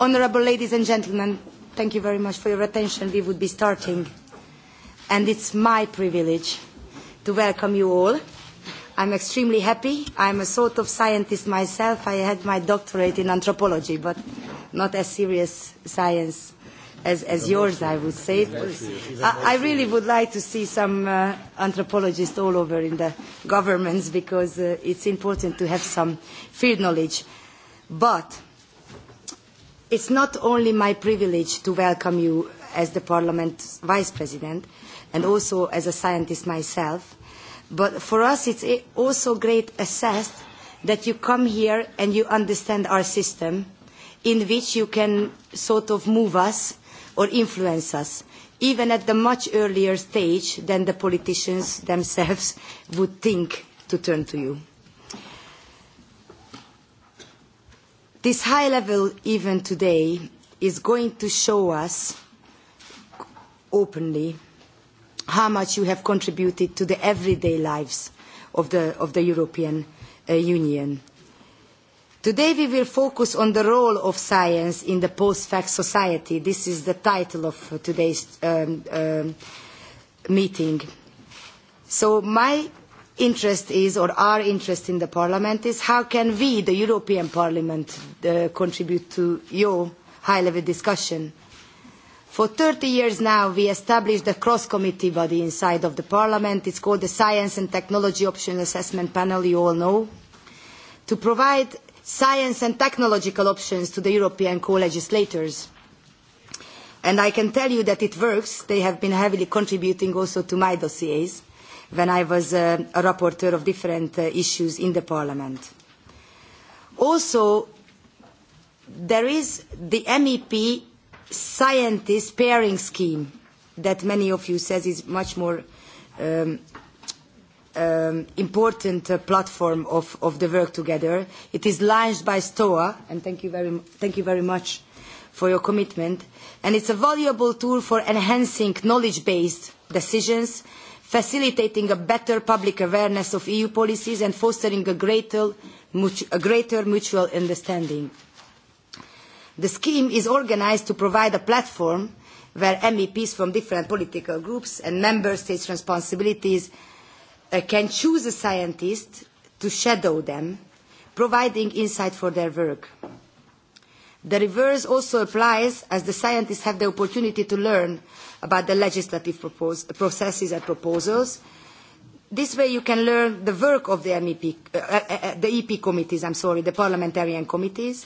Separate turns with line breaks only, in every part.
Honourable ladies and gentlemen, thank you very much for your attention. We would be starting, and it's my privilege to welcome you all. I'm extremely happy. I'm a sort of scientist myself. I had my doctorate in anthropology, but not as serious science as, as yours, I would say. I, I really would like to see some uh, anthropologists all over in the governments because uh, it's important to have some field knowledge. But It is not only my privilege to welcome you as the Parliament's Vice President and also as a scientist myself, but for us it's also great assess that you come here and you understand our system in which you can sort of move us or influence us, even at the much earlier stage than the politicians themselves would think to turn to you. This high level event today is going to show us openly how much you have contributed to the everyday lives of the, of the European uh, Union. Today we will focus on the role of science in the post-fact society. This is the title of today's um, um, meeting. So my interest is or our interest in the parliament is how can we the european parliament uh, contribute to your high level discussion? for thirty years now we established a cross committee body inside of the parliament it's called the science and technology option assessment panel you all know to provide science and technological options to the european co legislators and i can tell you that it works they have been heavily contributing also to my dossiers when I was a rapporteur of different uh, issues in the Parliament. Also, there is the MEP scientist pairing scheme that many of you says is much more um, um, important uh, platform of, of the work together. It is launched by STOA, and thank you, very, thank you very much for your commitment. And it's a valuable tool for enhancing knowledge-based decisions facilitating a better public awareness of EU policies and fostering a greater, a greater mutual understanding. The scheme is organised to provide a platform where MEPs from different political groups and member states' responsibilities uh, can choose a scientist to shadow them, providing insight for their work. The reverse also applies as the scientists have the opportunity to learn about the legislative processes and proposals. This way you can learn the work of the, MEP, uh, uh, uh, the EP committees, I'm sorry, the parliamentarian committees.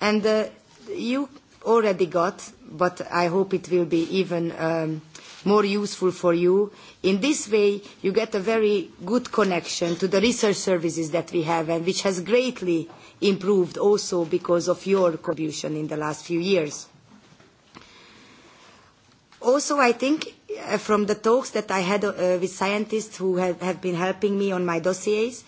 And you already got, but I hope it will be even um, more useful for you. In this way, you get a very good connection to the research services that we have and which has greatly improved also because of your contribution in the last few years also i think uh, from the talks that i had uh, with scientists who have, have been helping me on my dossiers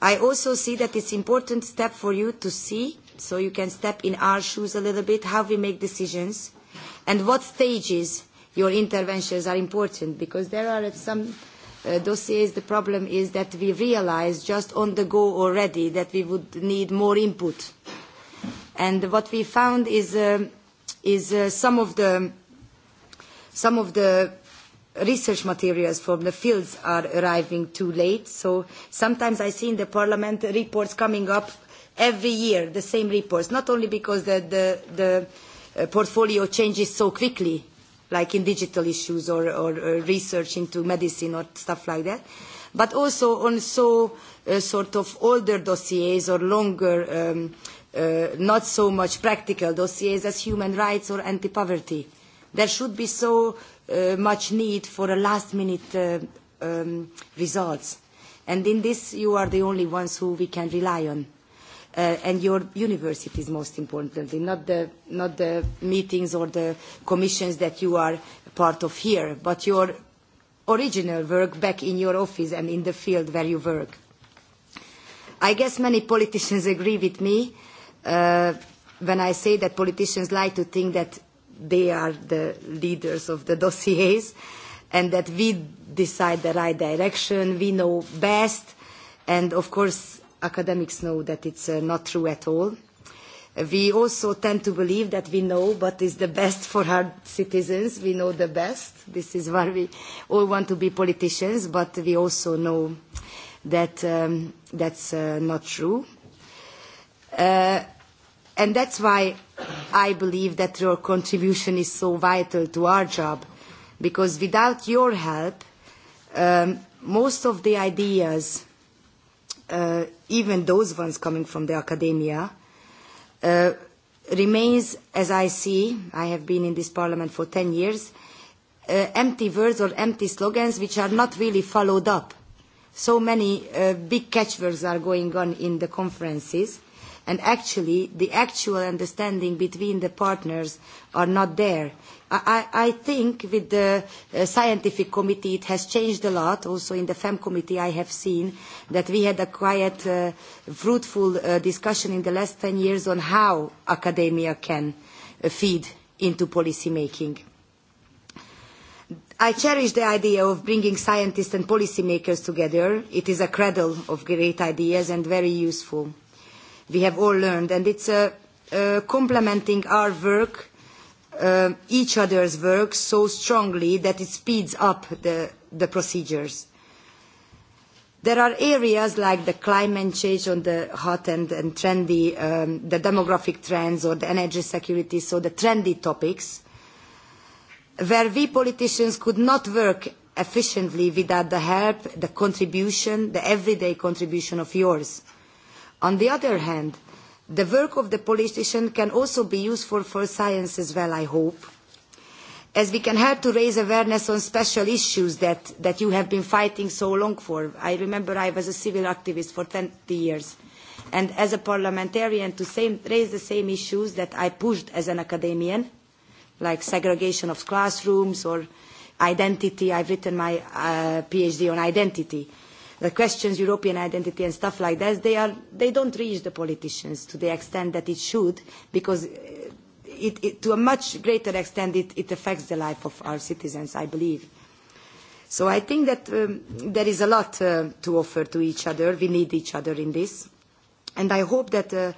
i also see that it's important step for you to see so you can step in our shoes a little bit how we make decisions and what stages your interventions are important because there are some uh, dossiers the problem is that we realize just on the go already that we would need more input and what we found is, uh, is uh, some of the Some of the research materials from the fields are arriving too late, so sometimes I see in the Parliament reports coming up every year, the same reports, not only because the, the, uh, portfolio changes so quickly, like in digital issues or, research into medicine or stuff like that, but also on so uh, sort of older dossiers or longer, um, uh, not so much practical dossiers as human rights or anti-poverty. There should be so uh, much need for a last minute uh, um, results. And in this, you are the only ones who we can rely on. Uh, and your universities, most importantly, not the, not the meetings or the commissions that you are part of here, but your original work back in your office and in the field where you work. I guess many politicians agree with me uh, when I say that politicians like to think that they are the leaders of the dossiers and that we decide the right direction, we know best, and of course academics know that it's uh, not true at all. We also tend to believe that we know what is the best for our citizens. We know the best. This is why we all want to be politicians, but we also know that um, that's uh, not true. Uh, And that's why I believe that your contribution is so vital to our job, because without your help, um, most of the ideas, uh, even those ones coming from the academia, uh, remains, as I see, I have been in this parliament for 10 years, uh, empty words or empty slogans which are not really followed up. So many uh, big catchwords are going on in the conferences and actually the actual understanding between the partners are not there. I, I think with the uh, scientific committee it has changed a lot. Also in the FEM committee I have seen that we had a quite uh, fruitful uh, discussion in the last 10 years on how academia can feed into policy making. I cherish the idea of bringing scientists and policymakers together. It is a cradle of great ideas and very useful we have all learned and it's a, complementing our work uh, each other's work so strongly that it speeds up the, the procedures. There are areas like the climate change on the hot and, and trendy, um, the demographic trends or the energy security, so the trendy topics, where we politicians could not work efficiently without the help, the contribution, the everyday contribution of yours on the other hand the work of the politician can also be useful for science as well i hope as we can help to raise awareness on special issues that, that you have been fighting so long for. I remember I was a civil activist for 20 years. And as a parliamentarian, to same, raise the same issues that I pushed as an academician, like segregation of classrooms or identity. have written my uh, PhD on identity the questions European identity and stuff like that, they, are, they don't reach the politicians to the extent that it should, because uh, it, it, to a much greater extent it, it affects the life of our citizens, I believe. So I think that um, there is a lot uh, to offer to each other. We need each other in this. And I hope that uh,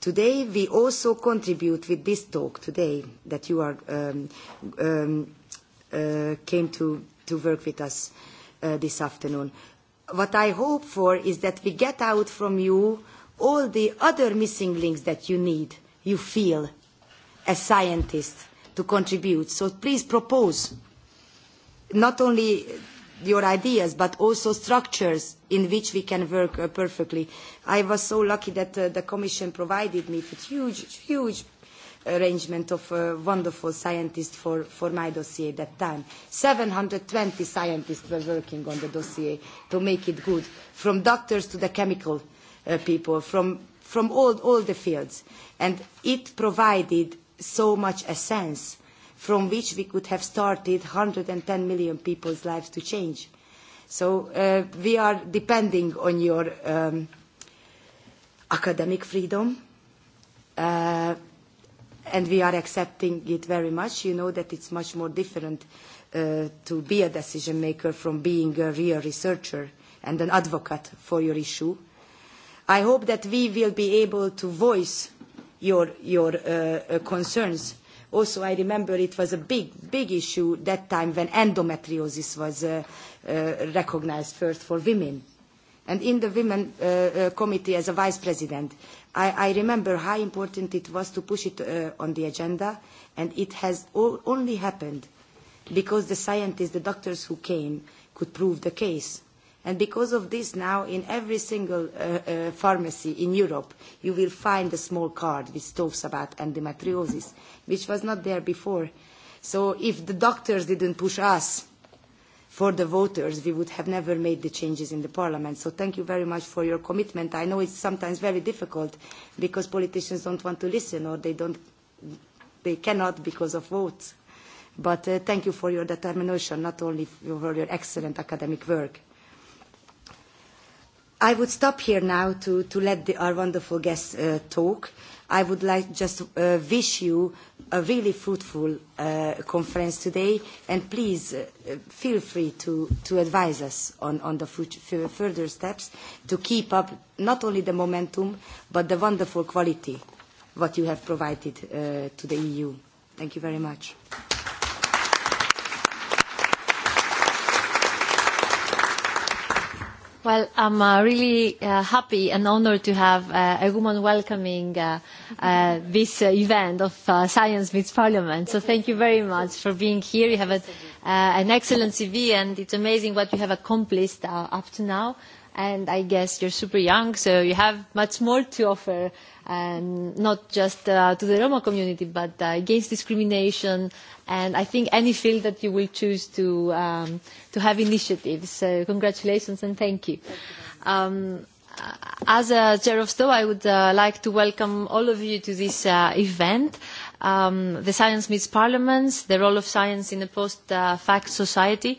today we also contribute with this talk today that you are, um, um, uh, came to, to work with us uh, this afternoon what I hope for is that we get out from you all the other missing links that you need, you feel, as scientists, to contribute. So please propose not only your ideas, but also structures in which we can work uh, perfectly. I was so lucky that uh, the Commission provided me with huge, huge arrangement of a wonderful scientist for, for my dossier at that time. 720 scientists were working on the dossier to make it good, from doctors to the chemical uh, people, from, from all, all the fields. And it provided so much a sense from which we could have started 110 million people's lives to change. So uh, we are depending on your um, academic freedom, uh, and we are accepting it very much. You know that it's much more different uh, to be a decision maker from being a real researcher and an advocate for your issue. I hope that we will be able to voice your, your uh, uh concerns. Also, I remember it was a big, big issue that time when endometriosis was uh, uh recognized first for women and in the women uh, uh, committee as a vice president I, I remember how important it was to push it uh, on the agenda and it has all, only happened because the scientists the doctors who came could prove the case and because of this now in every single pharmacy in Europe you will find a small card which talks about endometriosis which was not there before so if the doctors didn't push us for the voters, we would have never made the changes in the parliament. So thank you very much for your commitment. I know it's sometimes very difficult because politicians don't want to listen or they, don't, they cannot because of votes. But uh, thank you for your determination, not only for your excellent academic work. I would stop here now to, to let the, our wonderful guests uh, talk. I would like just uh, wish you a really fruitful uh, conference today and please uh, feel free to, to advise us on, on the future, further steps to keep up not only the momentum but the wonderful quality what you have provided uh, to the EU. Thank you very much.
Well, I'm uh, really uh, happy and honored to have uh, a woman welcoming uh, uh, this uh, event of uh, Science Meets Parliament. So thank you very much for being here. You have a, uh, an excellent CV and it's amazing what you have accomplished uh, up to now and I guess you're super young, so you have much more to offer, and um, not just uh, to the Roma community, but uh, against discrimination, and I think any field that you will choose to, um, to have initiatives. So congratulations and thank you. Um, uh, as a chair of STO, I would uh, like to welcome all of you to this uh, event. Um, the Science Meets Parliaments, the role of science in a post-fact uh, society.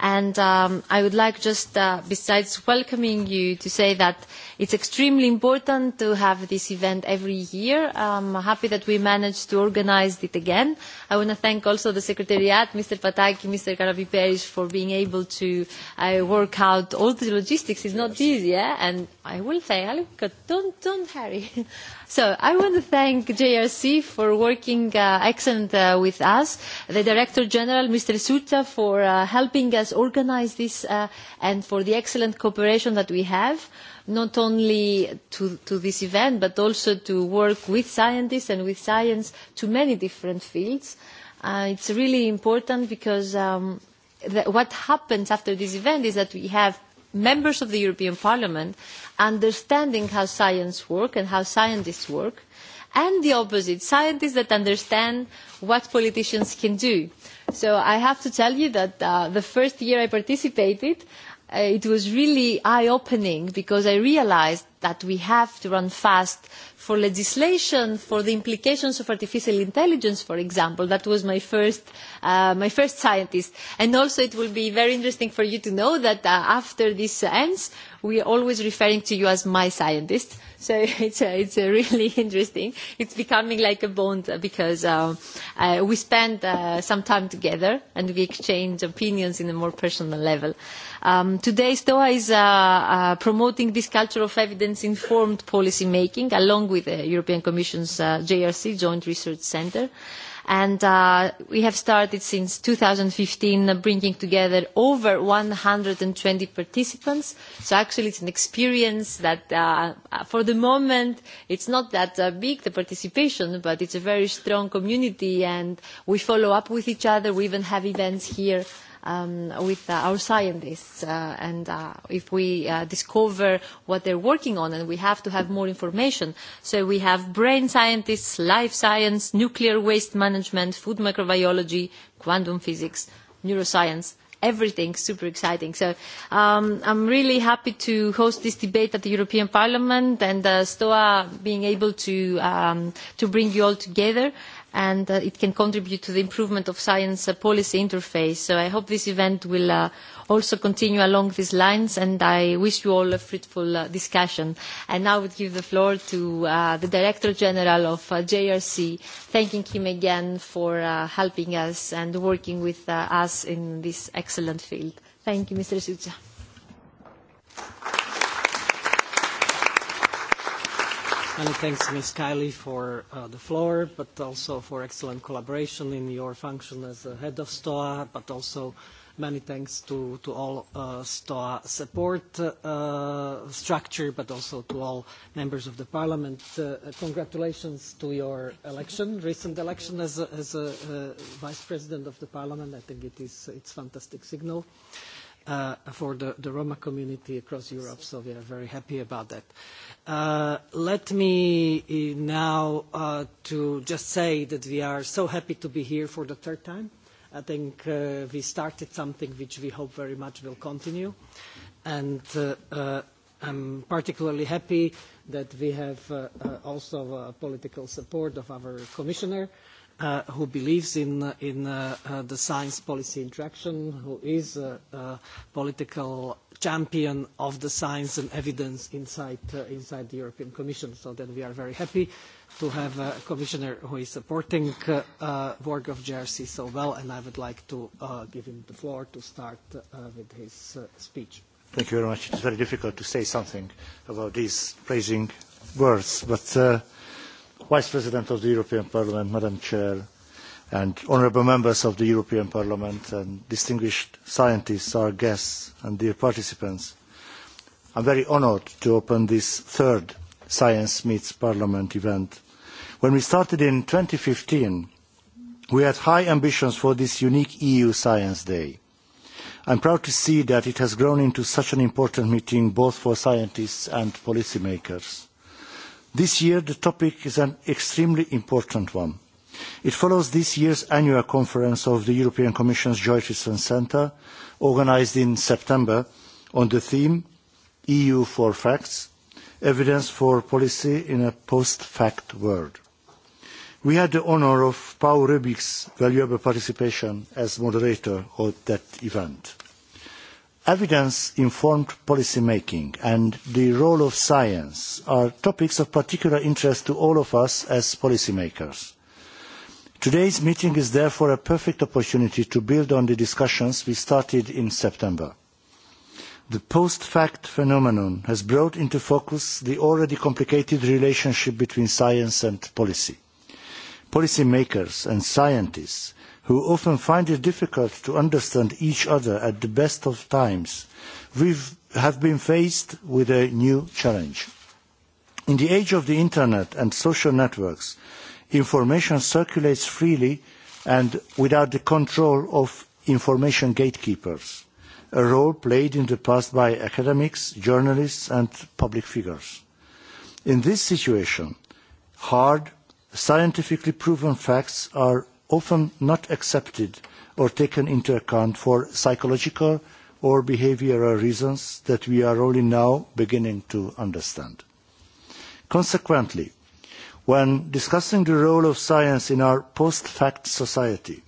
And um, I would like just, uh, besides welcoming you, to say that It's extremely important to have this event every year. I'm happy that we managed to organize it again. I want to thank also the Secretariat, Mr. Pataki, Mr. Karaviperis for being able to uh, work out all the logistics. It's not easy, yeah? And I will say, don't, don't hurry. so I want to thank JRC for working uh, excellent uh, with us, the Director General, Mr. Suta, for uh, helping us organize this uh, and for the excellent cooperation that we have not only to, to this event but also to work with scientists and with science to many different fields. Uh, it's really important because um, what happens after this event is that we have members of the European Parliament understanding how science works and how scientists work and the opposite, scientists that understand what politicians can do. So I have to tell you that uh, the first year I participated, Uh, it was really eye opening because i realized that we have to run fast for legislation for the implications of artificial intelligence for example that was my first uh, my first scientist and also it will be very interesting for you to know that uh, after this ends we are always referring to you as my scientist so it's it's really interesting it's becoming like a bond because um, we spend some time together and we exchange opinions on a more personal level Um, today, STOA is uh, uh, promoting this culture of evidence-informed policy making along with the European Commission's uh, JRC, Joint Research Centre. And uh, we have started since 2015 bringing together over 120 participants. So actually it's an experience that for the moment it's not that big, the participation, but it's a very strong community and we follow up with each other. We even have events here um, with uh, our scientists. Uh, and uh, if we uh, discover what they're working on, and we have to have more information. So we have brain scientists, life science, nuclear waste management, food microbiology, quantum physics, neuroscience, everything super exciting. So um, I'm really happy to host this debate at the European Parliament and uh, STOA being able to, um, to bring you all together and it can contribute to the improvement of science uh, policy interface. So I hope this event will uh, also continue along these lines, and I wish you all a fruitful uh, discussion. And now I would give the floor to the Director General of JRC, thanking him again for helping us and working with us in this excellent field. Thank you, Mr. you.
Many thanks, Ms. Kiley, for uh, the floor, but also for excellent collaboration in your function as the head of STOA, but also many thanks to, to all uh, STOA support uh, structure, but also to all members of the parliament. Uh, congratulations to your election, recent election as a, as a uh, vice president of the parliament. I think it is, it's fantastic signal. Uh, for the, the Roma community across Europe, so we are very happy about that. Uh, let me now uh, to just say that we are so happy to be here for the third time. I think uh, we started something which we hope very much will continue. And I'm particularly happy that we have uh, uh, also uh, political support of our commissioner, who believes in, the science policy interaction, who is a, political champion of the science and evidence inside, inside the European Commission. So then we are very happy to have a commissioner who is supporting work of JRC so well, and I would like to give him the floor to start with his speech.
It is very difficult to say something about these praising words, but uh, Vice President of the European Parliament, Madam Chair, and honourable members of the European Parliament and distinguished scientists, our guests and dear participants, I am very honoured to open this third Science Meets Parliament event. When we started in 2015, fifteen, we had high ambitions for this unique EU Science Day i am proud to see that it has grown into such an important meeting both for scientists and policymakers. This year the topic is an extremely important one. It follows this year's annual conference of the European Commission's Joint Research Centre, organised in September, on the theme EU for Facts, evidence for policy in a post-fact world. We had the honor of Paul Rubik's valuable participation as moderator of that event. Evidence informed policy making and the role of science are topics of particular interest to all of us as policymakers. Today's meeting is therefore a perfect opportunity to build on the discussions we started in September. The post fact phenomenon has brought into focus the already complicated relationship between science and policy policymakers and scientists who often find it difficult to understand each other at the best of times we have been faced with a new challenge. in the age of the internet and social networks information circulates freely and without the control of information gatekeepers a role played in the past by academics journalists and public figures. in this situation hard scientifically proven facts are often not accepted or taken into account for psychological or behavioural reasons that we are only now beginning to understand. Consequently, when discussing the role of science in our post-fact society,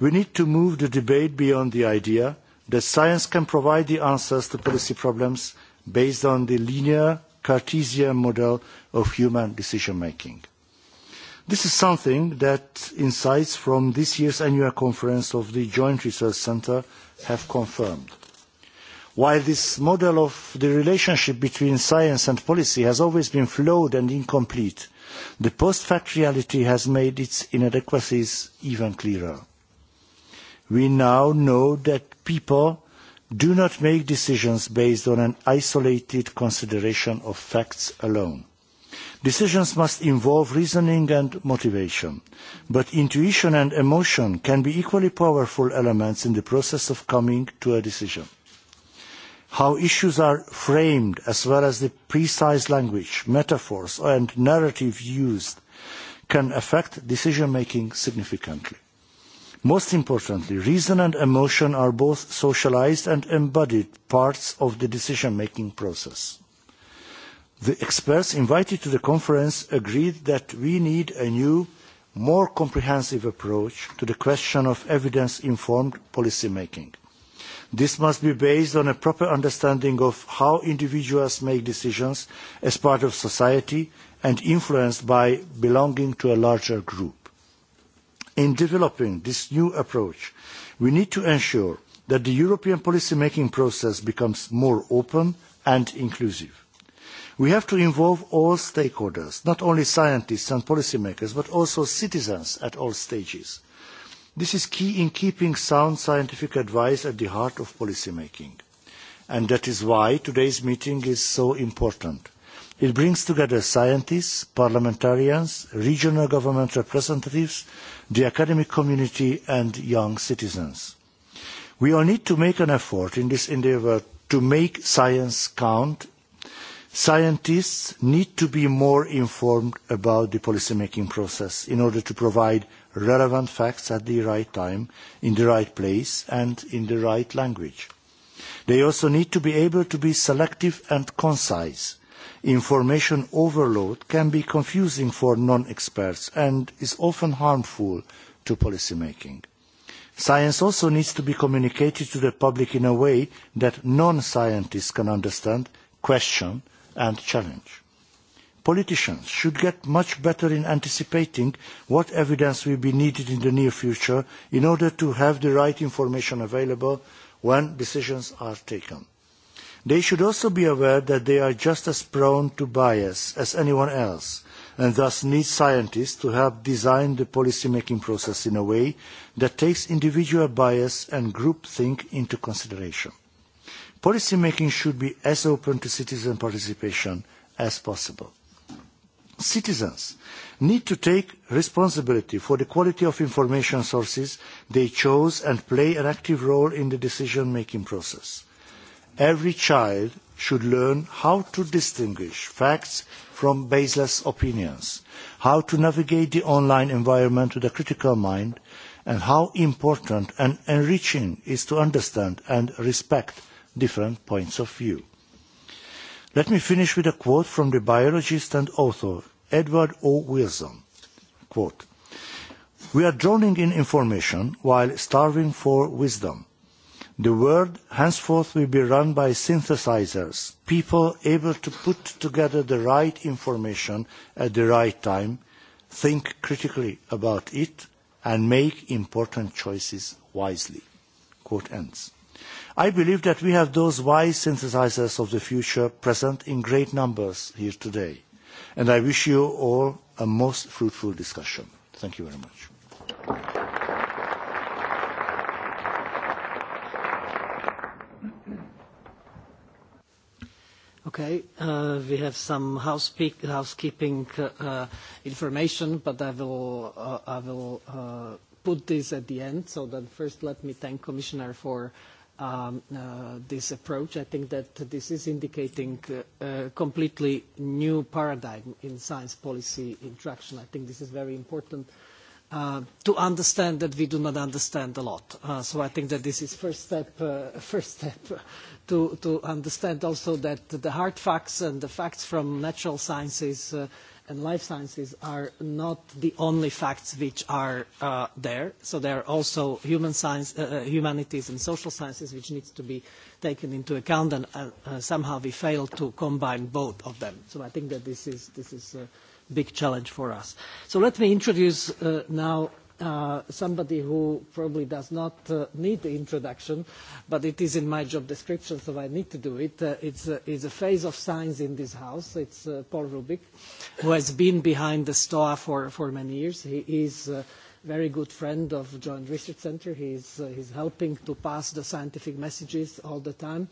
we need to move the debate beyond the idea that science can provide the answers to policy problems based on the linear Cartesian model of human decision-making. This is something that insights from this year's annual conference of the Joint Research Centre have confirmed. While this model of the relationship between science and policy has always been flawed and incomplete, the post fact reality has made its inadequacies even clearer. We now know that people do not make decisions based on an isolated consideration of facts alone Decisions must involve reasoning and motivation, but intuition and emotion can be equally powerful elements in the process of coming to a decision. How issues are framed, as well as the precise language, metaphors and narrative used, can affect decision making significantly. Most importantly, reason and emotion are both socialised and embodied parts of the decision making process The experts invited to the conference agreed that we need a new, more comprehensive approach to the question of evidence-informed policy making. This must be based on a proper understanding of how individuals make decisions as part of society and influenced by belonging to a larger group. In developing this new approach, we need to ensure that the European policy making process becomes more open and inclusive. We have to involve all stakeholders, not only scientists and policymakers, but also citizens at all stages. This is key in keeping sound scientific advice at the heart of policymaking. And that is why today's meeting is so important. It brings together scientists, parliamentarians, regional government representatives, the academic community and young citizens. We all need to make an effort in this endeavour to make science count Scientists need to be more informed about the policymaking process in order to provide relevant facts at the right time, in the right place and in the right language. They also need to be able to be selective and concise. Information overload can be confusing for non-experts and is often harmful to policymaking. Science also needs to be communicated to the public in a way that non-scientists can understand, question and challenge. Politicians should get much better in anticipating what evidence will be needed in the near future in order to have the right information available when decisions are taken. They should also be aware that they are just as prone to bias as anyone else and thus need scientists to help design the policy making process in a way that takes individual bias and group think into consideration policy making should be as open to citizen participation as possible. Citizens need to take responsibility for the quality of information sources they chose and play an active role in the decision making process. Every child should learn how to distinguish facts from baseless opinions, how to navigate the online environment with a critical mind, and how important and enriching is to understand and respect different points of view. Let me finish with a quote from the biologist and author Edward O. Wilson. Quote, We are drowning in information while starving for wisdom. The world henceforth will be run by synthesizers, people able to put together the right information at the right time, think critically about it, and make important choices wisely. Quote ends. I believe that we have those wise synthesizers of the future present in great numbers here today. And I wish you all a most fruitful discussion. Thank you very much.
Okay, uh, we have some housekeeping uh, information, but I will, uh, I will uh, put this at the end. So then first let me thank Commissioner for um, uh, this approach. I think that this is indicating a uh, completely new paradigm in science policy interaction. I think this is very important uh, to understand that we do not understand a lot. so I think that this is first step, first step to, to understand also that the hard facts and the facts from natural sciences and life sciences are not the only facts which are uh, there. So there are also human uh, uh, humanities and social sciences which need to be taken into account, and somehow we fail to combine both of them. So I think that this is, this is a big challenge for us. So let me introduce now Uh, somebody who probably does not uh, need the introduction, but it is in my job description, so I need to do it. Uh, it's, uh, a phase of science in this house. It's Paul Rubik, who has been behind the STOA for, for many years. He is a very good friend of Joint Research Center. he is helping to pass the scientific messages all the time.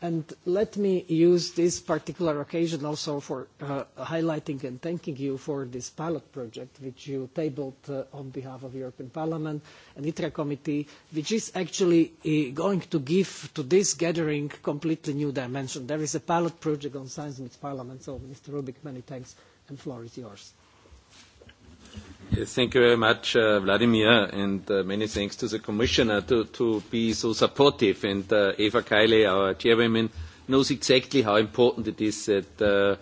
And let me use this particular occasion also for uh, highlighting and thanking you for this pilot project which you tabled uh, on behalf of the European Parliament and ITRA Committee, which is actually uh, going to give to this gathering completely new dimension. There is a pilot project on science in its Parliament, so Mr. Rubik, many thanks, and floor is yours
thank you very much, uh, Vladimir, and uh, many thanks to the Commissioner to, to be so supportive. And uh, Eva Keile, our chairwoman, knows exactly how important it is that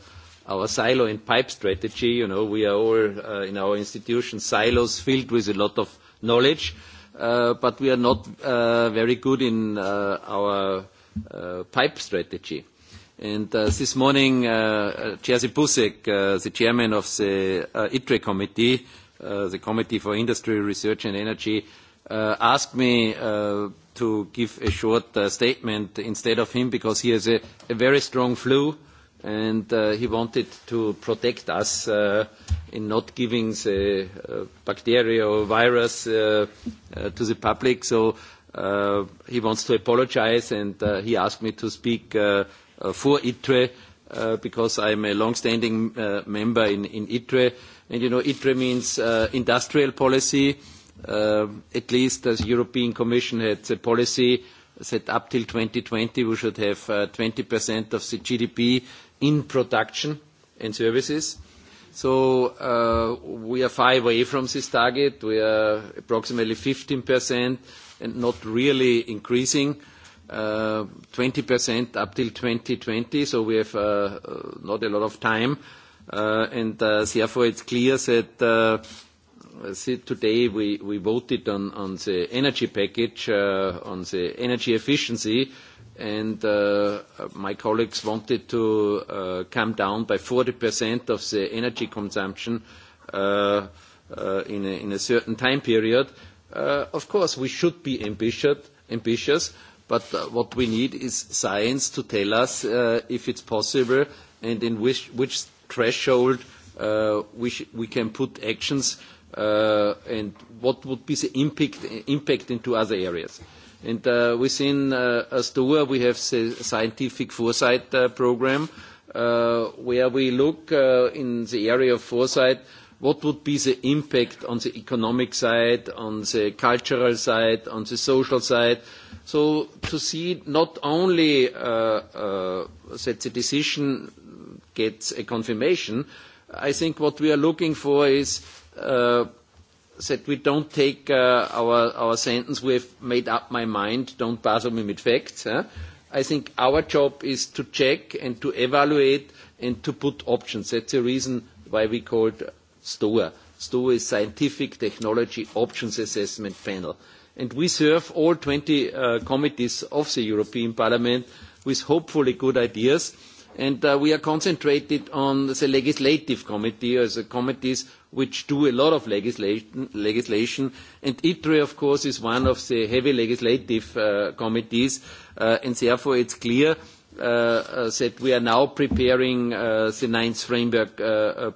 our silo and pipe strategy, you know, we are all uh, in our institution silos filled with a lot of knowledge, uh, but we are not uh, very good in uh, our uh, pipe strategy. And uh, this morning, uh, Jerzy Busek, uh, the chairman of the uh, ITRE committee, Uh, the Committee for Industry, Research and Energy, uh, asked me uh, to give a short statement instead of him because he has a, very strong flu and he wanted to protect us in not giving the bacteria or virus to the public. So he wants to apologize and he asked me to speak for ITRE because I am a long-standing member in, in ITRE. And you know, it remains uh, industrial policy. Uh, at least as European Commission had a policy that up till 2020 we should have 20% uh, of the GDP in production and services. So uh, we are far away from this target. We are approximately 15% and not really increasing. Uh, 20% up till 2020, so we have not a lot of time. Uh, and uh, therefore it's clear that uh, today we, we voted on, on the energy package, uh, on the energy efficiency, and my colleagues wanted to come down by 40% of the energy consumption in a, in a certain time period. Of course, we should be ambitious, ambitious but what we need is science to tell us if it's possible and in which, which threshold which uh, we can put actions uh, and what would be the impact, impact into other areas. And uh, within ASTOA, we have the scientific foresight program, where we look in the area of foresight, what would be the impact on the economic side, on the cultural side, on the social side. So to see not only that the decision gets a confirmation. I think what we are looking for is uh, that we don't take uh, our, sentence sentence, have made up my mind, don't bother me with facts." I think our job is to check and to evaluate and to put options. That's the reason why we call it STOA. STOA is Scientific Technology Options Assessment Panel. And we serve all 20 uh, committees of the European Parliament with hopefully good ideas and uh, we are concentrated on the legislative committee as the committees which do a lot of legislation, and ITRE of course is one of the heavy legislative uh, committees uh, and therefore is clear that we are now preparing the ninth framework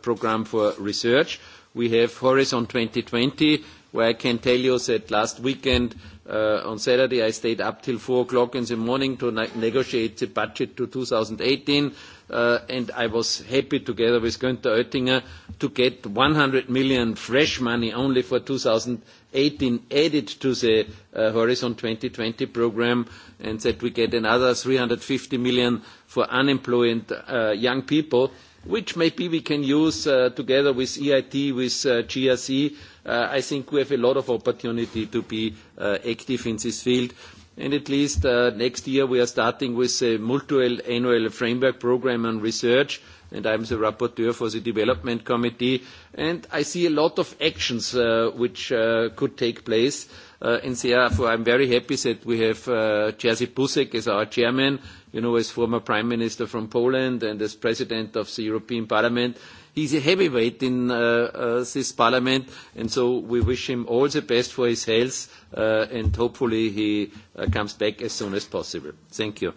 programme for research. We have Horizon 2020 where I can tell you that last weekend uh, on Saturday I stayed up till four o'clock in the morning to negotiate the budget to 2018 uh, and I was happy together with Günther Oettinger to get 100 million fresh money only for 2018 added to the uh, Horizon 2020 program and that we get another 350 million for unemployed young people which maybe we can use together with EIT, with GRC Uh, I think we have a lot of opportunity to be uh, active in this field. and At least uh, next year, we are starting with a multi-annual framework program on research, and I'm the rapporteur for the development committee. and I see a lot of actions which could take place. and Therefore, I'm very happy that we have Jerzy Buzek as our chairman, you know, as former prime minister from Poland and as president of the European Parliament is a heavyweight in uh, uh, this parliament, and so we wish him all the best for his health, uh, and hopefully he comes back as soon as possible. Thank you.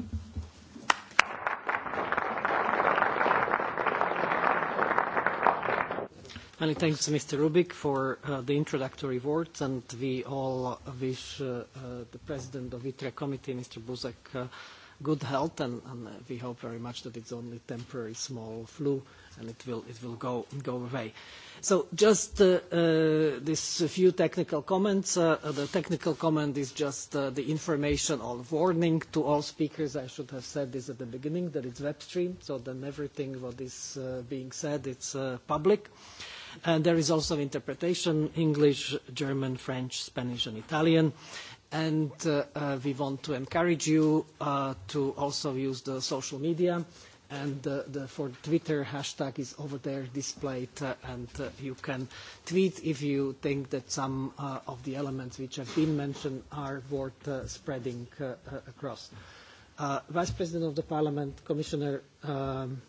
Many thanks, Mr. Rubik, for the introductory words, and we all wish the President of ITRE Committee, Mr. Buzek, good health, and, and we hope very much that it's only temporary small flu and it will, it will go, go away. So just uh, uh, this few technical comments. Uh, the technical comment is just the information or warning to all speakers. I should have said this at the beginning, that it's web stream, so then everything what is being said, it's public. And there is also interpretation, English, German, French, Spanish, and Italian. And we want to encourage you to also use the social media and the, the for Twitter hashtag is over there displayed, uh, and uh, you can tweet if you think that some uh, of the elements which have been mentioned are worth spreading across. Vice President of the Parliament, Commissioner, um,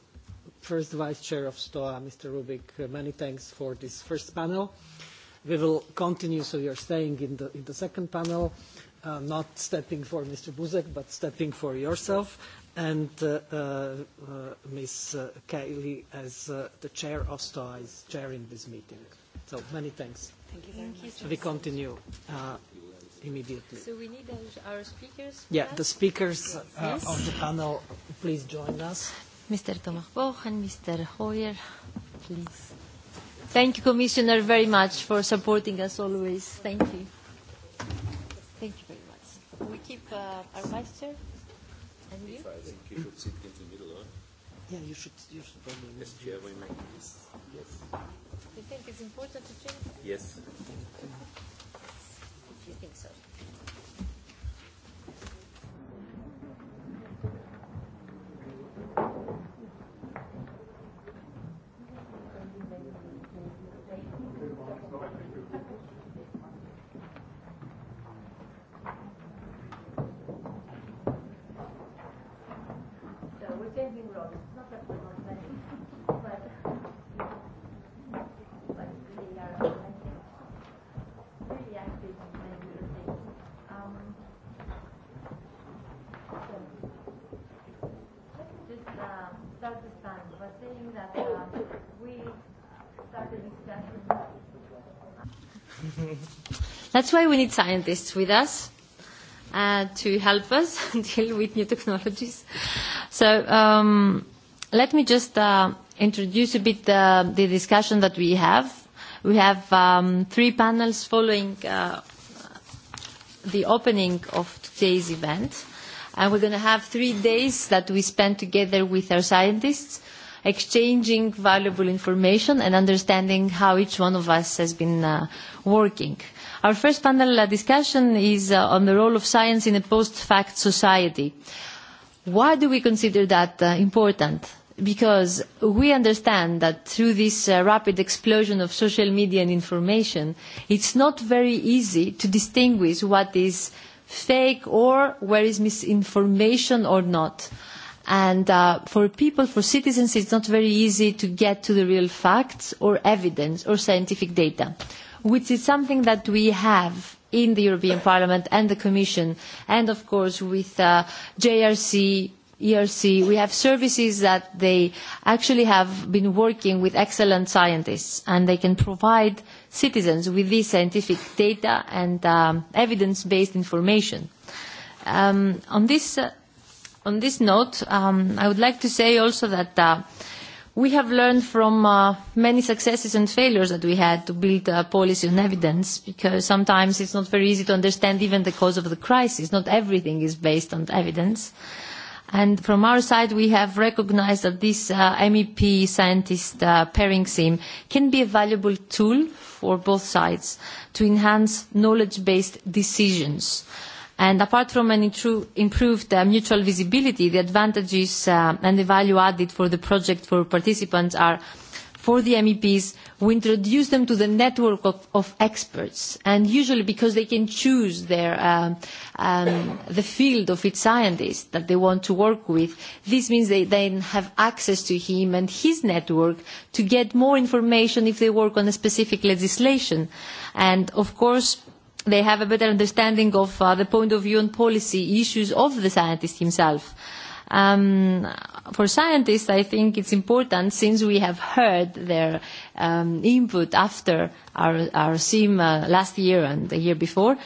First Vice Chair of STOA, Mr. Rubik, many thanks for this first panel. We will continue, so you're staying in the, in the second panel. not stepping for Mr. Buzek, but stepping for yourself and uh, uh, uh, Ms. Cayley as the chair of STOA is chairing this meeting. So many thanks. Thank you very much. We continue immediately. So
we need our speakers? Yeah, the speakers of
the panel, please join us. Mr. Boch and Mr.
Hoyer, please. Thank you, Commissioner, very much for supporting us always. Thank you. Thank you very much. We keep our vice chair.
And you? I think you should sit in the middle, or? Yeah, you should, you should probably. Yes, chair, we make this. Yes.
You think it's important to change?
Yes. If you think so.
That's why we need scientists with us uh, to help us deal with new technologies. So um, let me just uh, introduce a bit the, uh, the discussion that we have. We have um, three panels following uh, the opening of today's event. And we're going to have three days that we spend together with our scientists exchanging valuable information and understanding how each one of us has been uh, working. Our first panel uh, discussion is uh, on the role of science in a post-fact society. Why do we consider that uh, important? Because we understand that through this rapid explosion of social media and information, it's not very easy to distinguish what is fake or where is misinformation or not. And uh, for people, for citizens, it's not very easy to get to the real facts or evidence or scientific data which is something that we have in the European Parliament and the Commission, and of course with uh, JRC, ERC. We have services that they actually have been working with excellent scientists, and they can provide citizens with this scientific data and um, evidence-based information. Um, on, this, uh, on this note, um, I would like to say also that uh, We have learned from uh, many successes and failures that we had to build a policy on evidence because sometimes it's not very easy to understand even the cause of the crisis. Not everything is based on evidence. And from our side, we have recognized that this uh, MEP scientist uh, pairing scheme can be a valuable tool for both sides to enhance knowledge-based decisions And apart from an improved uh, mutual visibility, the advantages uh, and the value added for the project for participants are for the MEPs, we introduce them to the network of, experts, and usually because they can choose their, um, um, the field of each scientist that they want to work with. This means they then have access to him and his network to get more information if they work on a specific legislation. And of course, they have a better understanding of uh, the point of view and policy issues of the scientist himself. Um, for scientists, I think it's important, since we have heard their um, input after our, our SIM uh, last year and the year before,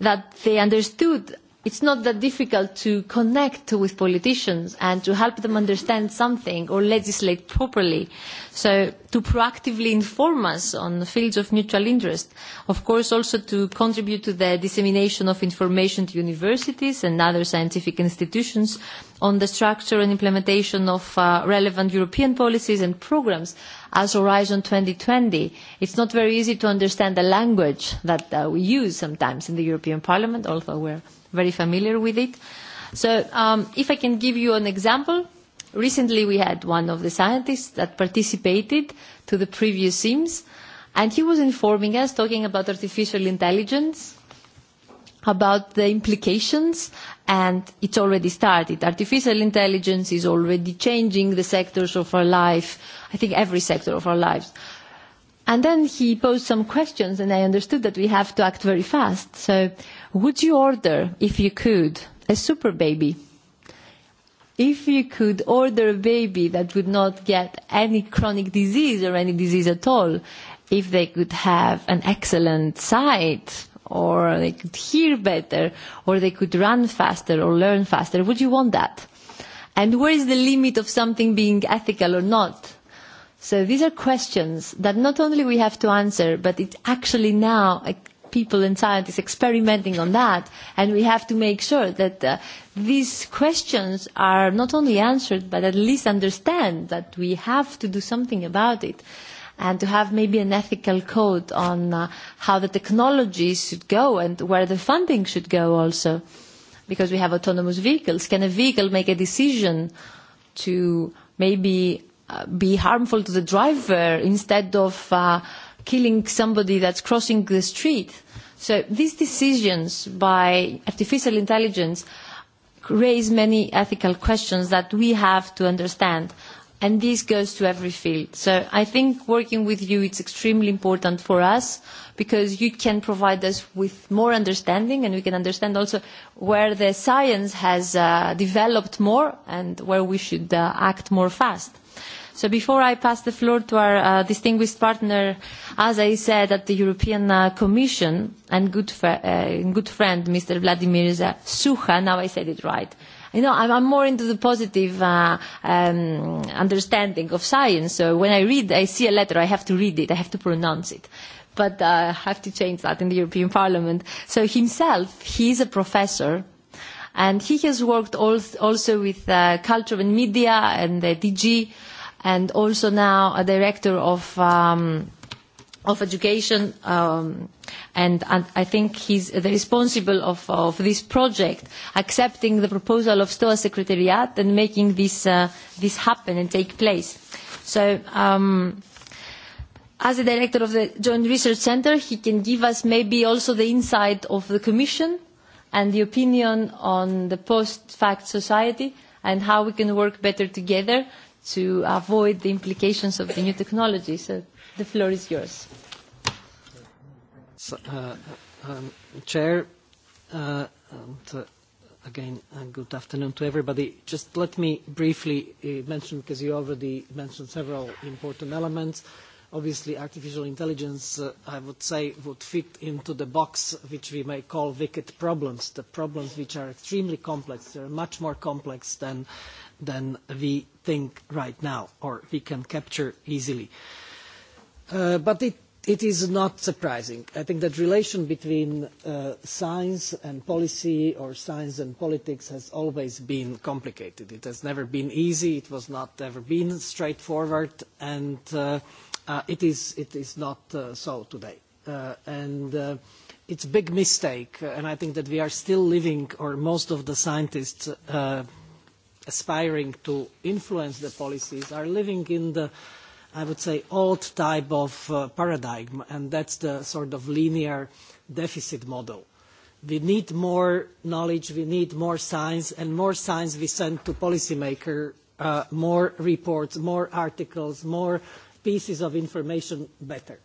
that they understood it's not that difficult to connect with politicians and to help them understand something or legislate properly. So to proactively inform us on the fields of mutual interest. Of course, also to contribute to the dissemination of information to universities and other scientific institutions on the structure and implementation of uh, relevant European policies and programs as Horizon 2020. It's not very easy to understand the language that uh, we use sometimes in the European Parliament, although we're very familiar with it. So um, if I can give you an example, recently we had one of the scientists that participated to the previous SIMS, and he was informing us, talking about artificial intelligence, about the implications, and it's already started. Artificial intelligence is already changing the sectors of our life, I think every sector of our lives. And then he posed some questions, and I understood that we have to act very fast. So Would you order, if you could, a super baby? If you could order a baby that would not get any chronic disease or any disease at all, if they could have an excellent sight, or they could hear better, or they could run faster or learn faster, would you want that? And where is the limit of something being ethical or not? So these are questions that not only we have to answer, but it's actually now a people and scientists experimenting on that and we have to make sure that uh, these questions are not only answered but at least understand that we have to do something about it and to have maybe an ethical code on uh, how the technologies should go and where the funding should go also because we have autonomous vehicles can a vehicle make a decision to maybe uh, be harmful to the driver instead of uh, killing somebody that's crossing the street So these decisions by artificial intelligence raise many ethical questions that we have to understand. And this goes to every field. So I think working with you is extremely important for us because you can provide us with more understanding and we can understand also where the science has uh, developed more and where we should uh, act more fast. So before I pass the floor to our uh, distinguished partner, as I said, at the European uh, Commission and good, uh, friend, Mr. Vladimir Sucha, now I said it right, you know, I'm, I'm more into the positive um, understanding of science. So when I read, I see a letter, I have to read it, I have to pronounce it. But I have to change that in the European Parliament. So himself, he is a professor. And he has worked also with uh, culture and media and DG and also now a director of um, of education um, and, and I think he's the responsible of, of this project accepting the proposal of STOA Secretariat and making this, uh, this happen and take place. So um, as the director of the Joint Research Centre he can give us maybe also the insight of the Commission and the opinion on the post-fact society and how we can work better together to avoid the implications of the new technology. So the floor is yours.
Uh, um, Chair, uh, and, uh, again, uh, good afternoon to everybody. Just let me briefly mention, because you already mentioned several important elements. Obviously, artificial intelligence, I would say, would fit into the box which we may call wicked problems, the problems which are extremely complex. They're much more complex than than we think right now or we can capture easily. Uh, but it, is not surprising. I think that relation between uh, science and policy or science and politics has always been complicated. It has never been easy. It was not ever been straightforward. And uh, it, is, not so today. And it's a big mistake. And I think that we are still living, or most of the scientists aspiring to influence the policies are living in the i would say old type of uh, paradigm and that's the sort of linear deficit model we need more knowledge we need more science and more science we send to policymakers uh, more reports more articles more pieces of information better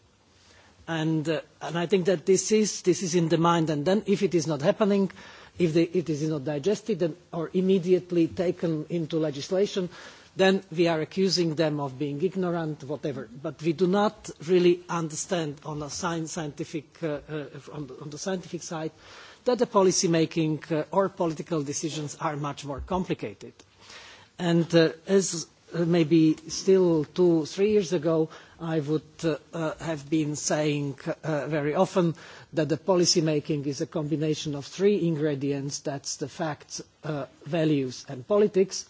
and, uh, and i think that this is this is in the mind and then if it is not happening if, it is not digested or immediately taken into legislation, then we are accusing them of being ignorant, whatever. But we do not really understand on, uh, uh, the, scientific side that the policy making uh, or political decisions are much more complicated. And as maybe still two, three years ago, I would have been saying very often that the policy making is a combination of three ingredients that's the facts uh, values and politics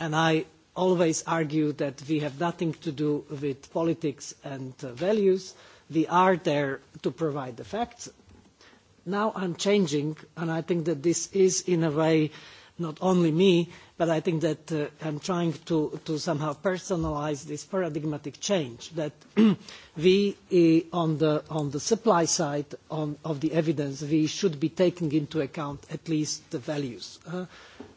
and i always argue that we have nothing to do with politics and uh, values we are there to provide the facts now i'm changing and i think that this is in a way not only me, but I think that I uh, I'm trying to, to somehow personalize this paradigmatic change that we, eh, on, the, on the supply side on, of the evidence, we should be taking into account at least the values. Uh,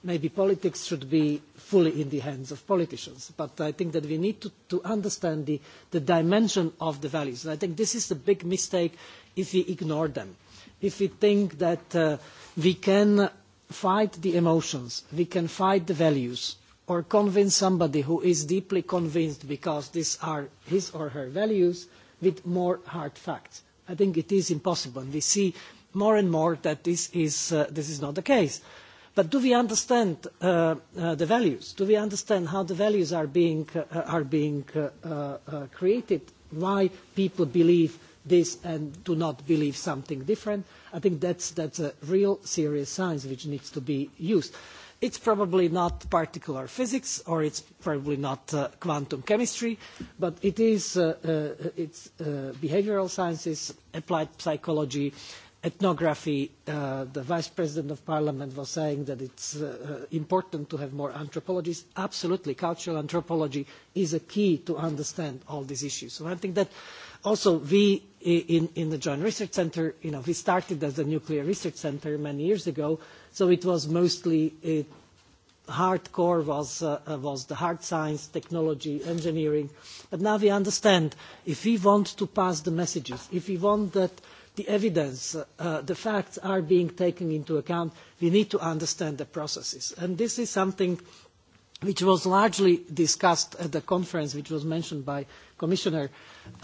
maybe politics should be fully in the hands of politicians, but I think that we need to, understand the, the dimension of the values. And I think this is a big mistake if we ignore them. If we think that uh, we can fight the emotions, we can fight the values, or convince somebody who is deeply convinced because these are his or her values with more hard facts. I think it is impossible. We see more and more that this is, uh, this is not the case. But do we understand uh, uh, the values? Do we understand how the values are being, are being created? Why people believe this and do not believe something different. I think that's, that's a real serious science which needs to be used. It's probably not particular physics or it's probably not uh, quantum chemistry, but it is behavioural uh, uh, behavioral sciences, applied psychology, ethnography. The Vice President of Parliament was saying that it's important to have more anthropologists. Absolutely, cultural anthropology is a key to understand all these issues. So I think that also we in, in the joint research center you know we started as a nuclear research center many years ago so it was mostly it, uh, hardcore was, uh, uh, was the hard science, technology, engineering. But now we understand if we want to pass the messages, if we want that the evidence, the facts are being taken into account, we need to understand the processes. And this is something which was largely discussed at the conference which was mentioned by commissioner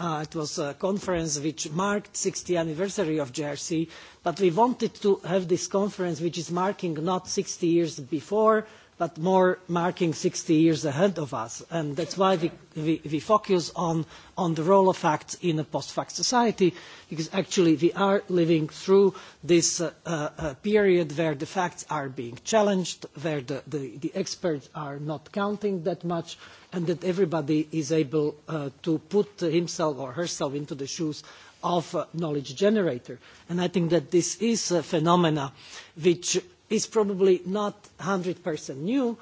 uh, it was a conference which marked the sixtieth anniversary of Jersey, but we wanted to have this conference which is marking not sixty years before but more marking 60 years ahead of us. And that's why we, we, focus on, on the role of facts in a post-fact society, because actually we are living through this uh, uh, period where the facts are being challenged, where the, the, experts are not counting that much, and that everybody is able uh, to put himself or herself into the shoes of a knowledge generator. And I think that this is a phenomena which is probably not 100% new,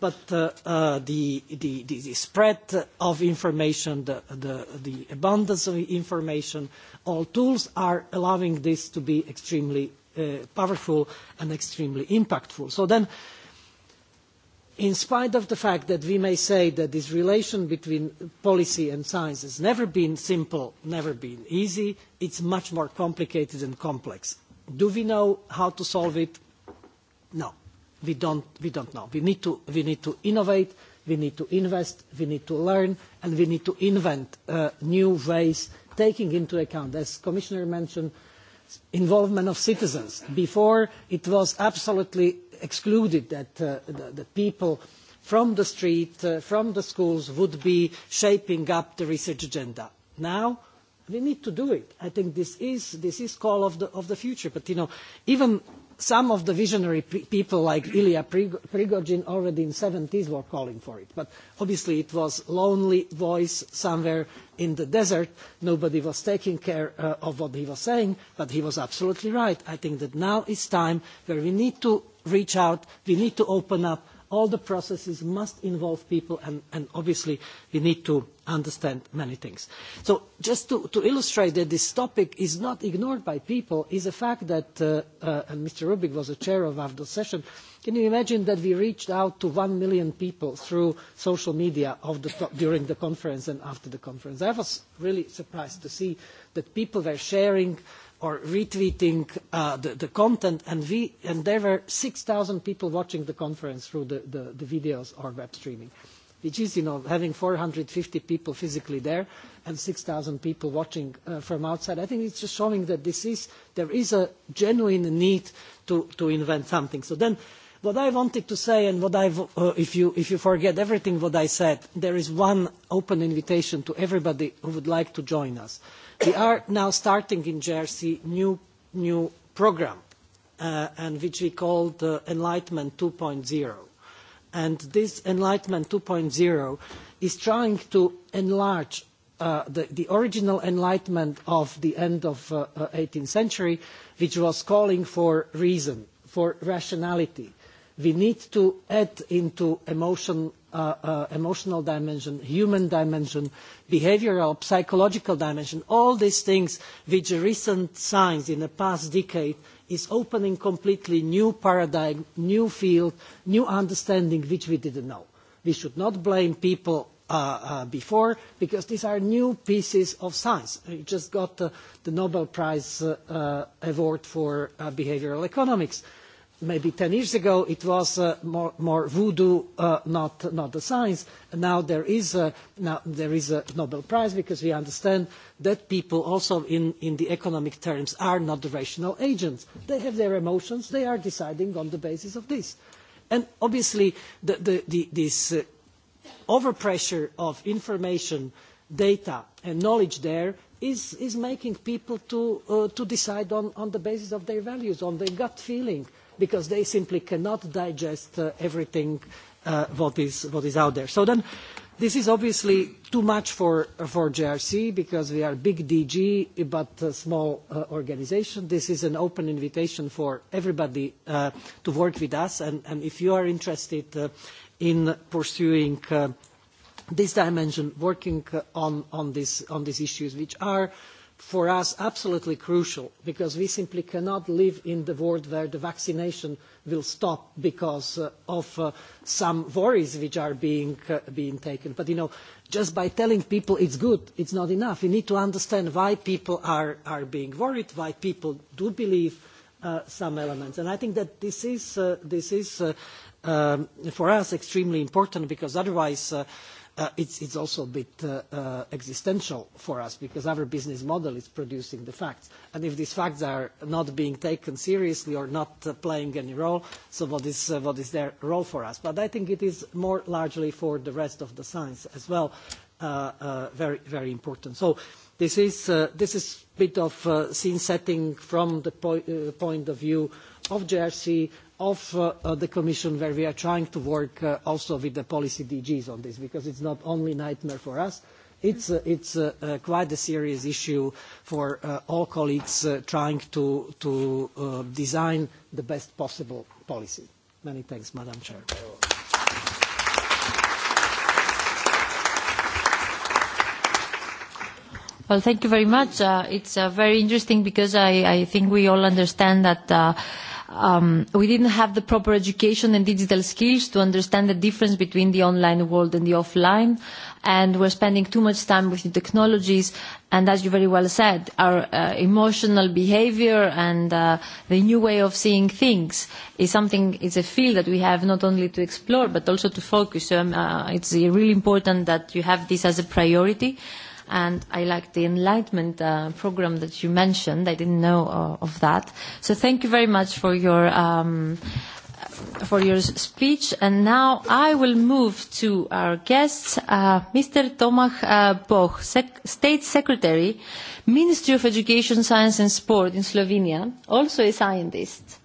but uh, uh, the, the, the spread of information, the, abundance of information, all tools are allowing this to be extremely uh, powerful and extremely impactful. So then, in spite of the fact that we may say that this relation between policy and science has never been simple, never been easy, it's much more complicated and complex. Do we know how to solve it? No, we don't, we don't know. We need, to, we need to innovate, we need to invest, we need to learn, and we need to invent uh, new ways, taking into account, as Commissioner mentioned, involvement of citizens. Before, it was absolutely excluded that uh, the, the people from the street, uh, from the schools, would be shaping up the research agenda. Now, we need to do it. I think this is, this is call of the, of the future. But, you know, even some of the visionary people like Ilya Prigogine already in the 70s were calling for it. But obviously it was a lonely voice somewhere in the desert. Nobody was taking care uh, of what he was saying, but he was absolutely right. I think that now is time where we need to reach out, we need to open up, all the processes must involve people and, obviously we need to understand many things. so just to, illustrate that this topic is not ignored by people is the fact that uh, uh, and mr rbig was the chair of afdo session can you imagine that we reached out to one million people through social media during the conference and after the conference? i was really surprised to see that people were sharing or retweeting uh, the, content, and, we, and there were 6,000 people watching the conference through the, the, videos or web streaming, which is, you know, having 450 people physically there and 6,000 people watching uh, from outside. I think it's just showing that this is, there is a genuine need to, to invent something. So then what I wanted to say, and what I uh, if, you, if you forget everything what I said, there is one open invitation to everybody who would like to join us. We are now starting in Jersey new new programme uh, and which we call the Enlightenment 2.0. And this Enlightenment 2.0 is trying to enlarge uh, the, original Enlightenment of the end of uh, 18th uh, century, which was calling for reason, for rationality. We need to add into emotion Uh, uh, emotional dimension, human dimension, behavioral, psychological dimension, all these things which recent science in the past decade is opening completely new paradigm, new field, new understanding which we didn't know. We should not blame people uh, uh, before because these are new pieces of science. We just got the Nobel Prize award for behavioral economics maybe ten years ago it was uh, more, voodoo uh, not not the science now there is a, there is a nobel prize because we understand that people also in the economic terms are not the rational agents they have their emotions they are deciding on the basis of this and obviously this over uh, overpressure of information data and knowledge there is making people to decide on on the basis of their values on their gut feeling because they simply cannot digest uh, everything uh, what is, out there. So then This is obviously too much for, for JRC because we are a big DG but a small uh, organisation. This is an open invitation for everybody to work with us and, if you are interested in pursuing this dimension, working on, on these issues which are for us absolutely crucial because we simply cannot live in the world where the vaccination will stop because uh, of uh, some worries which are being, uh, being taken. But you know, just by telling people it's good, it's not enough. We need to understand why people are, being worried, why people do believe some elements. And I think that this is, this is um, for us extremely important because otherwise Uh, it's, it's also a bit uh, uh, existential for us because our business model is producing the facts. And if these facts are not being taken seriously or not playing any role, so what is, what is their role for us? But I think it is more largely for the rest of the science as well, very, very important. So this is, this is a bit of scene setting from the po point of view of JRC, of uh, uh, the Commission where we are trying to work uh, also with the policy DGs on this because it's not only a nightmare for us, it's, quite a serious issue for all colleagues trying to, design the best possible policy. Many thanks, Madam Chair.
thank you very much. It's very interesting because I, I think we all understand that Um, we didn't have the proper education and digital skills to understand the difference between the online world and the offline, and we're spending too much time with the technologies. And as you very well said, our uh, emotional behavior and uh, the new way of seeing things is something, it's a field that we have not only to explore, but also to focus. Um, uh, it's really important that you have this as a priority and I like the enlightenment uh, program that you mentioned. I didn't know uh, of that. So thank you very much for your um, uh, for your speech. And now I will move to our guests, uh, Mr. Tomach uh, Boch, Sec State Secretary, Ministry of Education, Science and Sport in Slovenia, also a scientist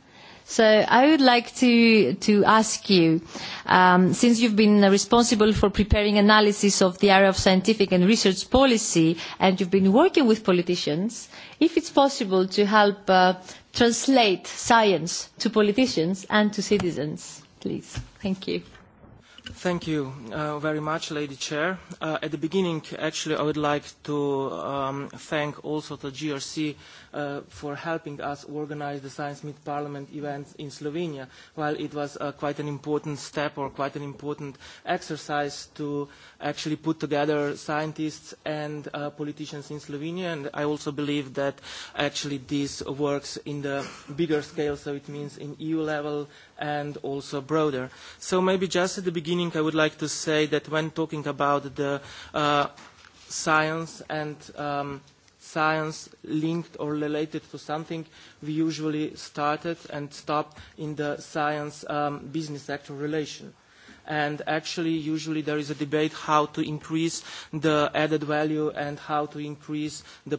So I would like to, to ask you, um, since you've been responsible for preparing analysis of the area of scientific and research policy, and you've been working with politicians, if it's possible to help uh, translate science to politicians and to citizens, please. Thank
you. Thank you uh, very much, Lady Chair. Uh, at the beginning, actually, I would like to um, thank also the GRC uh, for helping us organize the Science Meet Parliament event in Slovenia, while it was quite an important step or quite an important exercise to actually put together scientists and politicians in Slovenia. And I also believe that actually this works in the bigger scale, so it means in EU level and also broader. So maybe just at the beginning I would like to say that when talking about the uh, science and um, science linked or related to something, we usually started and stopped in the science-business um, sector relation and actually usually there is a debate how to increase the added value and how to increase the,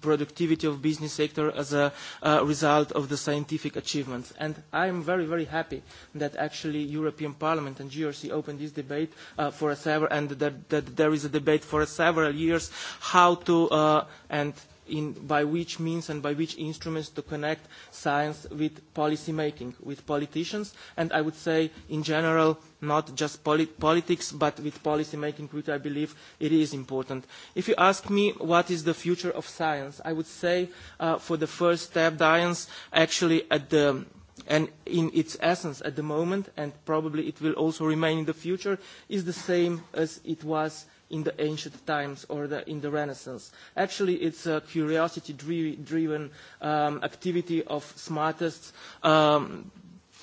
productivity of business sector as a uh, result of the scientific achievements. And I am very, very happy that actually European Parliament and GRC opened this debate uh, for a several, and that, that there is a debate for several years how to, uh, and in by which means and by which instruments to connect science with policy making, with politicians, and I would say in general not just politics but with policy making, which I believe it is important. If you ask me what is the future of science, I would say uh, for the first step, science actually at the and in its essence at the moment, and probably it will also remain in the future, is the same as it was in the ancient times or the, in the Renaissance. Actually, it's a curiosity-driven um, activity of smartest, um,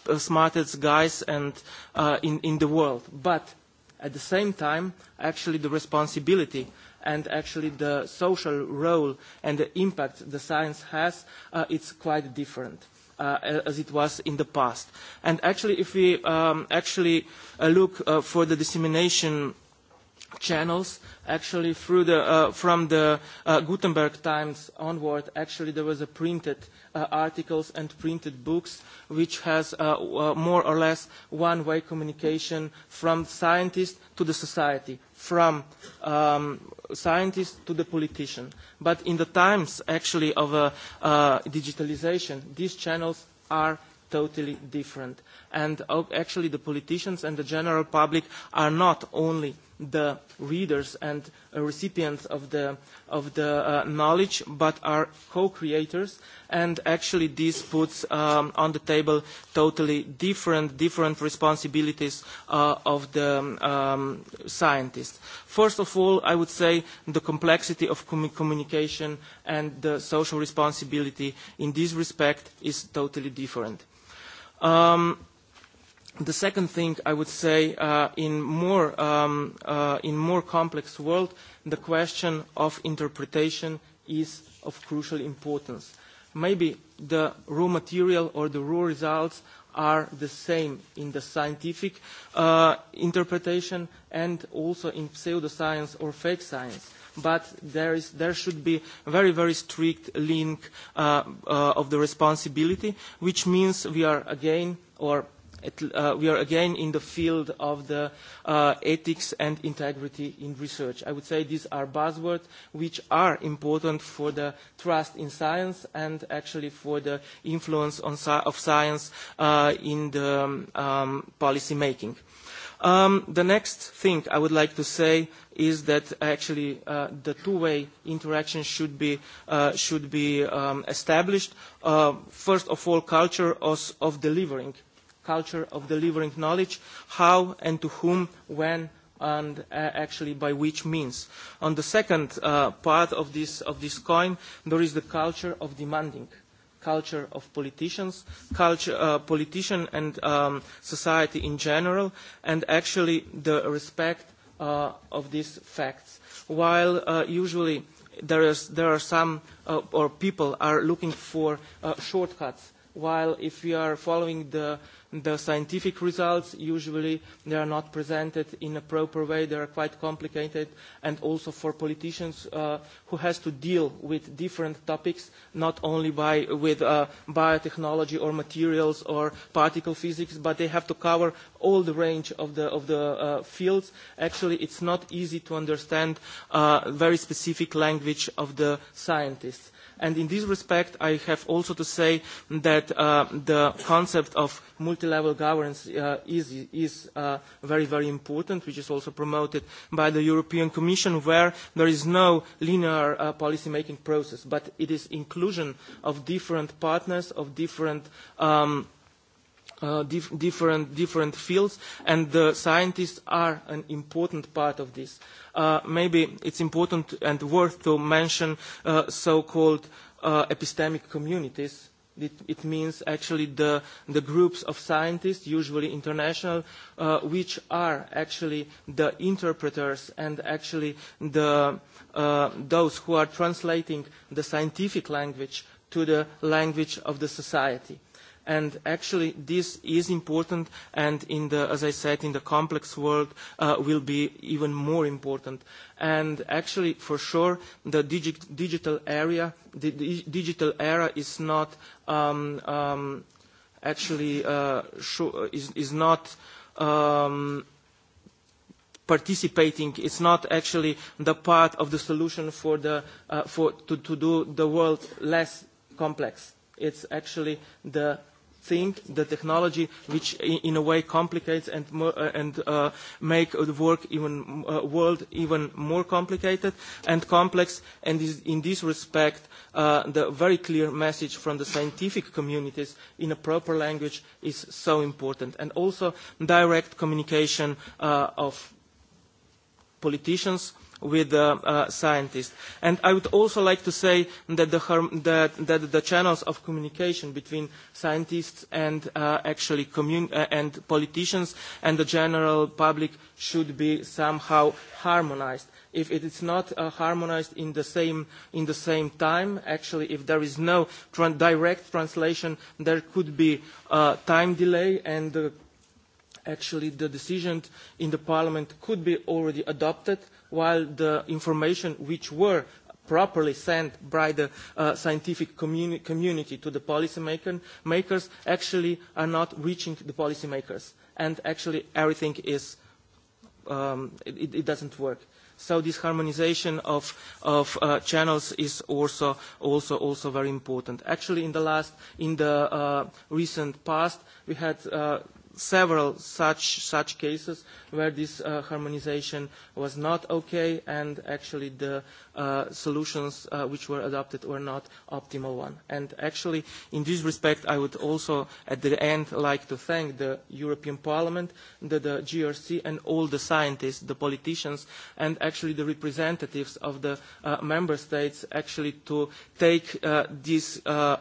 uh, smartest guys and, uh, in, in the world. But at the same time, actually the responsibility and actually the social role and the impact the science has, uh, it's quite different. Uh, as it was in the past. And actually, if we um, actually uh, look uh, for the dissemination channels actually through the uh, from the uh, Gutenberg times onward actually there was a printed uh, articles and printed books which has uh, uh, more or less one way communication from scientist to the society from um, scientist to the politician but in the times actually of digitalization these channels are totally different and actually the politicians and the general public are not only the readers and uh, recipients of the of the uh, knowledge but are co-creators and actually this puts um, on the table totally different different responsibilities uh, of the um, um scientists first of all i would say the complexity of com communication and the social responsibility in this respect is totally different um, The second thing I would say uh, in more um, uh, more complex world, the question of interpretation is of crucial importance. Maybe the raw material or the raw results are the same in the scientific uh, interpretation and also in pseudoscience or fake science but there, should be a very, very strict link of the responsibility, which means we are again, or Uh, we are again in the field of the uh, ethics and integrity in research. I would say these are buzzwords which are important for the trust in science and actually for the influence on, of science uh, in the um, um, policy making. Um, the next thing I would like to say is that actually uh, the two-way interaction should be, uh, should be um, established. Uh, first of all, culture of, of delivering culture of delivering knowledge, how and to whom, when, and uh, actually by which means. On the second uh, part of this, of this coin, there is the culture of demanding culture of politicians, culture, uh, politician and um, society in general, and actually the respect uh, of these facts. While usually there, is, there are some, or people are looking for shortcuts, while if we are following the the scientific results usually they are not presented in a proper way they are quite complicated and also for politicians uh, who has to deal with different topics not only by with uh, biotechnology or materials or particle physics but they have to cover all the range of the of the uh, fields actually it's not easy to understand uh, very specific language of the scientists And in this respect, I have also to say that uh, the concept of multi-level governance uh, is, is uh, very, very important, which is also promoted by the European Commission, where there is no linear policy-making process, but it is inclusion of different partners, of different um, Uh, different different fields and the scientists are an important part of this uh, maybe it's important and worth to mention uh, so called uh, epistemic communities it, it means actually the the groups of scientists usually international which are actually the interpreters and actually the those who are translating the scientific language to the language of the society and actually this is important and in the as i said in the complex world uh, will be even more important and actually for sure the digi digital area the digital era is not um, um actually uh, is is not um, participating it's not actually the part of the solution for the uh, for to, to do the world less complex it's actually the think the technology which in a way complicates and uh, and uh, make the work even uh, world even more complicated and complex and is in this respect uh, the very clear message from the scientific communities in a proper language is so important and also direct communication uh, of politicians with uh, scientists. And I would also like to say that the, that, that the channels of communication between scientists and uh, actually commun uh, and politicians and the general public should be somehow harmonized. If it is not uh, harmonized in the, same, in the same time, actually, if there is no direct translation, there could be a uh, time delay and the actually the decision in the parliament could be already adopted while the information which were properly sent by the uh, scientific community to the policy makers actually are not reaching the policy makers and actually everything is um, it, it doesn't work so this harmonization of, of uh, channels is also, also, also very important. Actually, in the last, in the uh, recent past, we had uh, several such such cases where this uh, harmonization was not okay and actually the uh, solutions uh, which were adopted were not optimal one and actually in this respect i would also at the end like to thank the european parliament the, the grc and all the scientists the politicians and actually the representatives of the uh, member states actually to take uh, this uh,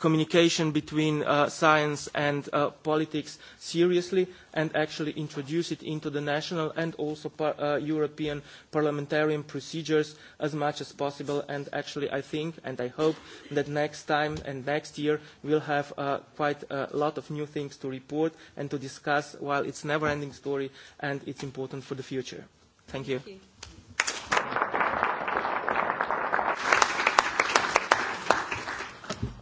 communication between uh, science and uh, politics seriously and actually introduce it into the national and also par uh, European parliamentarian procedures as much as possible. And actually, I think and I hope that next time and next year we'll have uh, quite a lot of new things to report and to discuss while it's a never-ending story and it's important for the future. Thank you. Thank you.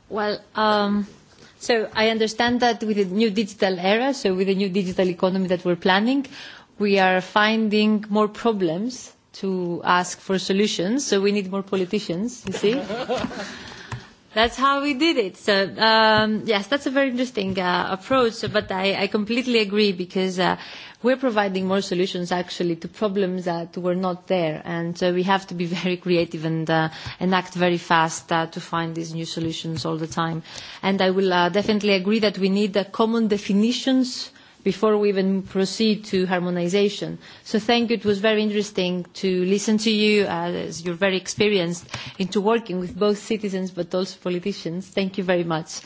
Well,
um, so I understand that with the new digital era, so with the new digital economy that we're planning, we are finding more problems to ask for solutions, so we need more politicians, you see. that's how we did it. So um, yes, that's a very interesting uh, approach. But I, I completely agree because uh, we're providing more solutions actually to problems that were not there, and so we have to be very creative and uh, and act very fast uh, to find these new solutions all the time. And I will uh, definitely agree that we need uh, common definitions before we even proceed to harmonization. So thank you. It was very interesting to listen to you as you're very experienced into working with both citizens but also politicians. Thank you very much.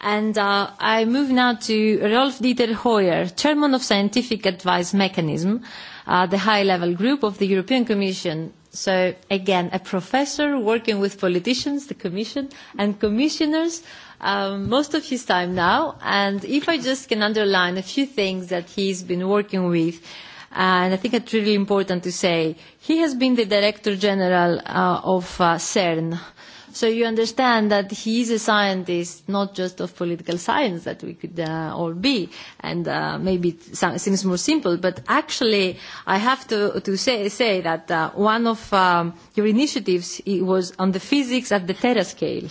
And uh, I move now to Rolf Dieter Hoyer, Chairman of Scientific Advice Mechanism, uh, the high-level group of the European Commission So again, a professor working with politicians, the Commission, and commissioners um, most of his time now. And if I just can underline a few things that he's been working with, and I think it's really important to say, he has been the Director General uh, of uh, CERN So you understand that he is a scientist, not just of political science that we could uh, all be. And uh, maybe it seems more simple, but actually I have to, to say, say that uh, one of um, your initiatives it was on the physics at the terascale. scale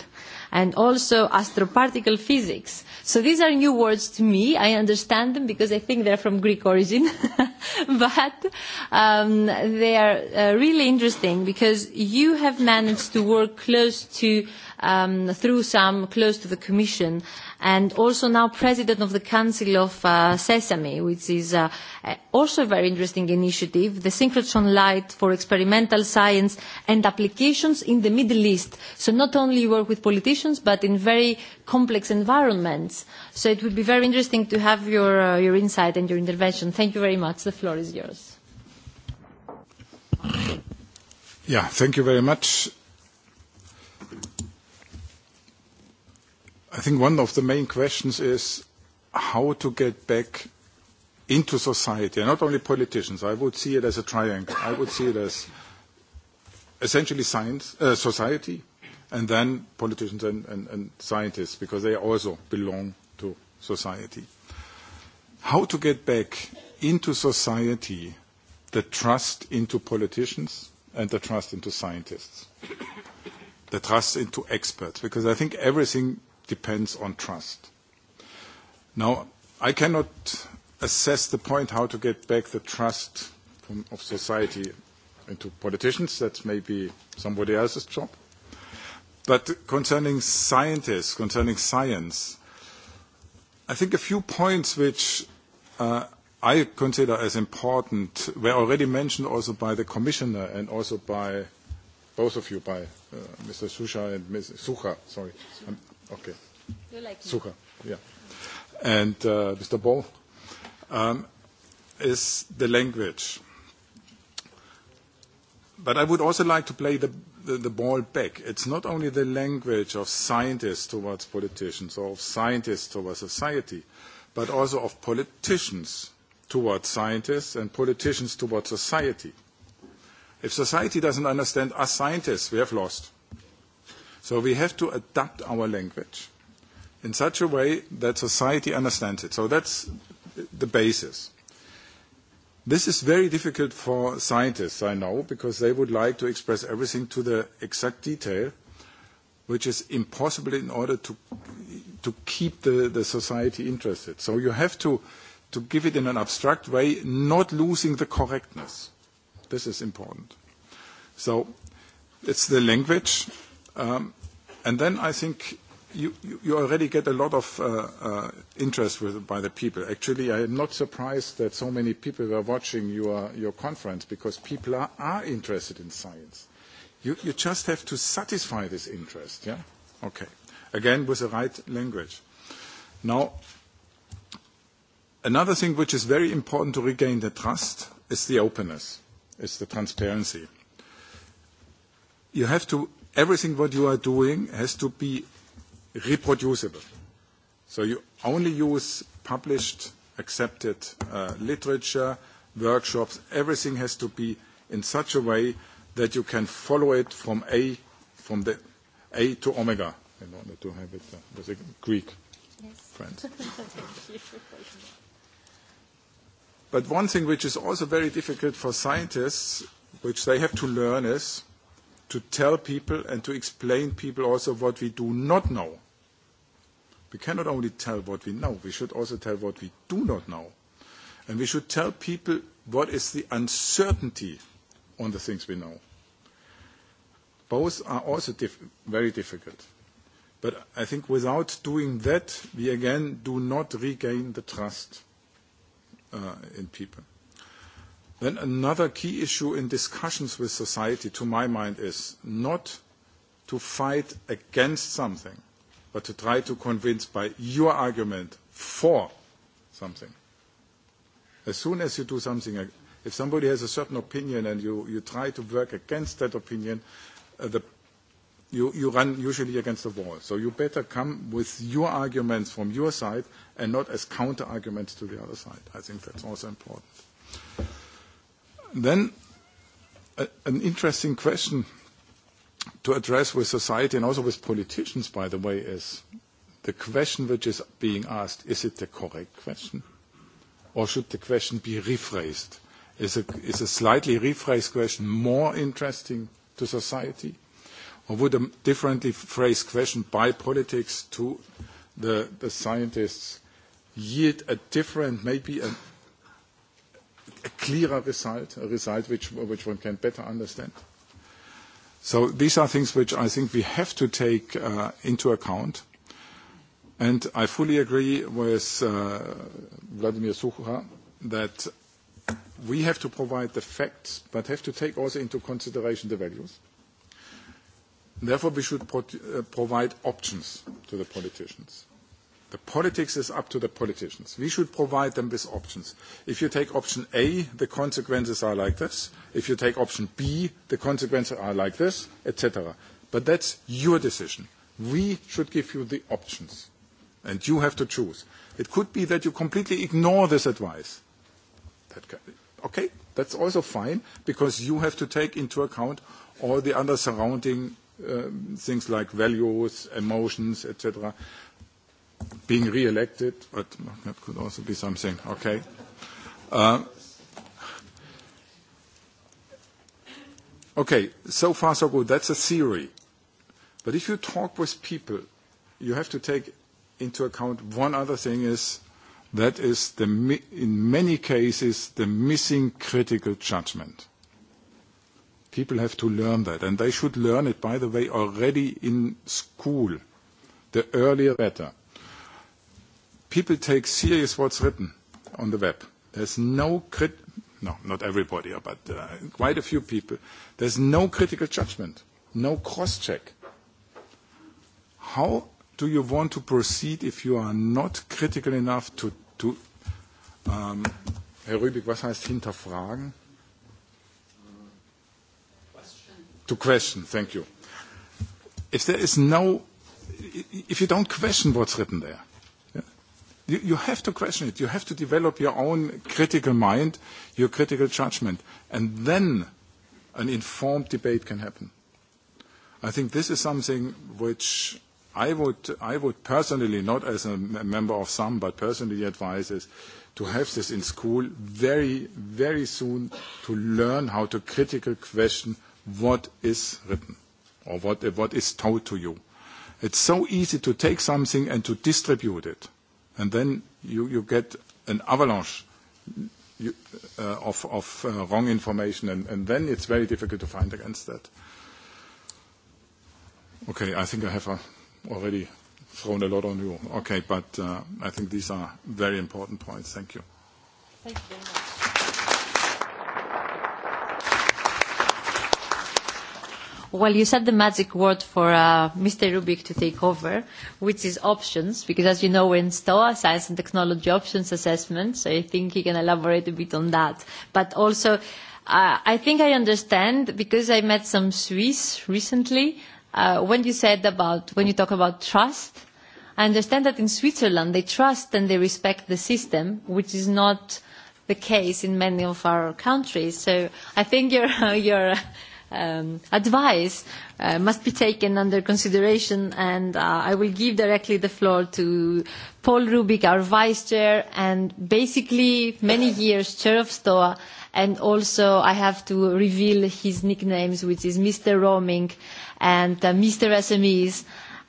and also astroparticle physics. So these are new words to me. I understand them because I think they're from Greek origin. but um, they are uh, really interesting because you have managed to work close to um, through some close to the Commission, and also now President of the Council of uh, Sesame, which is uh, also a very interesting initiative, the synchrotron light for experimental science and applications in the Middle East. So not only work with politicians, but in very complex environments. So it would be very interesting to have your, uh, your insight and your intervention. Thank you very much. The floor is yours.
Yeah, thank you very much. I think one of the main questions is how to get back into society, and not only politicians. I would see it as a triangle. I would see it as essentially science, uh, society, and then politicians and, and, and scientists, because they also belong to society. How to get back into society the trust into politicians and the trust into scientists, the trust into experts, because I think everything depends on trust. Now, I cannot assess the point how to get back the trust from, of society into politicians. That's maybe somebody else's job. But concerning scientists, concerning science, I think a few points which uh, I consider as important were already mentioned also by the commissioner and also by both of you, by uh, Mr. Sucha and Ms. Sucha, sorry. Um, Okay. Super. Yeah. And uh, Mr. Ball, um, is the language. But I would also like to play the, the, the ball back. It's not only the language of scientists towards politicians or of scientists towards society, but also of politicians towards scientists and politicians towards society. If society doesn't understand us scientists, we have lost. So we have to adapt our language in such a way that society understands it. So that's the basis. This is very difficult for scientists, I know, because they would like to express everything to the exact detail, which is impossible in order to, to keep the, the society interested. So you have to, to give it in an abstract way, not losing the correctness. This is important. So it's the language Um, and then I think you, you already get a lot of uh, uh, interest with, by the people. Actually, I am not surprised that so many people were watching your, your conference because people are, are interested in science. You, you just have to satisfy this interest, yeah? Okay. Again, with the right language. Now, another thing which is very important to regain the trust is the openness, is the transparency. You have to everything what you are doing has to be reproducible. So you only use published, accepted uh, literature, workshops. Everything has to be in such a way that you can follow it from A, from the A to omega, in order to have it uh, with a Greek yes. friend. but one thing which is also very difficult for scientists, which they have to learn is to tell people and to explain people also what we do not know. We cannot only tell what we know, we should also tell what we do not know. And we should tell people what is the uncertainty on the things we know. Both are also diff very difficult. But I think without doing that, we again do not regain the trust uh, in people. Then another key issue in discussions with society, to my mind, is not to fight against something, but to try to convince by your argument for something. As soon as you do something, if somebody has a certain opinion and you, you try to work against that opinion, uh, the, you, you run usually against the wall. So you better come with your arguments from your side and not as counter arguments to the other side. I think that's also important. Then an interesting question to address with society and also with politicians, by the way, is the question which is being asked, is it the correct question? Or should the question be rephrased? Is a, slightly rephrased question more interesting to society? Or would a differently phrased question by politics to the, the scientists yield a different, maybe a a clearer result, a result which, one can better understand. So these are things which I think we have to take uh, into account. And I fully agree with uh, Vladimir Sucha that we have to provide the facts, but have to take also into consideration the values. Therefore, we should uh, provide options to the politicians. The politics is up to the politicians. We should provide them with options. If you take option A, the consequences are like this. If you take option B, the consequences are like this, etc. But that's your decision. We should give you the options, and you have to choose. It could be that you completely ignore this advice. That okay, that's also fine, because you have to take into account all the other surrounding um, things like values, emotions, etc being re-elected, but that could also be something. Okay. Uh, okay, so far so good. That's a theory. But if you talk with people, you have to take into account one other thing is that is the in many cases the missing critical judgment. People have to learn that, and they should learn it, by the way, already in school. The earlier better people take serious what's written on the web. There's no crit no, not everybody, but uh, quite a few people. There's no critical judgment, no cross-check. How do you want to proceed if you are not critical enough to, to um Herr Rübig, was heißt hinterfragen? Question. To question, thank you. If there is no, if you don't question what's written there, You, you have to question it. You have to develop your own critical mind, your critical judgment. And then an informed debate can happen. I think this is something which I would, I would personally, not as a member of some, but personally advise is to have this in school very, very soon to learn how to critically question what is written or what, what is told to you. It's so easy to take something and to distribute it and then you, you get an avalanche you, uh, of, of uh, wrong information, and, and then it's very difficult to find against that. Okay, I think I have uh, already thrown a lot on you. Okay, but uh, I think these are very important points. Thank you.
Thank you very much.
Well, you said the magic word for uh, Mr. Rubik to take over, which is options, because as you know, we're in STOA, Science and Technology Options Assessment, so I think you can elaborate a bit on that. But also, uh, I think I understand, because I met some Swiss recently, uh, when you said about, when you talk about trust, I understand that in Switzerland they trust and they respect the system, which is not the case in many of our countries. So I think you're... you're, Um, advice uh, must be taken under consideration and uh, I will give directly the floor to Paul Rubik, our Vice Chair and basically many years Chair of STOA and also I have to reveal his nicknames which is Mr. Roaming and uh, Mr. SMEs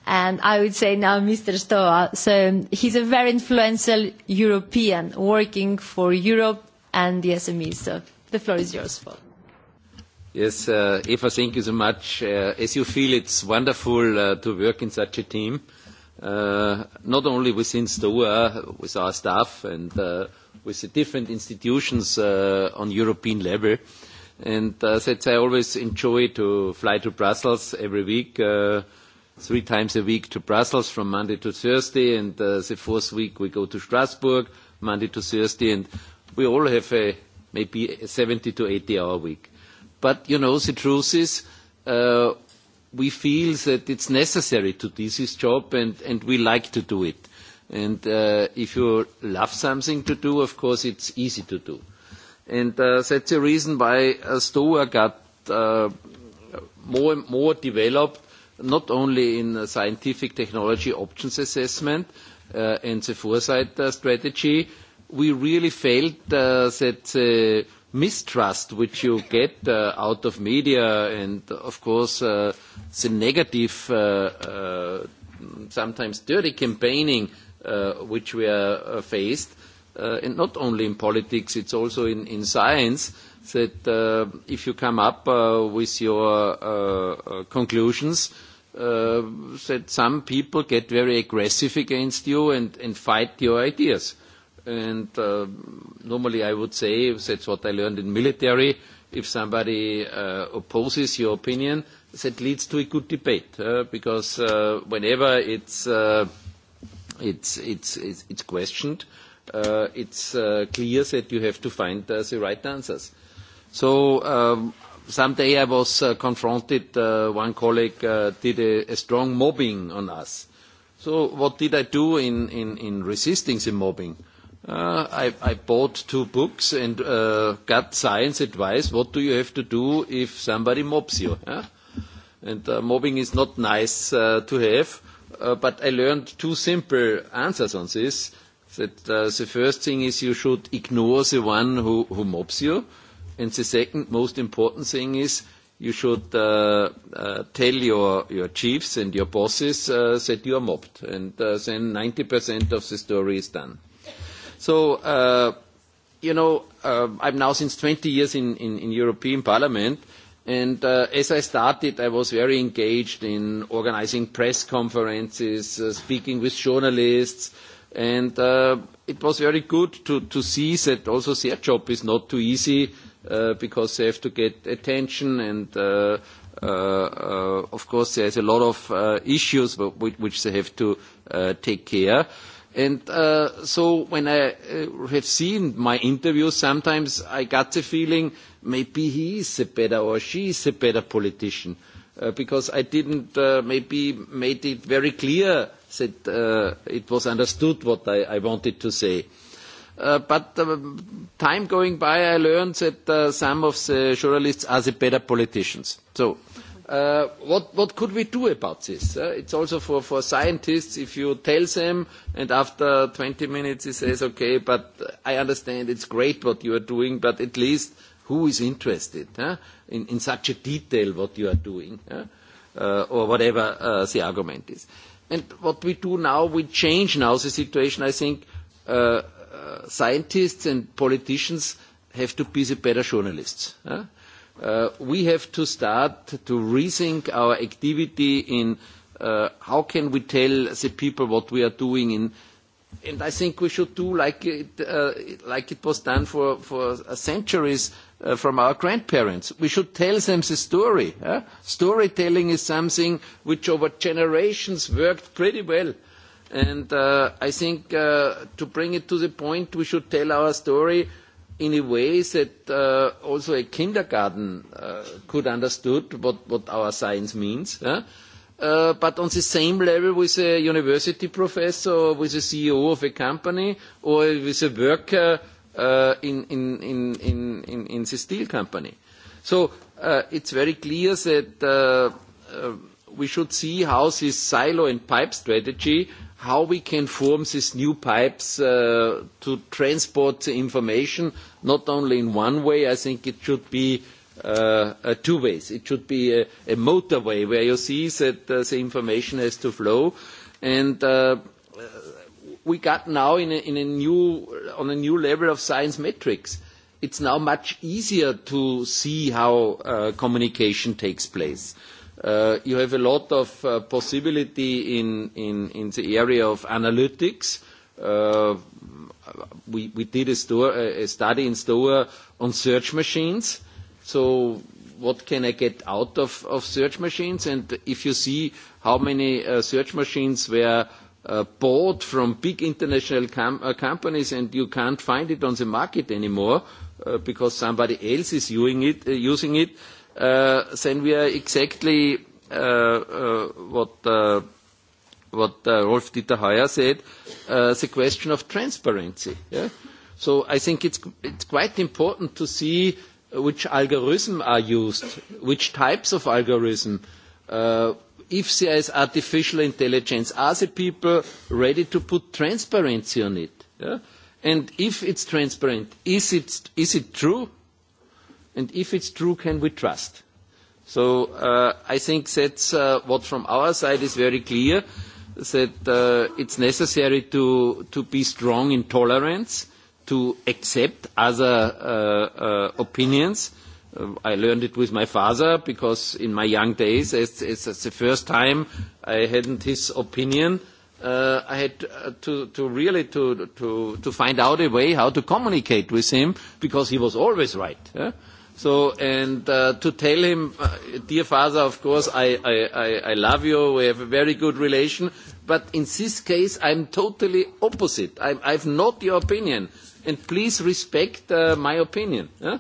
and I would say now Mr. Stoa. So he's a very influential European working for Europe and the SMEs. So the floor is yours, Paul.
Yes, uh, Eva, thank you so much. Uh, as you feel, it's wonderful uh, to work in such a team, uh, not only within STOA, with our staff and uh, with the different institutions uh, on European level. And that's I always enjoy to fly to Brussels every week, three times a week to Brussels from Monday to Thursday, and the fourth week we go to Strasbourg, Monday to Thursday, and we all have a maybe a 70 to 80 hour week. But, you know, the truth is, uh, we feel that it's necessary to do this job, and, we like to do it. And uh, if you love something to do, of course, it's easy to do. And uh, that's the reason why uh, STOA got more and more developed, not only in scientific technology options assessment and the foresight strategy. We really felt that mistrust which you get uh, out of media and of course uh, the negative uh, uh, sometimes dirty campaigning which we are faced and not only in politics it's also in, in science that if you come up with your conclusions that some people get very aggressive against you and fight your ideas And uh, normally I would say, that's what I learned in military, if somebody uh, opposes your opinion, that leads to a good debate, uh, because uh, whenever uh, it's, it's, it's, it's questioned, uh, it's clear that you have to find the right answers. So um, someday I was confronted, one colleague did a, a strong mobbing on us. So what did I do in, in, in resisting the mobbing? Uh, I, I bought two books and uh, got science advice. What do you have to do if somebody mobs you? And uh, mobbing is not nice uh, to have, uh, but I learned two simple answers on this. That the first thing is you should ignore the one who, who mobs you, and the second most important thing is you should tell your, your chiefs and your bosses that you are mobbed, and then 90% of the story is done. So, uh, you know, uh, I'm now since 20 years in, in, in European Parliament, and uh, as I started, I was very engaged in organizing press conferences, uh, speaking with journalists, and uh, it was very good to, to see that also their job is not too easy uh, because they have to get attention and uh, uh, uh of course there are a lot of uh, issues which, which they have to uh, take care And uh, so when I uh, have seen my interviews, sometimes I got the feeling maybe he is a better or she is a better politician uh, because I didn't maybe made it very clear that it was understood what I, wanted to say. but time going by, I learned that some of the journalists are the better politicians. So Uh, what, what could we do about this? Uh, it's also for, for scientists, if you tell them and after 20 minutes he says, okay, but I understand it's great what you are doing, but at least who is interested in, in such a detail what you are doing uh, or whatever uh, the argument is. And what we do now, we change now the situation. I think uh, uh, scientists and politicians have to be the better journalists. Uh, we have to start to rethink our activity in uh, how can we tell the people what we are doing in and I think we should do like it, uh, like it was done for, for centuries from our grandparents. We should tell them the story. Storytelling is something which over generations worked pretty well. And I think to bring it to the point, we should tell our story in a way that uh, also a kindergarten uh, could understood what, what our science means. Uh, but on the same level with a university professor or with a CEO of a company or with a worker uh, in, in, in, in the steel company. So uh, it's very clear that we should see how this silo and pipe strategy how we can form these new pipes uh, to transport the information, not only in one way, I think it should be uh, two ways. It should be a, a motorway where you see that uh, the information has to flow. And uh, we got now in a, in a new, on a new level of science metrics. It's now much easier to see how communication takes place. Uh, you have a lot of uh, possibility in, the area of analytics. Uh, we, did a, study in Stoa on search machines. So what can I get out of, search machines? And if you see how many search machines were bought from big international companies and you can't find it on the market anymore because somebody else is using it then we are exactly uh, uh, what uh, what Rolf Dieter Heuer said, the question of transparency. Yeah? So I think it's, it's quite important to see which algorithms are used, which types of algorithm, if there is artificial intelligence, are the people ready to put transparency on it? Yeah? And if it's transparent, is is it true and if it's true, can we trust? So uh, I think that's uh, what from our side is very clear, that uh, it's necessary to, to be strong in tolerance, to accept other opinions. I learned it with my father because in my young days, as, the first time I hadn't his opinion, I had to, to really to, to, to find out a way how to communicate with him because he was always right. So, and uh, to tell him, uh, dear father, of course, I, I, I, I love you. We have a very good relation. But in this case, I'm totally opposite. I, I've not your opinion. And please respect uh, my opinion. And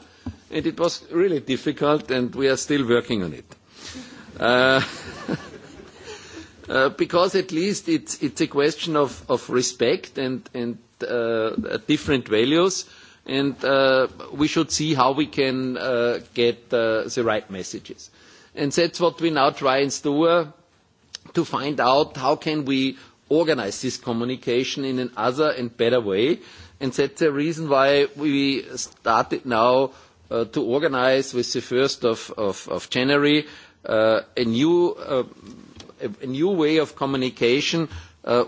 it was really difficult, and we are still working on it. Uh, uh, because at least it's, it's a question of, of respect and, and uh, different values and uh, we should see how we can uh, get uh, the right messages. And that's what we now try and do to find out how can we organize this communication in an other and better way. And that's the reason why we started now to organize with the 1 of, January a new, a new way of communication.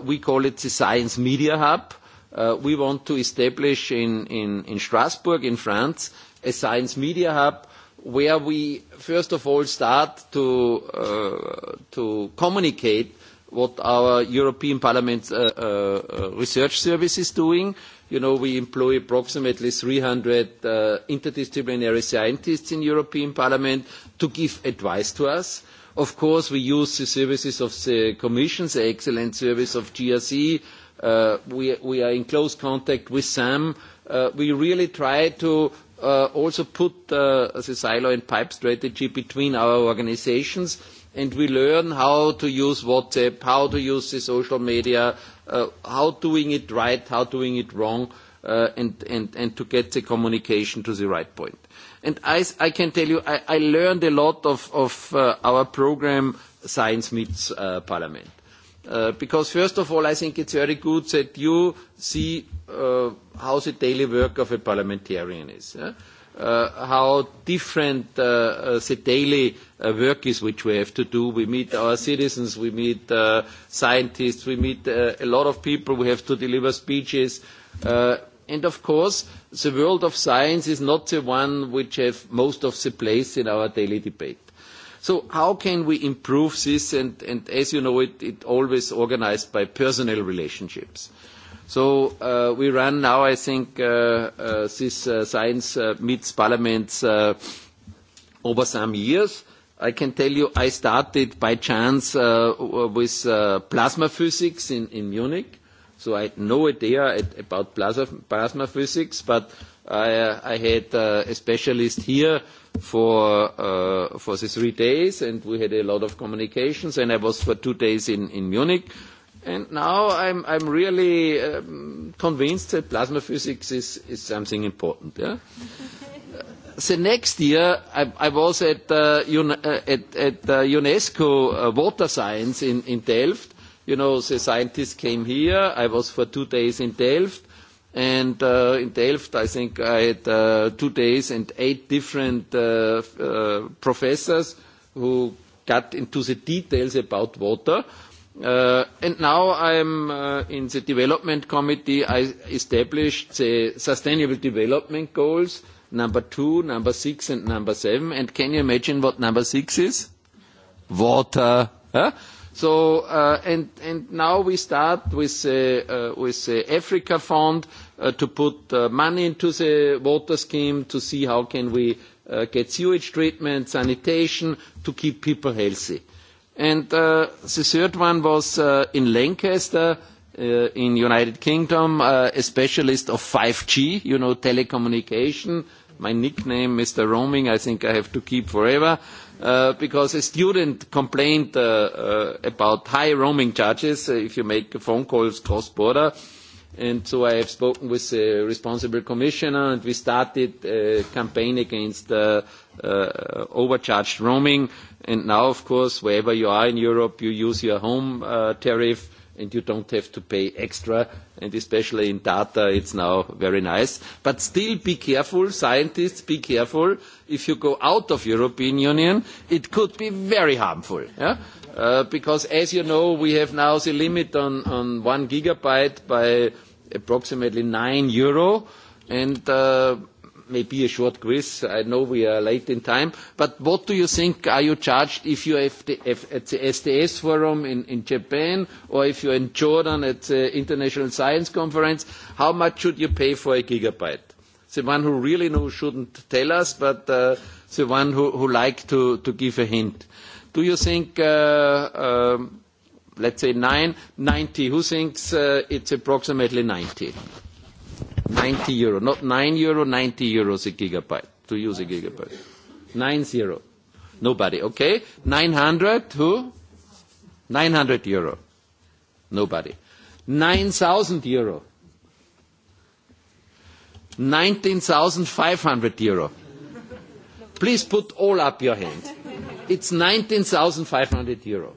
We call it the Science Media Hub Uh, we want to establish in, in, Strasbourg, in France, a science media hub where we first of all start to, uh, communicate what our European Parliament uh, research service is doing. You know, we employ approximately 300 interdisciplinary scientists in European Parliament to give advice to us. Of course, we use the services of the Commission, the excellent service of GRC, Uh, we, we are in close contact with Sam. Uh, we really try to uh, also put the silo and pipe strategy between our organizations, and we learn how to use WhatsApp, how to use the social media, how doing it right, how doing it wrong, and, and, to get the communication to the right point. And I, I can tell you, I, I learned a lot of, of our program Science Meets Parliament. Uh, because first of all, I think it's very good that you see uh, how the daily work of a parliamentarian is, eh? uh, how different the daily work is which we have to do. We meet our citizens, we meet scientists, we meet a lot of people. We have to deliver speeches. And of course, the world of science is not the one which has most of the place in our daily debate. So how can we improve this? And, as you know, it, it always organized by personal relationships. So uh, we run now, I think, uh, uh, this science meets parliaments over some years. I can tell you I started by chance with plasma physics in, Munich. So I had no idea about plasma physics, but I had a specialist here for uh, for the three days, and we had a lot of communications. And I was for two days in in Munich. And now I'm I'm really um, convinced that plasma physics is is something important. Yeah. the next year, I, I was at uh, uh at, at uh, UNESCO uh, Water Science in in Delft. You know, the scientists came here. I was for two days in Delft And uh, in Delft, I think I had uh, two days and eight different uh, professors who got into the details about water. And now I'm in the development committee. I established the sustainable development goals, number two, number six, and number seven. And can you imagine what number six is? Water. So uh, and and now we start with uh, uh, the Africa Fund to put money into the water scheme to see how can we get sewage treatment, sanitation to keep people healthy. And the third one was in Lancaster, in United Kingdom, a specialist of 5G, you know, telecommunication. My nickname, Mr. Roaming, I think I have to keep forever. Uh, because a student complained uh, uh, about high roaming charges if you make phone calls cross border and so i have spoken with the responsible commissioner and we started a campaign against overcharged roaming and now of course wherever you are in europe you use your home tariff and you don't have to pay extra, and especially in data, it's now very nice. But still be careful, scientists, be careful. If you go out of European Union, it could be very harmful, yeah? Uh, because as you know, we have now the limit on, on one gigabyte by approximately 9 euro, and uh, maybe a short quiz. I know we are late in time, but what do you think are you charged if you are at the STS forum in, Japan or if you are in Jordan at the International Science Conference? How much should you pay for a gigabyte? The one who really knows shouldn't tell us, but uh, the one who, like to, give a hint. Do you think, uh, um, let's say nine, 90, who thinks uh, it's approximately 90? 90 euro, not 9 euro, 90 euros a gigabyte, to use a gigabyte. 9 zero. Nobody, okay? 900 to 900 euro. Nobody. 9,000 euro. 19,500 euro. Please put all up your hand. It's 19,500 euro,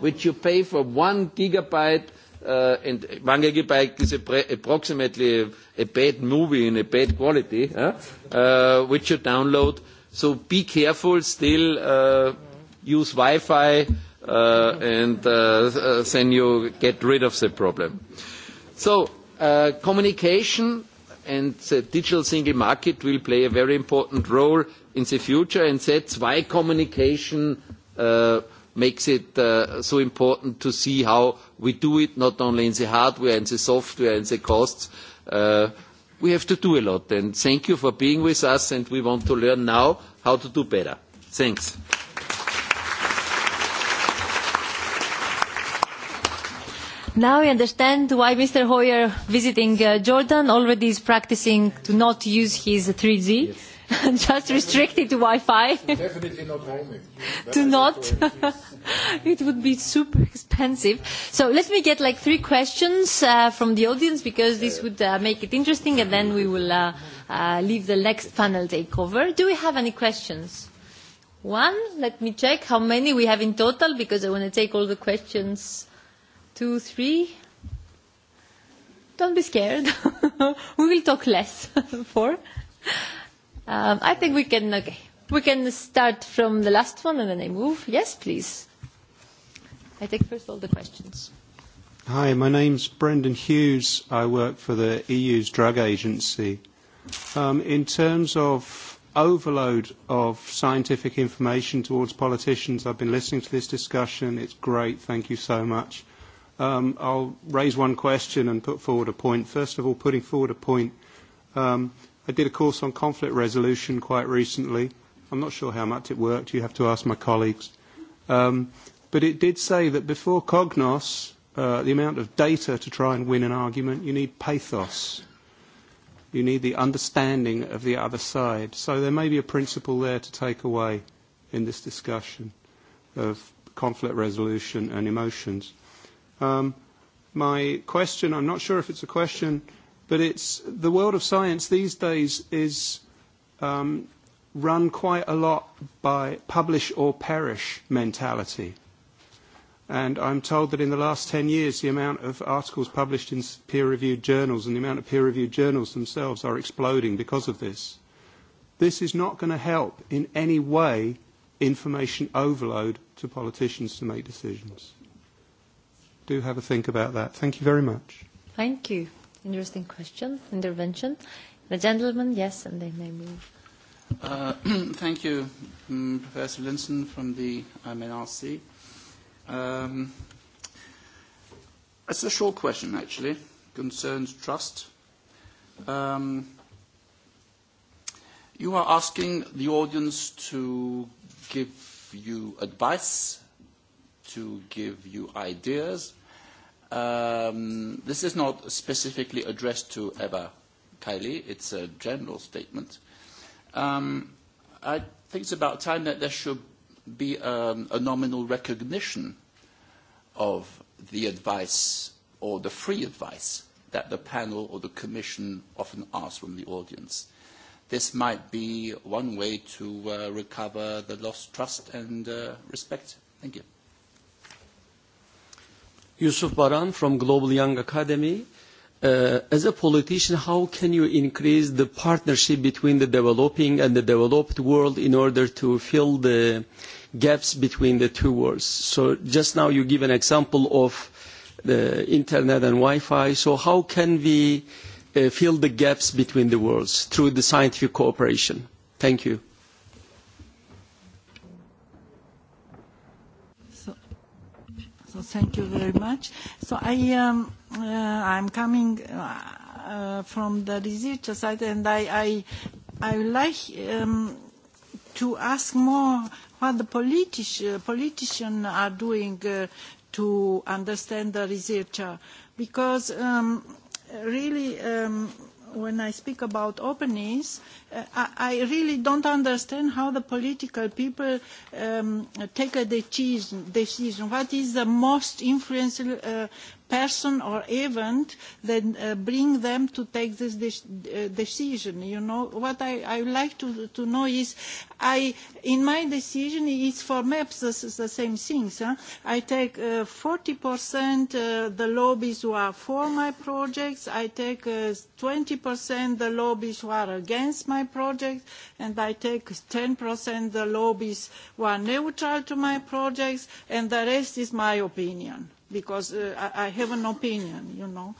which you pay for one gigabyte uh, and is approximately uh, a bad movie in a bad quality, uh, which you download. So be careful still, uh, use Wi-Fi, and then you get rid of the problem. So communication and the digital single market will play a very important role in the future, and that's why communication makes it uh, so important to see how we do it, not only in the hardware and the software and the costs. Uh, we have to do a lot, and thank you for being with us, and we want to learn now how to do better. Thanks.
Now I understand why Mr. Hoyer, visiting uh, Jordan, already is practicing to not use his 3G. just restricted to Wi-Fi.
Definitely
not it would be super expensive. So let me get like three questions uh, from the audience because this would uh, make it interesting and then we will uh, uh, leave the next panel takeover. Do we have any questions? One, let me check how many we have in total because I want to take all the questions. Two, three. Don't be scared. we will talk less. Four. Um, I think we can, okay, we can start from the last one and then I move. Yes, please. I take first all the questions.
Hi, my name's Brendan Hughes. I work for the EU's drug agency. Um, in terms of overload of scientific information towards politicians, I've been listening to this discussion. It's great. Thank you so much. Um, I'll raise one question and put forward a point. First of all, putting forward a point. Um, i did a course on conflict resolution quite recently. I'm not sure how much it worked. You have to ask my colleagues. Um, but it did say that before Cognos, uh, the amount of data to try and win an argument, you need pathos. You need the understanding of the other side. So there may be a principle there to take away in this discussion of conflict resolution and emotions. Um, my question, I'm not sure if it's a question But it's the world of science these days is um, run quite a lot by publish or perish mentality. And I'm told that in the last 10 years, the amount of articles published in peer-reviewed journals and the amount of peer-reviewed journals themselves are exploding because of this. This is not going to help in any way information overload to politicians to make decisions. Do have a think about that. Thank you very much.
Thank you interesting question, intervention. The gentleman, yes, and they may move.
Uh, thank you, um, Professor Linson from the MNRC. Um, it's a short question, actually, concerns trust. Um,
you are asking the audience to give you advice, to give you ideas, Um, this is not specifically addressed to Eva Kaili. It's a general statement. Um, I think it's about time that there should be um, a nominal recognition of the advice or the free advice that the panel or the commission often asks from the audience. This might be one way to uh, recover the lost trust and uh, respect. Thank you.
Yusuf Baran from Global Young Academy.
Uh, as a politician, how can you increase the partnership between the developing and the developed world in order to fill the gaps between the two worlds? So just now you give an example of the internet and Wi-Fi. So how can we uh, fill the gaps between the worlds through the scientific cooperation?
Thank you.
So thank you very much. So I am um, uh, I'm coming uh, uh, from the research side, and I I, I would like um, to ask more what the politi politicians are doing to understand the researcher, because um, really when I speak about openness, uh, I, I really don't understand how the political people um, take a decision, What is the most influential uh, person or event that uh, bring them to take this de uh, decision. You know, what I, I like to, to know is, I, in my decision, it's for maps the same things. I take uh, 40% uh, the lobbies who are for my projects, I take uh, 20% the lobbies who are against my project, and I take 10% the lobbies who are neutral to my projects, and the rest is my opinion because uh, I, I have an opinion, you know.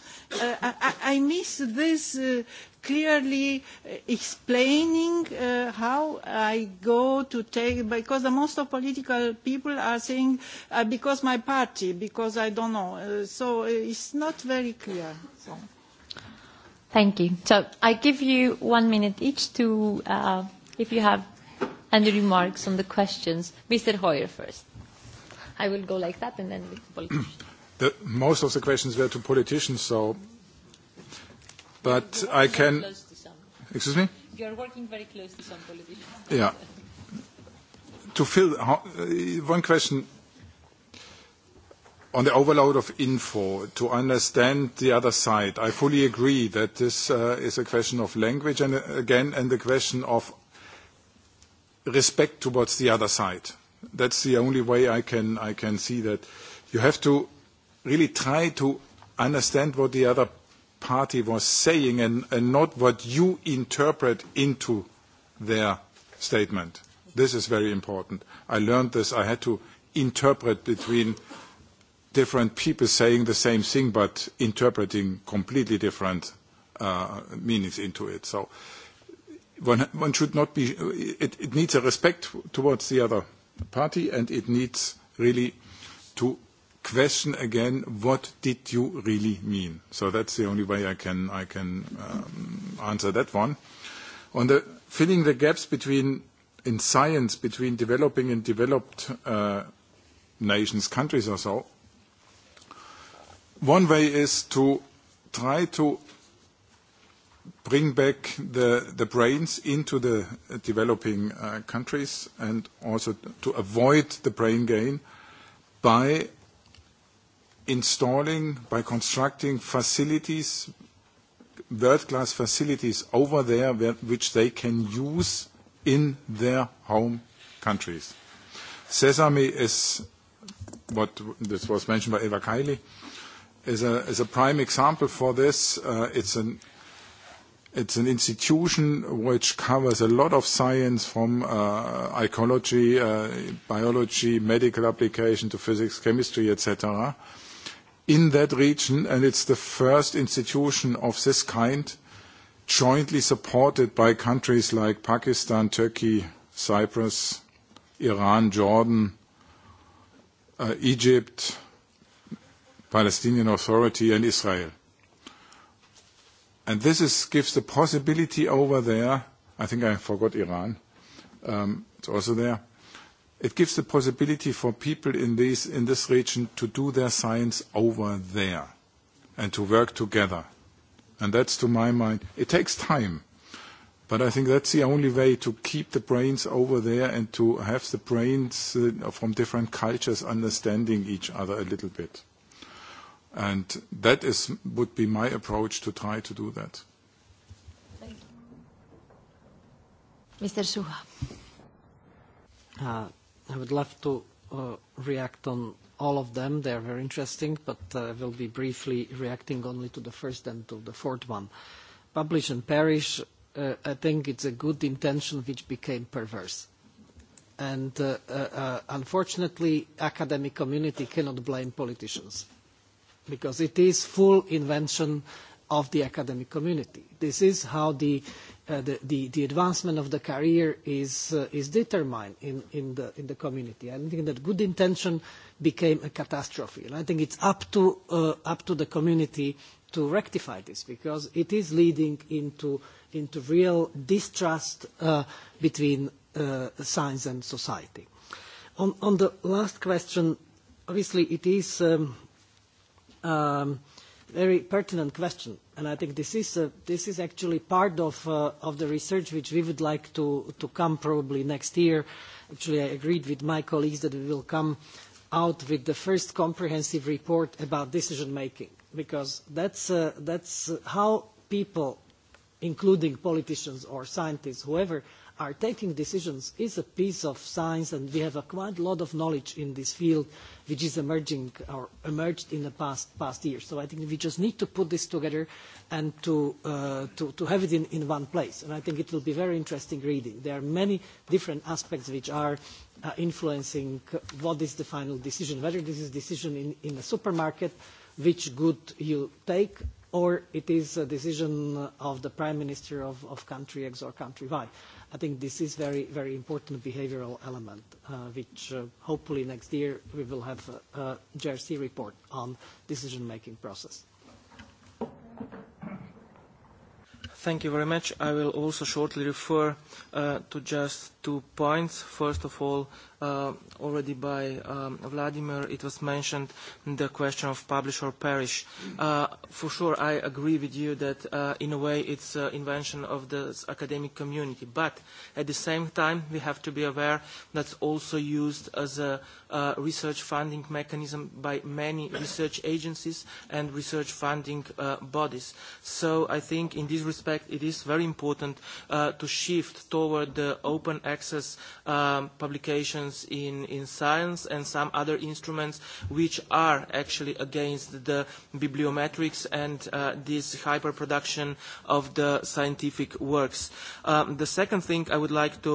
Uh, I, I miss this uh, clearly uh, explaining uh, how I go to take, because the most of political people are saying, uh, because my party, because I don't know. Uh, so uh, it's not very clear. So.
Thank you. So I give you one minute each to, uh, if you have any remarks on the questions. Mr. Hoyer first. I will go like that and then with the politicians.
The, most of the questions were to politicians, so. But I can. Excuse me?
You are working very close to
some politicians.
Yeah. to fill. Uh, one question on the overload of info, to understand the other side. I fully agree that this uh, is a question of language and uh, again, and the question of respect towards the other side That's the only way I can, I can see that. You have to really try to understand what the other party was saying and, and not what you interpret into their statement. This is very important. I learned this. I had to interpret between different people saying the same thing but interpreting completely different uh, meanings into it. So one, one should not be, it, it needs a respect towards the other party, and it needs really to question again, what did you really mean? So that's the only way I can, I can um, answer that one. On the filling the gaps between, in science, between developing and developed uh, nations, countries or so, one way is to try to bring back the, brains into the developing uh, countries and also to avoid the brain gain by installing, by constructing facilities, world-class facilities over there which they can use in their home countries. Sesame is what this was mentioned by Eva Kaili is a, prime example for this. Uh, it's an It's an institution which covers a lot of science from uh, ecology, uh, biology, medical application to physics, chemistry, etc. in that region, and it's the first institution of this kind jointly supported by countries like Pakistan, Turkey, Cyprus, Iran, Jordan, uh, Egypt, Palestinian Authority, and Israel. And this is, gives the possibility over there, I think I forgot Iran, um, it's also there. It gives the possibility for people in, this in this region to do their science over there and to work together. And that's to my mind, it takes time. But I think that's the only way to keep the brains over there and to have the brains uh, from different cultures understanding each other a little bit. And that is, would be my approach to try to do that.
Mr. Suha. Uh, I would love to uh, react on all of them. They are very interesting, but I uh, will be briefly reacting only to the first and to the fourth one. Publish and perish, I think it's a good intention which became perverse. And unfortunately, academic community cannot blame politicians because it is full invention of the academic community. This is how the, uh, the, the, the advancement of the career is, uh, is determined in, in, the, in the community. I think that good intention became a catastrophe. And I think it's up to, uh, up to the community to rectify this because it is leading into, into real distrust uh, between uh, science and society. On, on the last question, obviously it is... Um, um, very pertinent question, and I think this is, this is actually part of, uh, of the research which we would like to, to come probably next year. Actually, I agreed with my colleagues that we will come out with the first comprehensive report about decision-making, because that's, uh, that's how people, including politicians or scientists, whoever, are taking decisions is a piece of science and we have a quite a lot of knowledge in this field which is emerging or emerged in the past, past years. So I think we just need to put this together and to, uh, to, have it in, one place. And I think it will be very interesting reading. There are many different aspects which are uh, influencing what is the final decision, whether this is a decision in, in a supermarket, which good you take, or it is a decision of the prime minister of, of country X or country Y. I think this is very, very important behavioral element, uh, which uh, hopefully next year we will have a, JRC report on decision-making process.
Thank you very much. I will also shortly refer uh, to just two points. First of all, uh, already by um, Vladimir, it was mentioned the question of publish or perish. Uh, for sure, I agree with you that uh, in a way it's an invention of the academic community. But at the same time, we have to be aware that's also used as a uh, research funding mechanism by many research agencies and research funding uh, bodies. So I think in this respect, it is very important uh, to shift toward the open access access um, publications in, in science and some other instruments which are actually against the bibliometrics and uh, this hyperproduction of the scientific works. Um, the second thing I would like to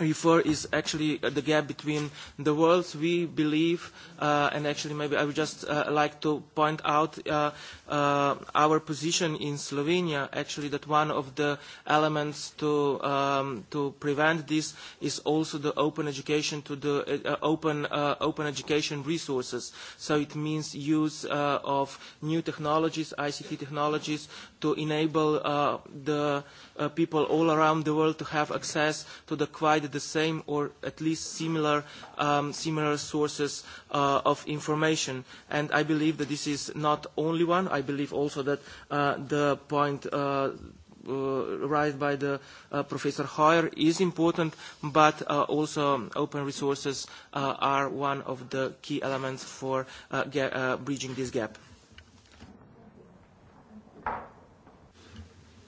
refer is actually uh, the gap between the worlds we believe uh, and actually maybe I would just uh, like to point out uh, uh, our position in Slovenia actually that one of the elements to, um, to prevent this is also the open education to the open, open education resources so it means use of new technologies ICT technologies to enable the Uh, people all around the world to have access to the quite the same or at least similar, um, similar sources uh, of information. And I believe that this is not only one. I believe also that uh, the point uh, Uh, raised by the uh, Professor Hoyer is important, but uh, also open resources uh, are one of the key elements for uh, bridging this gap.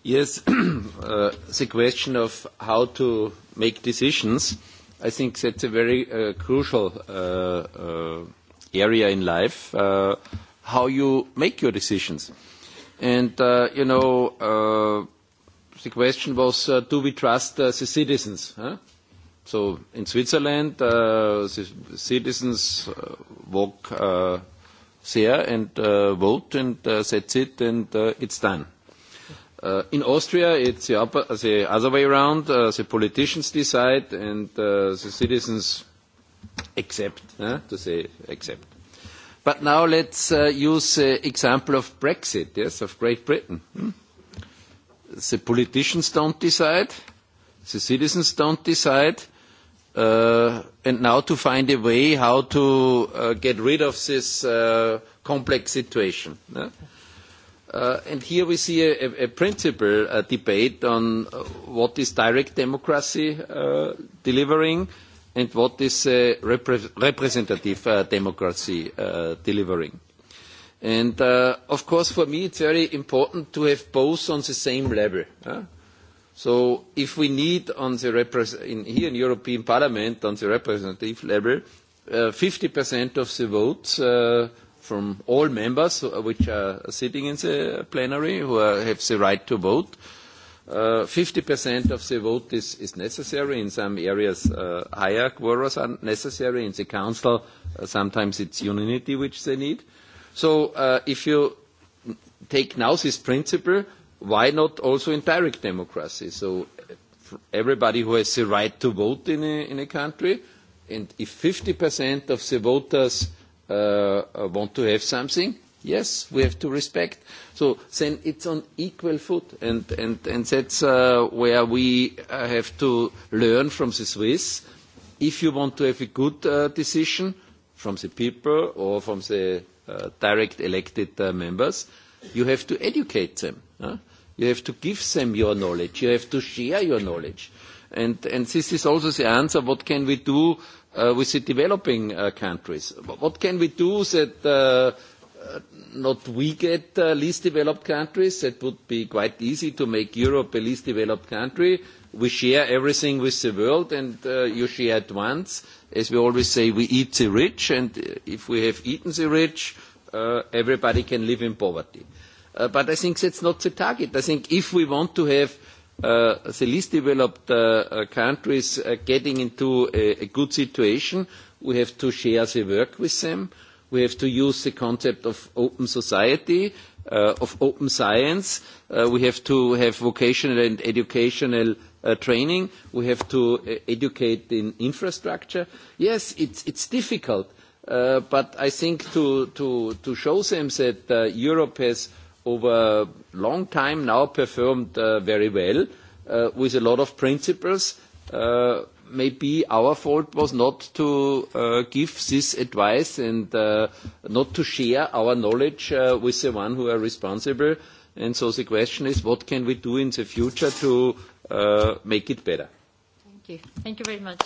Yes, uh, the question of how to make decisions, I think that's a very uh, crucial uh, area in life, how you make your decisions. And, you know, the question was, do we trust the citizens? So in Switzerland, the citizens walk there and vote, and that's it, and it's done. Uh, in Austria, it's the, upper, the other way around. Uh, the politicians decide and uh, the citizens accept, to say accept. But now let's uh, use the example of Brexit, yes, of Great Britain. Hmm? The politicians don't decide, the citizens don't decide, uh, and now to find a way how to uh, get rid of this uh, complex situation. Uh, and here we see a, a principal uh, debate on uh, what is direct democracy uh, delivering and what is representative democracy delivering. And of course, for me, it's very important to have both on the same level. So if we need on the in, here in European Parliament, on the representative level, 50% of the votes from all members uh, which are sitting in the plenary who have the right to vote. 50% uh, of the vote is, is necessary. In some areas, uh, higher quorums are necessary. In the council, uh, sometimes it's unanimity which they need. So uh, if you take now this principle, why not also in direct democracy? So everybody who has the right to vote in a, in a country, and if 50% of the voters Uh, want to have something, yes, we have to respect. So then it's on equal foot, and, and, and that's uh, where we uh, have to learn from the Swiss. If you want to have a good decision from the people or from the direct elected members, you have to educate them. You have to give them your knowledge. You have to share your knowledge. And, and this is also the answer, what can we do uh, with the developing uh, countries? What can we do that uh, uh not we get uh, least developed countries? it would be quite easy to make Europe a least developed country. We share everything with the world, and you share at once. As we always say, we eat the rich, and if we have eaten the rich, everybody can live in poverty. But I think that's not the target. I think if we want to have Uh, the least developed uh, uh, countries getting into a, good situation. We have to share the work with them. We have to use the concept of open society, of open science. We have to have vocational and educational training. We have to educate in infrastructure. Yes, it's, it's difficult, but I think to, to, to show them that Europe has over a long time now performed uh, very well uh, with a lot of principles. Uh, maybe our fault was not to give this advice and not to share our knowledge with the one who are responsible. And so the question is, what can we do in the future to make it better?
Thank you. Thank you very much.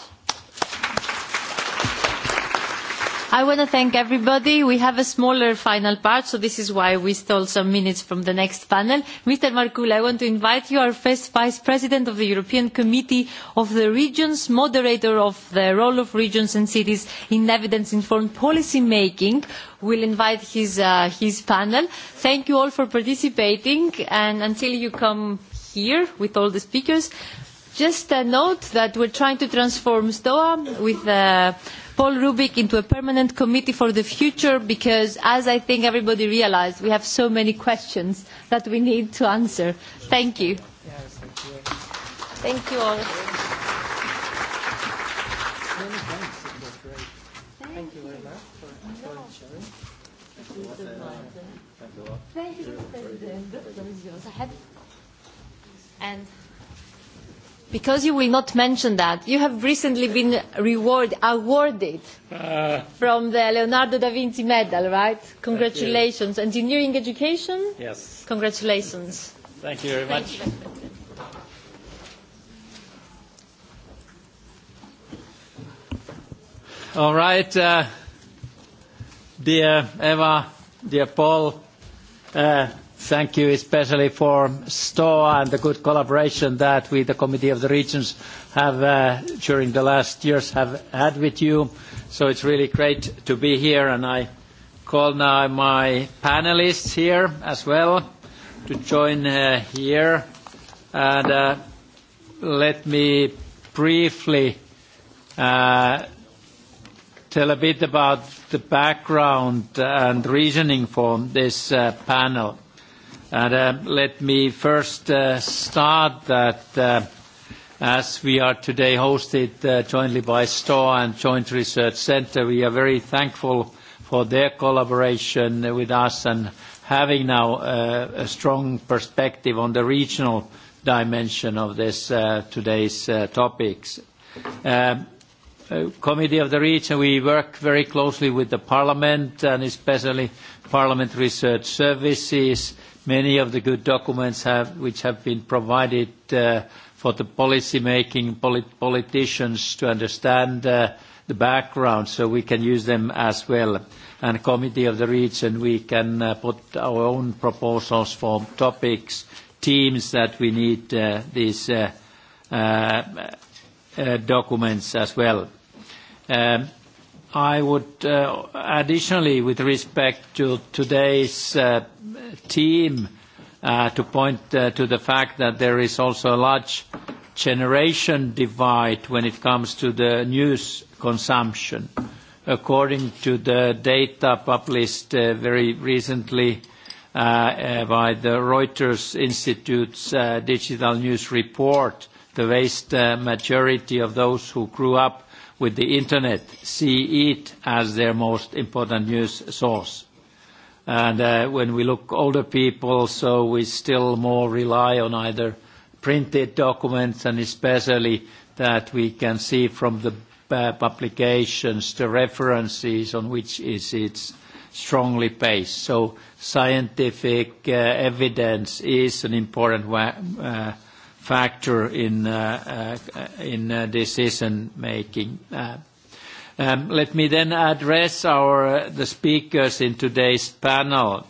I want to thank everybody. We have a smaller final part, so this is why we stole some minutes from the next panel. Mr. Markula, I want to invite you, our first Vice President of the European Committee of the Regions, moderator of the role of regions and cities in evidence-informed policy making. We'll invite his, uh, his panel. Thank you all for participating, and until you come here with all the speakers, just a note that we're trying to transform STOA with... Uh, Paul Rubik into a permanent committee for the future because, as I think everybody realized, we have so many questions that we need to answer. Thank you.
thank
you. Thank you Thank, you Thank you, because you will not mention that, you have recently been reward, awarded uh, from the Leonardo da Vinci Medal, right? Congratulations. Engineering education? Yes. Congratulations.
Thank you very much. All right, uh, dear Eva, dear Paul, uh, Thank you especially for STOA and the good collaboration that we, the Committee of the Regions, have uh, during the last years have had with you. So it's really great to be here, and I call now my panelists here as well to join uh, here. And uh, let me briefly tell a bit about the background and reasoning for this panel. And uh, Let me first uh, start that uh, as we are today hosted jointly by STOA and Joint Research Centre, we are very thankful for their collaboration with us and having now a strong perspective on the regional dimension of this today's topics. Um, Committee of the Region, we work very closely with the Parliament and especially Parliament Research Services many of the good documents have, which have been provided uh, for the policy making politicians to understand uh, the background so we can use them as well. And committee of the region, we can uh, put our own proposals for topics, teams that we need these documents as well. Um, i would uh, additionally, with respect to today's uh, team, uh, to point to the fact that there is also a large generation divide when it comes to the news consumption. According to the data published very recently by the Reuters Institute's digital news report, the vast majority of those who grew up with the Internet see it as their most important news source. And uh, when we look older people, so we still more rely on either printed documents and especially that we can see from the uh, publications the references on which is it's strongly based. So scientific uh, evidence is an important uh, factor in, uh, uh, in uh, decision-making. Um, let me then address our the speakers in today's panel,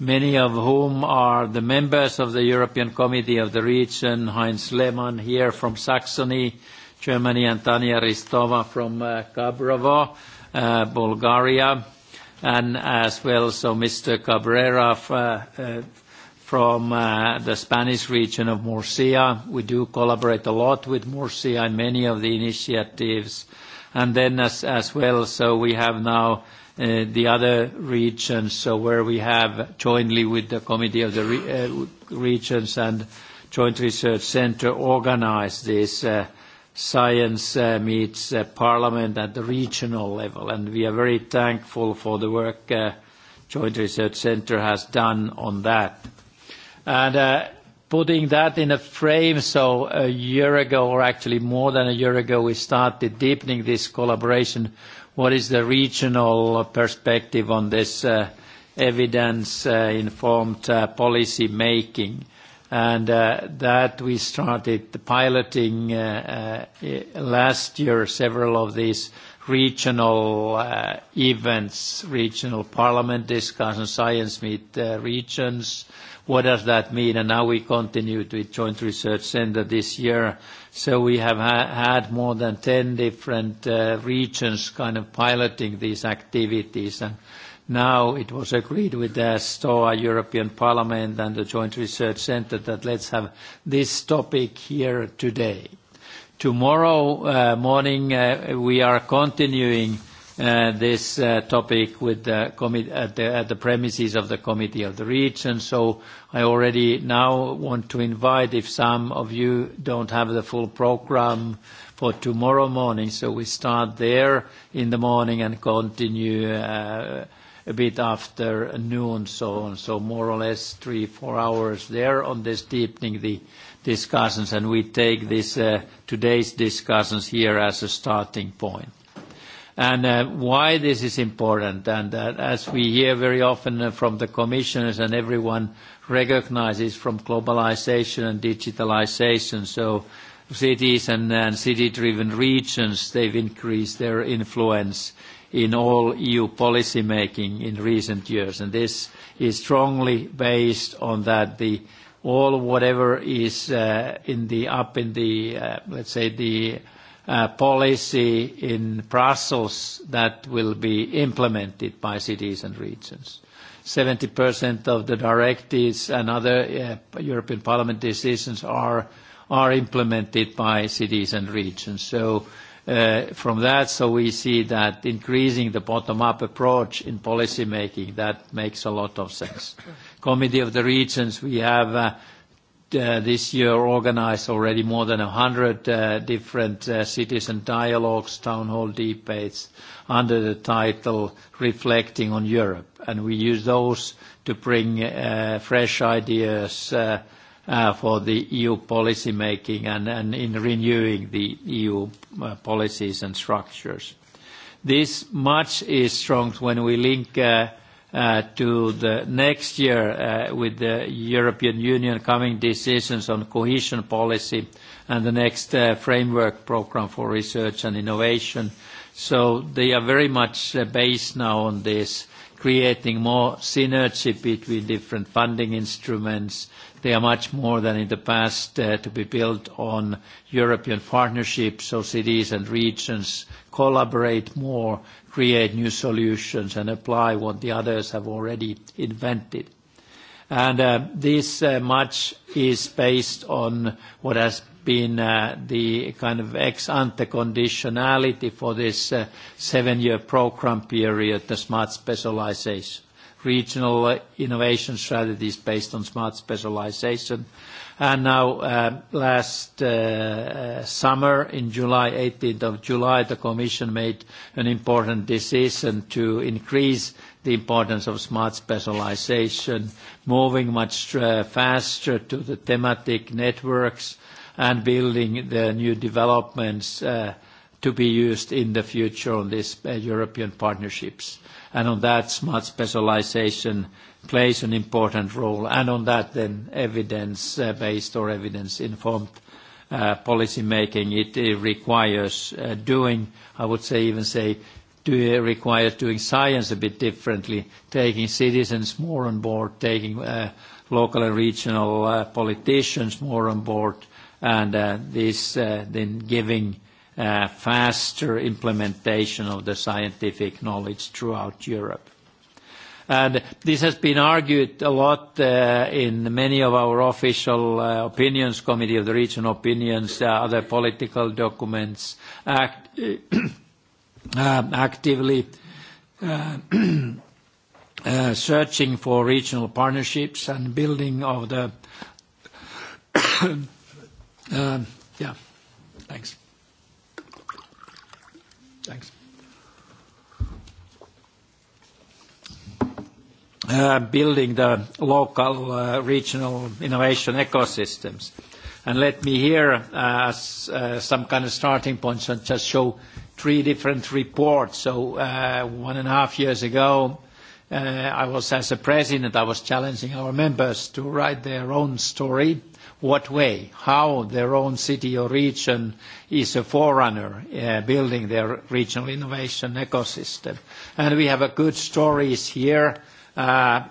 many of whom are the members of the European Committee of the Region, Heinz Lehmann here from Saxony, Germany, and Tanja Ristova from Kabrovo, Bulgaria, and as well, so Mr. Cabrera from uh, the Spanish region of Murcia. We do collaborate a lot with Murcia in many of the initiatives. And then as, well, so we have now uh, the other regions, so where we have jointly with the Committee of the uh, Regions and Joint Research Center organized this science meets parliament at the regional level. And we are very thankful for the work Joint Research Center has done on that. And uh, putting that in a frame, so a year ago, or actually more than a year ago, we started deepening this collaboration. What is the regional perspective on this uh, evidence-informed uh, uh, policy making? And that we started piloting last year, several of these regional events, regional parliament discussions, science meet regions, What does that mean? And now we continued with Joint Research Center this year. So we have had more than 10 different uh, regions kind of piloting these activities. And now it was agreed with the STOA, European Parliament, and the Joint Research Center that let's have this topic here today. Tomorrow uh, morning, uh, we are continuing Uh, this uh, topic with the at, the at the premises of the Committee of the Region. So I already now want to invite, if some of you don't have the full program for tomorrow morning, so we start there in the morning and continue uh, a bit after noon, so on. So more or less three, four hours there on this deepening the discussions, and we take this uh, today's discussions here as a starting point and uh, why this is important. And uh, as we hear very often uh, from the commissioners and everyone recognizes from globalization and digitalization, so cities and, city-driven regions, they've increased their influence in all EU policy making in recent years. And this is strongly based on that the all whatever is in the up in the, let's say, the Uh, policy in Brussels that will be implemented by cities and regions. 70% of the directives and other uh, European Parliament decisions are, are implemented by cities and regions. So uh, From that, so we see that increasing the bottom-up approach in policy making that makes a lot of sense. Committee of the Regions, we have uh, Uh, this year organized already more than 100 uh, different uh, citizen dialogues, town hall debates under the title Reflecting on Europe. And we use those to bring fresh ideas for the EU policy making and, in renewing the EU policies and structures. This much is strong when we link Uh, to the next year uh, with the European Union coming decisions on cohesion policy and the next uh, framework program for research and innovation. So they are very much based now on this, creating more synergy between different funding instruments. They are much more than in the past to be built on European partnerships, so cities and regions collaborate more create new solutions and apply what the others have already invented. And uh, This uh, much is based on what has been uh, the kind of ex ante conditionality for this seven-year program period, the smart specialization. Regional innovation strategies based on smart specialization And now, uh, last uh, uh, summer, in July, 18th of July, the Commission made an important decision to increase the importance of smart specialization, moving much faster to the thematic networks and building the new developments to be used in the future on these uh, European partnerships. And on that, smart specialization plays an important role, and on that then evidence-based uh, or evidence-informed uh, policy making, it, requires doing, I would say, even say, do, requires doing science a bit differently, taking citizens more on board, taking local and regional politicians more on board, and this then giving faster implementation of the scientific knowledge throughout Europe. And this has been argued a lot uh, in many of our official uh, opinions, Committee of the Region opinions, uh, other political documents, actively searching for regional partnerships and building of the... yeah, thanks. Thanks. Uh, building the local uh, regional innovation ecosystems. And let me here, uh, as uh, some kind of starting points, and just show three different reports. So one and a half years ago, Uh, I was, as a president, I was challenging our members to write their own story. What way, how their own city or region is a forerunner uh, building their regional innovation ecosystem. And we have a good stories here. Uh,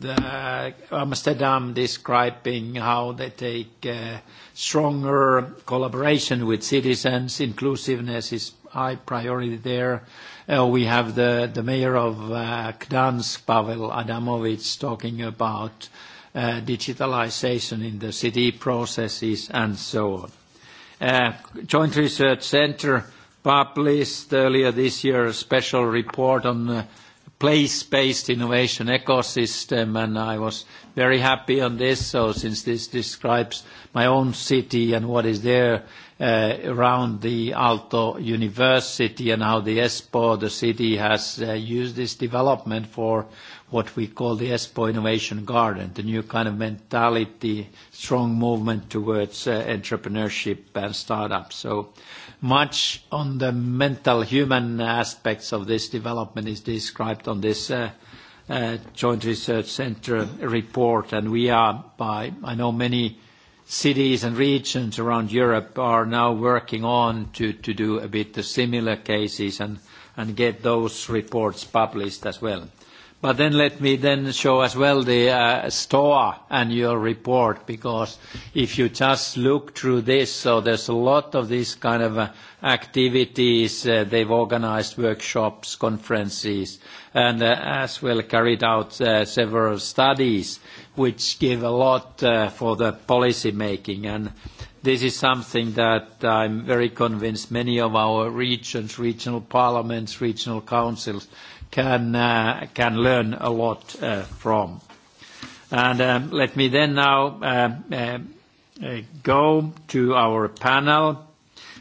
the uh, Amsterdam describing how they take uh, stronger collaboration with citizens, inclusiveness is high priority there. Uh, we have the, the mayor of uh, Gdansk, Pavel Adamovich, talking about uh, digitalization in the city processes and so on. Uh, Joint Research Center published earlier this year a special report on uh, place-based innovation ecosystem, and I was very happy on this. So since this describes my own city and what is there, Uh, around the Aalto University and how the Espoo, the city, has uh, used this development for what we call the Espoo Innovation Garden, the new kind of mentality, strong movement towards uh, entrepreneurship and startups. So much on the mental human aspects of this development is described on this Joint Research Center report, and we are by, I know many cities and regions around Europe are now working on to, to do a bit the similar cases and, and get those reports published as well. But then let me then show as well the uh, STOA annual report, because if you just look through this, so there's a lot of these kind of uh, activities. Uh, they've organized workshops, conferences, and uh, as well carried out several studies, which give a lot for the policy making. And this is something that I'm very convinced many of our regions, regional parliaments, regional councils, can uh, can learn a lot uh, from. And um, let me then now uh, uh, uh go to our panel.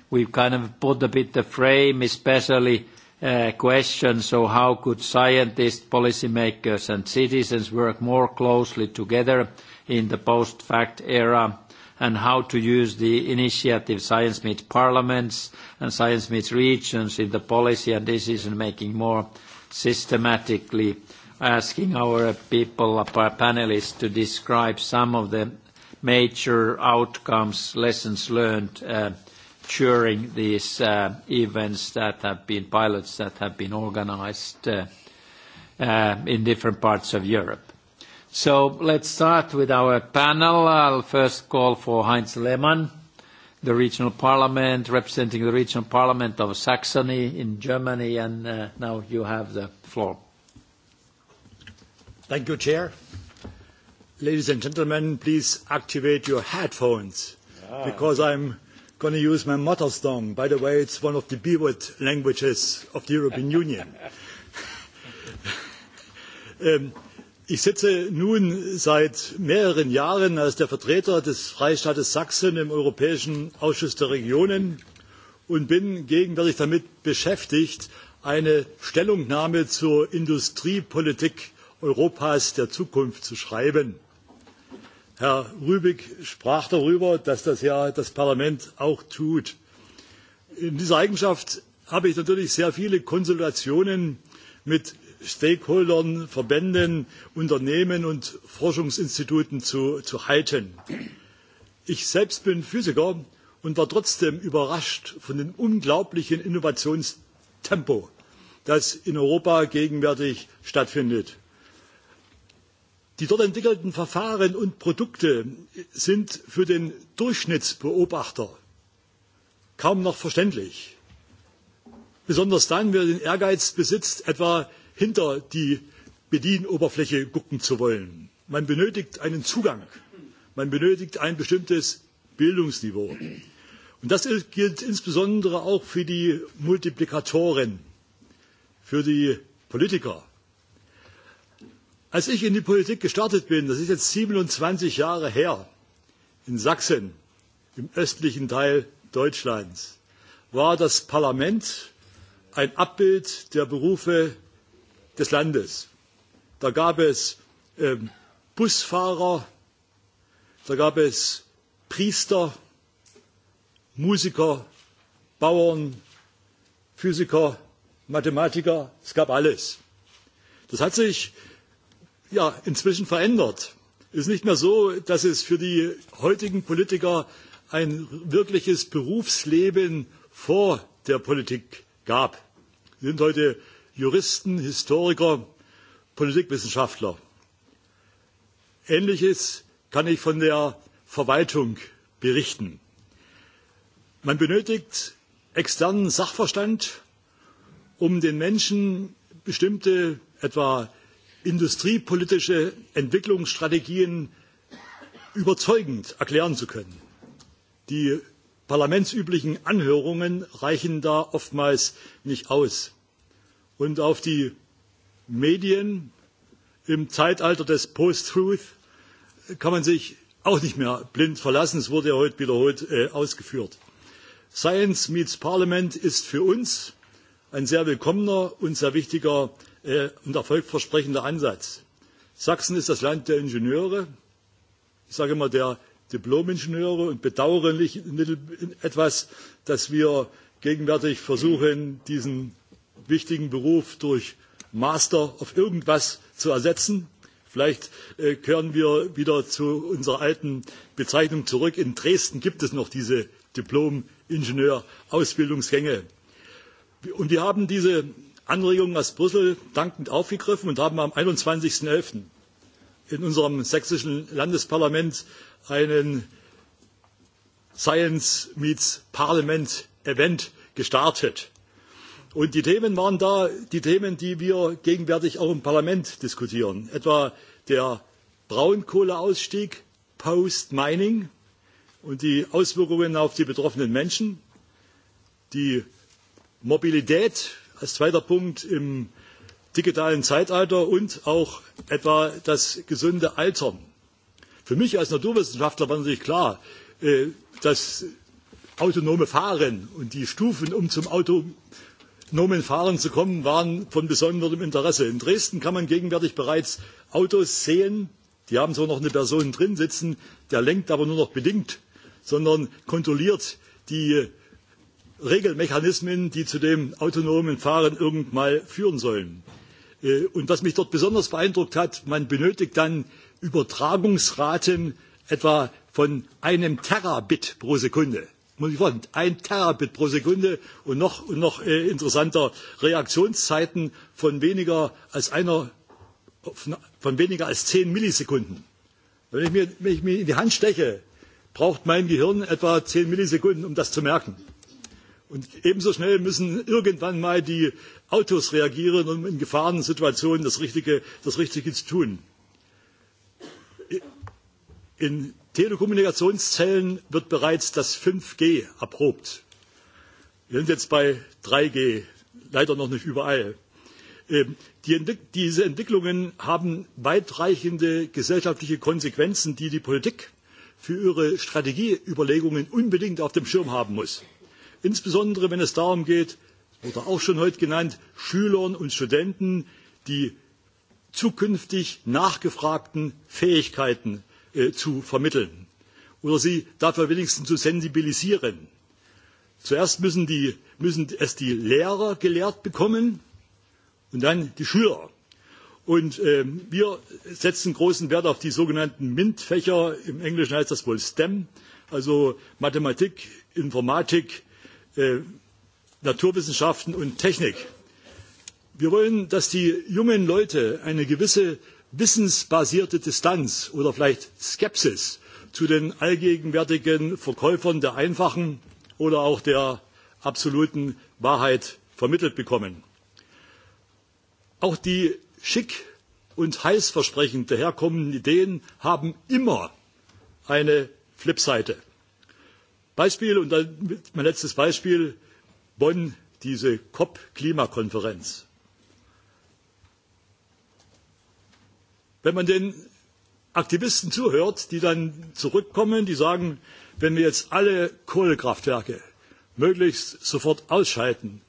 We've kind of put a bit the frame, especially uh, questions, so how could scientists, policymakers, and citizens work more closely together in the post-fact era, and how to use the initiative Science Meets Parliaments and Science Meets Regions in the policy and decision-making more systematically asking our people, our panelists, to describe some of the major outcomes, lessons learned uh, during these uh, events that have been pilots that have been organized uh, in different parts of Europe. So let's start with our panel. I'll first call for Heinz Lehmann the regional parliament, representing the regional parliament of Saxony in Germany, and uh, now you have the floor.
Thank you, Chair. Ladies and gentlemen, please activate your headphones ah. because I'm going to use my mother tongue. By the way, it's one of the b languages of the European Union. um, Ich sitze nun seit mehreren Jahren als der Vertreter des Freistaates Sachsen im Europäischen Ausschuss der Regionen und bin gegenwärtig damit beschäftigt, eine Stellungnahme zur Industriepolitik Europas der Zukunft zu schreiben. Herr Rübig sprach darüber, dass das ja das Parlament auch tut. In dieser Eigenschaft habe ich natürlich sehr viele Konsultationen mit Stakeholdern, Verbänden, Unternehmen und Forschungsinstituten zu, zu halten. Ich selbst bin Physiker und war trotzdem überrascht von dem unglaublichen Innovationstempo, das in Europa gegenwärtig stattfindet. Die dort entwickelten Verfahren und Produkte sind für den Durchschnittsbeobachter kaum noch verständlich. Besonders dann, wer den Ehrgeiz besitzt, etwa hinter die Bedienoberfläche gucken zu wollen. Man benötigt einen Zugang. Man benötigt ein bestimmtes Bildungsniveau. Und das gilt insbesondere auch für die Multiplikatoren, für die Politiker. Als ich in die Politik gestartet bin, das ist jetzt 27 Jahre her, in Sachsen, im östlichen Teil Deutschlands, war das Parlament ein Abbild der Berufe des Landes. Da gab es ähm, Busfahrer, da gab es Priester, Musiker, Bauern, Physiker, Mathematiker, es gab alles. Das hat sich ja, inzwischen verändert. Es ist nicht mehr so, dass es für die heutigen Politiker ein wirkliches Berufsleben vor der Politik gab. Sie sind heute Juristen, Historiker, Politikwissenschaftler. Ähnliches kann ich von der Verwaltung berichten. Man benötigt externen Sachverstand, um den Menschen bestimmte, etwa industriepolitische Entwicklungsstrategien überzeugend erklären zu können. Die parlamentsüblichen Anhörungen reichen da oftmals nicht aus und auf die Medien im Zeitalter des Post-Truth kann man sich auch nicht mehr blind verlassen. Es wurde ja heute wiederholt äh, ausgeführt. Science meets Parliament ist für uns ein sehr willkommener und sehr wichtiger äh, und erfolgversprechender Ansatz. Sachsen ist das Land der Ingenieure, ich sage immer der Diplomingenieure und bedauere etwas, dass wir gegenwärtig versuchen, diesen wichtigen Beruf durch Master auf irgendwas zu ersetzen. Vielleicht äh, kehren wir wieder zu unserer alten Bezeichnung zurück. In Dresden gibt es noch diese Diplom-Ingenieur-Ausbildungsgänge. Und wir haben diese Anregungen aus Brüssel dankend aufgegriffen und haben am 21.11. in unserem sächsischen Landesparlament einen Science Meets Parliament Event gestartet. Und die Themen waren da die Themen, die wir gegenwärtig auch im Parlament diskutieren, etwa der Braunkohleausstieg post mining und die Auswirkungen auf die betroffenen Menschen, die Mobilität als zweiter Punkt im digitalen Zeitalter und auch etwa das gesunde Altern. Für mich als Naturwissenschaftler war natürlich klar, äh, dass autonome Fahren und die Stufen, um zum Auto Um Fahren zu kommen, waren von besonderem Interesse. In Dresden kann man gegenwärtig bereits Autos sehen, die haben so noch eine Person drin sitzen, der lenkt aber nur noch bedingt, sondern kontrolliert die Regelmechanismen, die zu dem autonomen Fahren irgendwann mal führen sollen. Äh, und was mich dort besonders beeindruckt hat, man benötigt dann Übertragungsraten etwa von einem Terabit pro Sekunde. Moment, ein Terabit pro Sekunde und noch, und noch äh, interessanter Reaktionszeiten von weniger als einer, von weniger als zehn Millisekunden. Wenn ich, mir, wenn ich mir in die Hand steche, braucht mein Gehirn etwa zehn Millisekunden, um das zu merken. Und ebenso schnell müssen irgendwann mal die Autos reagieren, um in Gefahrensituationen das Richtige, das Richtige zu tun. In Telekommunikationszellen wird bereits das 5G erprobt. Wir sind jetzt bei 3G, leider noch nicht überall. Ähm, diese Entwicklungen haben weitreichende gesellschaftliche Konsequenzen, die die Politik für ihre Strategieüberlegungen unbedingt auf dem Schirm haben muss. Insbesondere wenn es darum geht, wurde auch schon heute genannt, Schülern und Studenten die zukünftig nachgefragten Fähigkeiten Äh, zu vermitteln oder sie dafür wenigstens zu sensibilisieren. Zuerst müssen, die, müssen es die Lehrer gelehrt bekommen und dann die Schüler. Und ähm, wir setzen großen Wert auf die sogenannten MINT-Fächer. Im Englischen heißt das wohl STEM, also Mathematik, Informatik, äh, Naturwissenschaften und Technik. Wir wollen, dass die jungen Leute eine gewisse wissensbasierte Distanz oder vielleicht Skepsis zu den allgegenwärtigen Verkäufern der einfachen oder auch der absoluten Wahrheit vermittelt bekommen. Auch die schick und heißversprechend daherkommenden Ideen haben immer eine Flipseite. Beispiel und dann mein letztes Beispiel Bonn, diese COP Klimakonferenz. wenn man den Aktivisten zuhört, die dann zurückkommen, die sagen, wenn wir jetzt alle Kohlekraftwerke möglichst sofort ausschalten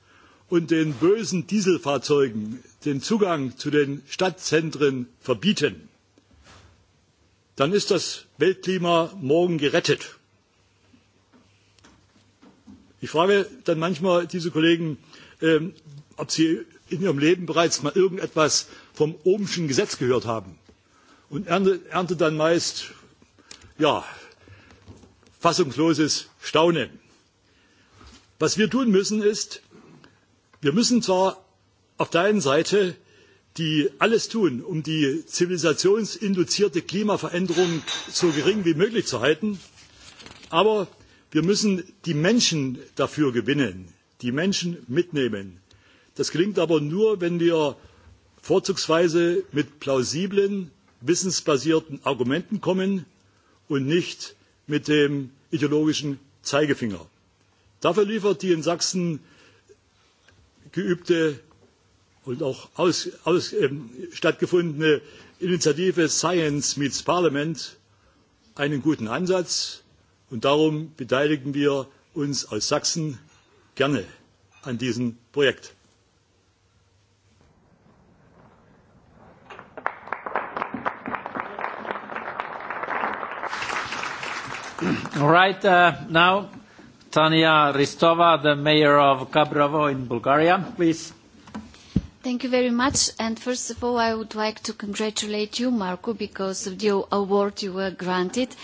und den bösen Dieselfahrzeugen den Zugang zu den Stadtzentren verbieten, dann ist das Weltklima morgen gerettet. Ich frage dann manchmal diese Kollegen, ähm, ob sie in ihrem Leben bereits mal irgendetwas vom Ohmschen Gesetz gehört haben und ernte dann meist ja, fassungsloses Staunen. Was wir tun müssen ist, wir müssen zwar auf der einen Seite die alles tun, um die zivilisationsinduzierte Klimaveränderung so gering wie möglich zu halten, aber wir müssen die Menschen dafür gewinnen, die Menschen mitnehmen. Das gelingt aber nur, wenn wir vorzugsweise mit plausiblen wissensbasierten Argumenten kommen und nicht mit dem ideologischen Zeigefinger. Dafür liefert die in Sachsen geübte und auch aus, aus, ähm, stattgefundene Initiative Science meets Parliament einen guten Ansatz. Und darum beteiligen wir uns aus Sachsen gerne an diesem Projekt.
Right uh, now, Tanya Ristova, the mayor of Kabrovo in Bulgaria, please.
Thank you very much. And first of all, I would like to congratulate you, Marco, because of the award you were granted.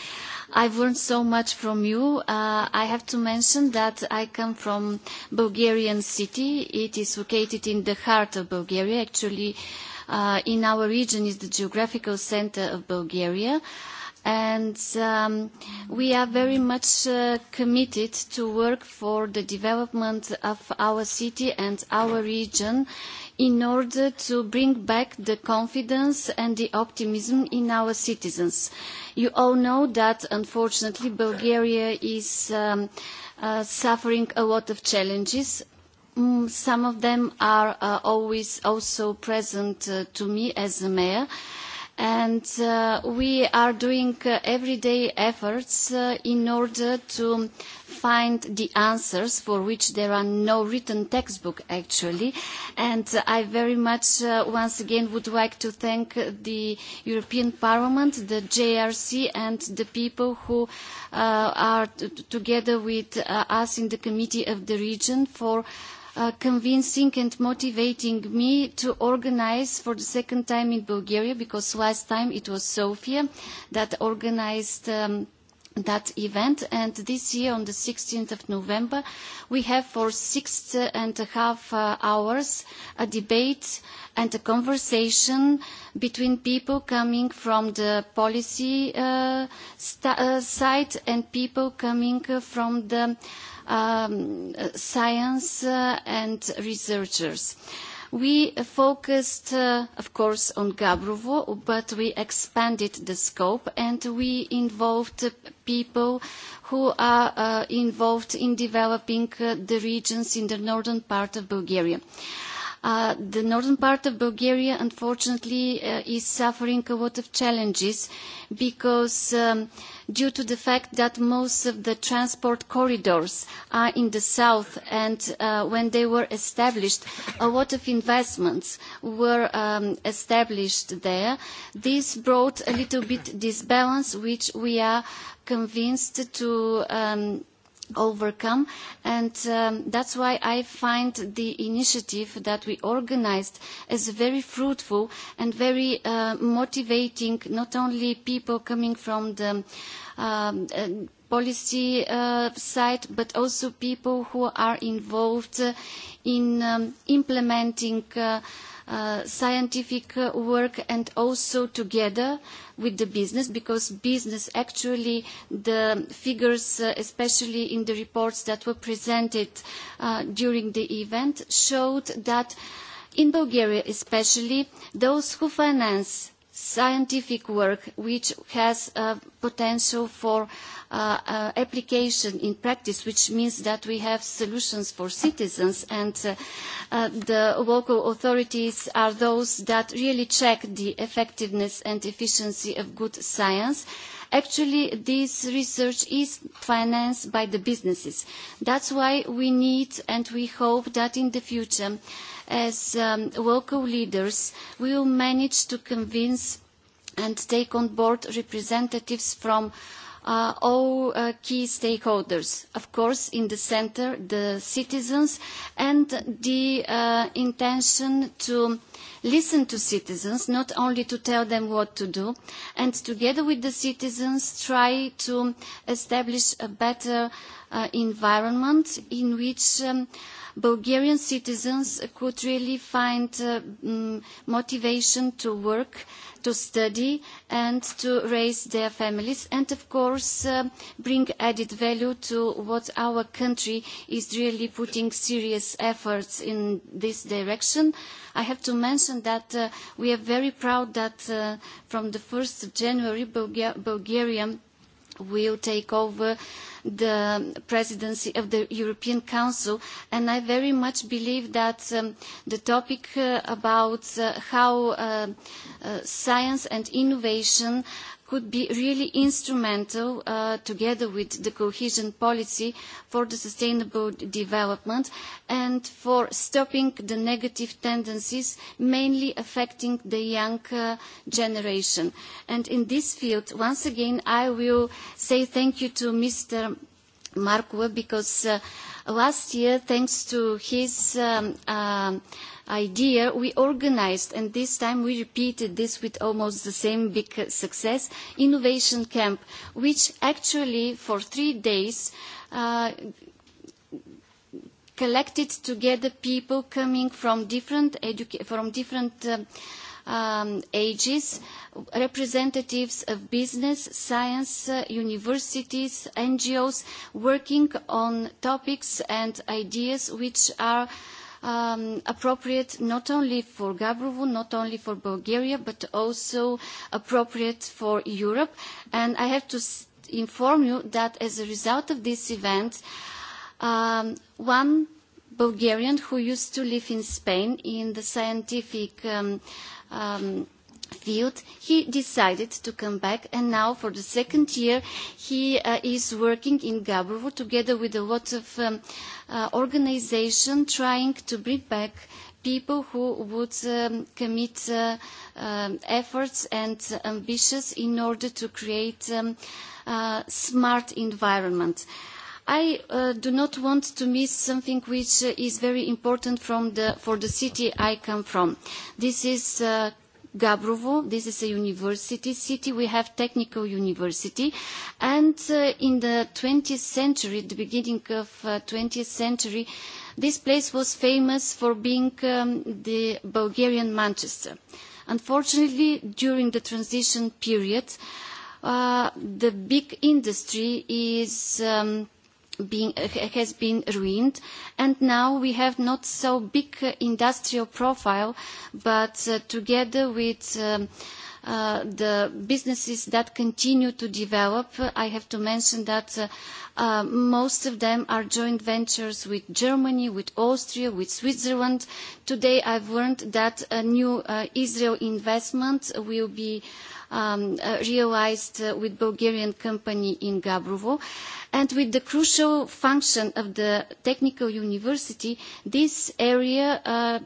I've learned so much from you. Uh, I have to mention that I come from Bulgarian city. It is located in the heart of Bulgaria. Actually, uh, in our region is the geographical center of Bulgaria and um, we are very much uh, committed to work for the development of our city and our region in order to bring back the confidence and the optimism in our citizens. You all know that, unfortunately, Bulgaria is um, uh, suffering a lot of challenges. Mm, some of them are uh, always also present to me as a mayor and uh, we are doing uh, everyday efforts uh, in order to find the answers for which there are no written textbook actually and I very much once again would like to thank the European Parliament, the JRC and the people who are together with us in the Committee of the Region for Uh, convincing and motivating me to organize for the second time in Bulgaria, because last time it was Sofia that organized um, that event. And this year, on the 16th of November, we have for six and a half uh, hours a debate and a conversation between people coming from the policy uh, side and people coming from the Um, science uh, and researchers. We focused, uh, of course, on Gabrovo, but we expanded the scope and we involved people who are uh, involved in developing the regions in the northern part of Bulgaria. Uh, the northern part of Bulgaria, unfortunately, uh, is suffering a lot of challenges because um, due to the fact that most of the transport corridors are in the south and uh, when they were established, a lot of investments were um, established there. This brought a little bit disbalance, which we are convinced to um, overcome and um, that's why i find the initiative that we organized as very fruitful and very uh, motivating not only people coming from the um, policy uh, side but also people who are involved in um, implementing uh, Uh, scientific work and also together with the business because business actually the figures uh, especially in the reports that were presented uh, during the event showed that in Bulgaria especially those who finance scientific work which has potential for Uh, uh, application in practice, which means that we have solutions for citizens and uh, the local authorities are those that really check the effectiveness and efficiency of good science. Actually, this research is financed by the businesses. That's why we need and we hope that in the future, as um, local leaders, we will manage to convince and take on board representatives from all uh, key stakeholders. Of course, in the center, the citizens and the uh, intention to listen to citizens, not only to tell them what to do, and together with the citizens try to establish a better Uh, environment in which um, Bulgarian citizens could really find uh, mm, motivation to work, to study and to raise their families and of course uh, bring added value to what our country is really putting serious efforts in this direction. I have to mention that we are very proud that from the 1st of January Bulgaria will take over the presidency of the European Council and I very much believe that um, the topic uh, about uh, how uh, science and innovation could be really instrumental uh, together with the cohesion policy for the sustainable development and for stopping the negative tendencies mainly affecting the young generation. And in this field, once again, I will say thank you to Mr. Markova because uh, last year, thanks to his um, um, idea, we organized, and this time we repeated this with almost the same big success, Innovation Camp, which actually for three days uh, collected together people coming from different, from different um, um, ages, representatives of business, science, uh, universities, NGOs, working on topics and ideas which are um, appropriate not only for Gabrovo, not only for Bulgaria, but also appropriate for Europe. And I have to inform you that as a result of this event, um, one Bulgarian who used to live in Spain in the scientific um, um field, he decided to come back and now for the second year he uh, is working in Gabrovo together with a lot of um, uh, organization trying to bring back people who would um, commit uh, um, efforts and ambitions in order to create um, smart environment. I uh, do not want to miss something which is very important from the, for the city I come from. This is uh, Gabrovo. This is a university city. We have technical university. And uh, in the 20th century, the beginning of uh, 20th century, this place was famous for being um, the Bulgarian Manchester. Unfortunately, during the transition period, uh, the big industry is um, being, has been ruined and now we have not so big uh, industrial profile but uh, together with um, Uh, the businesses that continue to develop. I have to mention that uh, uh, most of them are joint ventures with Germany, with Austria, with Switzerland. Today I've learned that a new Israel investment will be um, realized with Bulgarian company in Gabrovo. And with the crucial function of the technical university, this area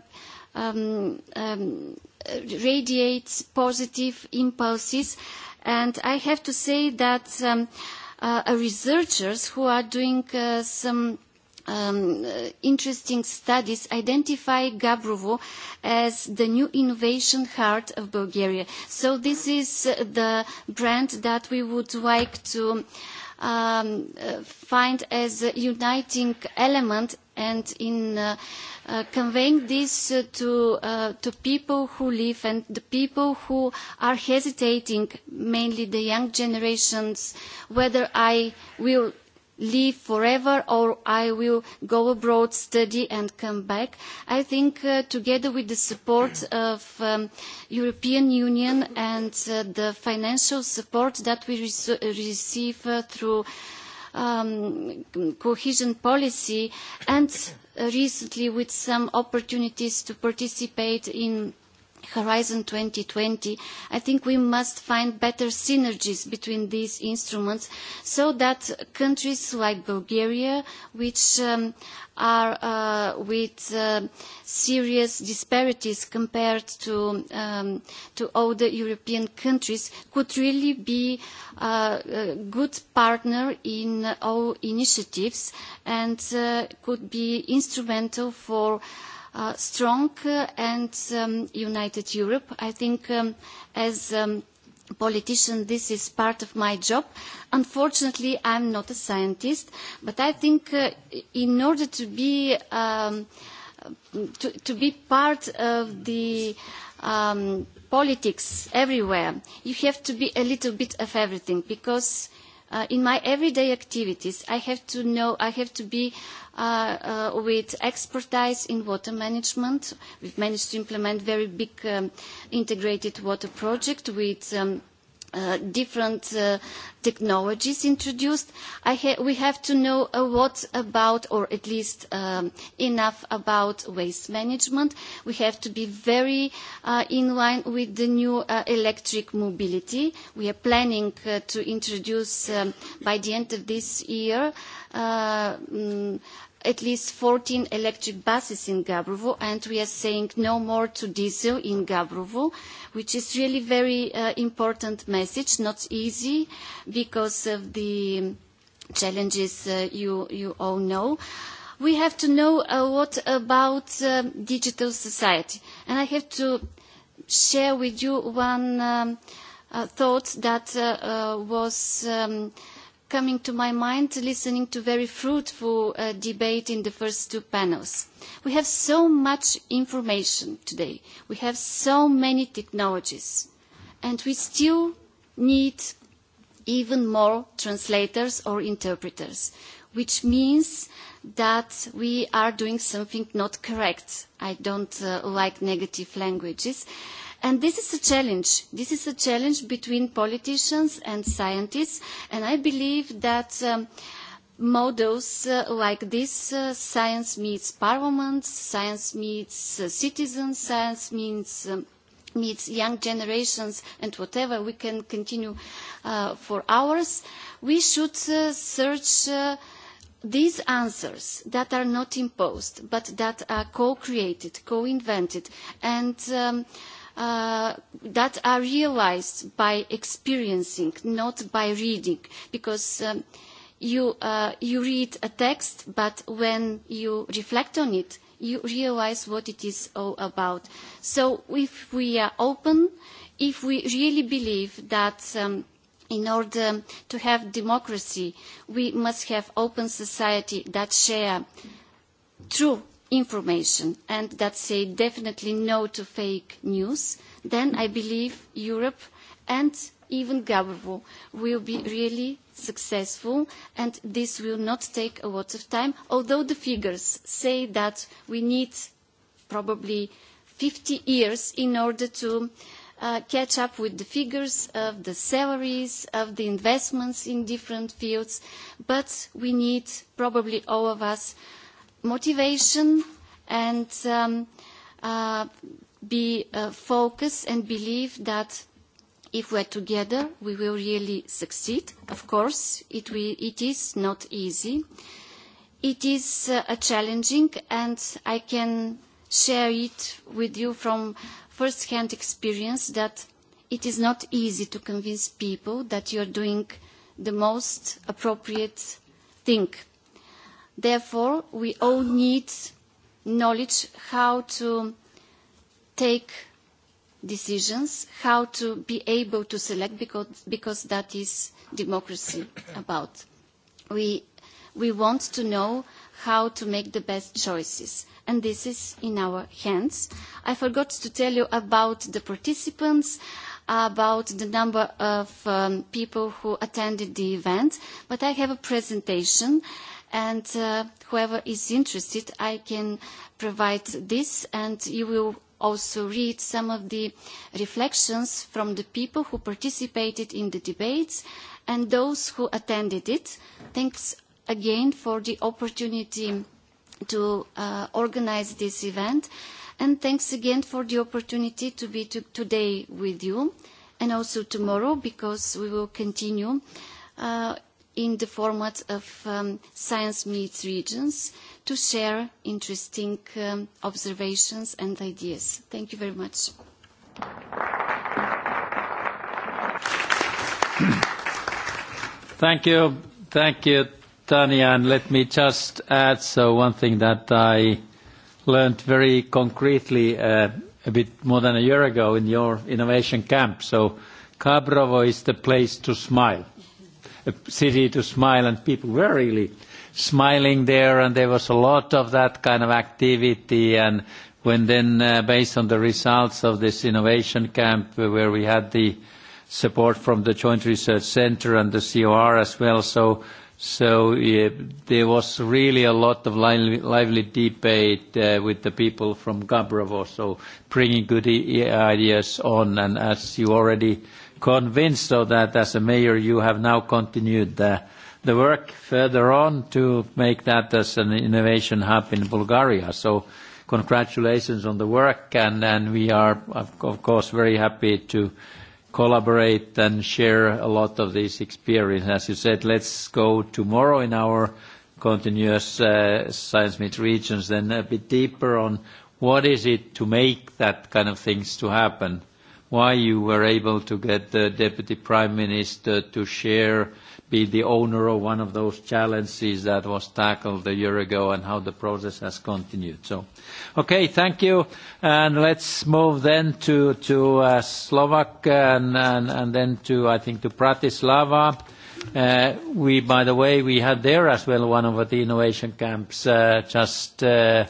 Um, um, radiates positive impulses. And I have to say that um, uh, researchers who are doing uh, some um, uh, interesting studies identify Gabrovo as the new innovation heart of Bulgaria. So this is uh, the brand that we would like to um, uh, find as a uniting element and in uh, uh, conveying this uh, to people who live and the people who are hesitating mainly the young generations whether i will live forever or i will go abroad study and come back i think together with the support of the um, european union and the financial support that we receive through Um, cohesion policy and recently with some opportunities to participate in Horizon 2020, I think we must find better synergies between these instruments so that countries like Bulgaria, which um, are uh, with uh, serious disparities compared to, um, to European countries, could really be uh, a good partner in all initiatives and could be instrumental for Uh, strong uh, and um, united Europe. I think um, as a um, politician this is part of my job. Unfortunately, I'm not a scientist, but I think uh, in order to be, to, to be part of the politics everywhere, you have to be a little bit of everything because Uh, in my everyday activities, I have to know, I have to be uh, uh with expertise in water management. We've managed to implement very big um, integrated water project with um, Uh, different uh, technologies introduced, I ha we have to know a lot about, or at least um, enough about waste management. We have to be very uh, in line with the new uh, electric mobility. We are planning uh, to introduce um, by the end of this year um, at least 14 electric buses in Gabrovo, and we are saying no more to diesel in Gabrovo, which is really very uh, important message, not easy because of the challenges uh, you, all know. We have to know uh, a lot about digital society, and I have to share with you one um, thought that was um, coming to my mind listening to very fruitful uh, debate in the first two panels. We have so much information today. We have so many technologies. And we still need even more translators or interpreters, which means that we are doing something not correct. I don't uh, like negative languages. And this is a challenge. This is a challenge between politicians and scientists, and I believe that um, models uh, like this uh, science meets parliament science meets uh, citizens science um, meets young generations and whatever we can continue for hours we should search these answers that are not imposed but that are co-created co-invented and um, uh, that are realized by experiencing, not by reading, because um, you, uh, you read a text, but when you reflect on it, you realize what it is all about. So if we are open, if we really believe that um, in order to have democracy, we must have open society that share true information and that say definitely no to fake news, then I believe Europe and even Gabavo will be really successful and this will not take a lot of time, although the figures say that we need probably 50 years in order to uh, catch up with the figures of the salaries, of the investments in different fields, but we need probably all of us motivation and um, uh, be uh, focused and believe that if we are together, we will really succeed. Of course, it, it is not easy. It is uh, challenging, and I can share it with you from first-hand experience that it is not easy to convince people that you are doing the most appropriate thing Therefore, we all need knowledge how to take decisions, how to be able to select, because, that is democracy about. We, we want to know how to make the best choices, and this is in our hands. I forgot to tell you about the participants, about the number of um, people who attended the event, but I have a presentation and uh, whoever is interested, I can provide this, and you will also read some of the reflections from the people who participated in the debates and those who attended it. Thanks again for the opportunity to uh, organize this event, and thanks again for the opportunity to be today with you, and also tomorrow, because we will continue uh, in the format of um, Science Meets Regions to share interesting um, observations and ideas. Thank you very much.
Thank you. Thank you, Tania. And let me just add so one thing that I learned very concretely uh, a bit more than a year ago in your innovation camp. So Kabrovo is the place to smile city to smile and people were really smiling there and there was a lot of that kind of activity and when then uh, based on the results of this innovation camp uh, where we had the support from the Joint Research Center and the COR as well so so yeah there was really a lot of lively, lively debate uh, with the people from Gabrovo so bringing good ideas on and as you already convinced of that as a mayor you have now continued the, the work further on to make that as an innovation hub in Bulgaria. So congratulations on the work and, and we are of course very happy to collaborate and share a lot of this experience. As you said, let's go tomorrow in our continuous uh, science meet regions then a bit deeper on what is it to make that kind of things to happen why you were able to get the Deputy Prime Minister to share, be the owner of one of those challenges that was tackled a year ago and how the process has continued. So, okay, thank you. And let's move then to, to uh, Slovak and, and, and then to, I think, to Bratislava. Uh, we, by the way, we had there as well one of the innovation camps uh, just uh,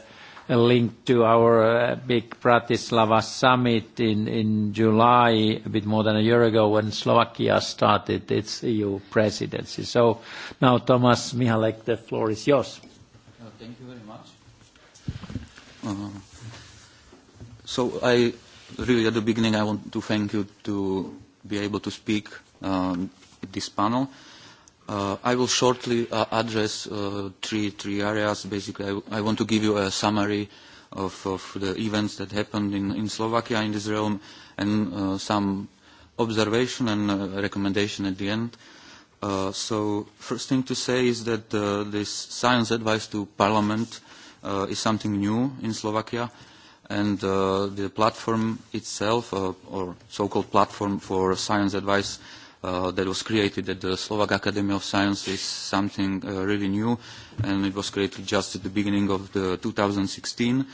linked to our uh, big Bratislava summit in, in July, a bit more than a year ago, when Slovakia started its EU presidency. So now, Thomas Mihalek, the floor is yours.
Uh, thank you very much. Uh-huh. so I really, at the beginning, I want to thank you to be able to speak um, at this panel. Uh, I will shortly uh, address uh, three, three areas. Basically, I, want to give you a summary of, of the events that happened in, Slovakia in this realm and some observation and uh, recommendation at the end. so first thing to say is that this science advice to parliament is something new in Slovakia and the platform itself or so-called platform for science advice uh, that was created at the Slovak Academy of Science is something uh, really new and it was created just at the beginning of the 2016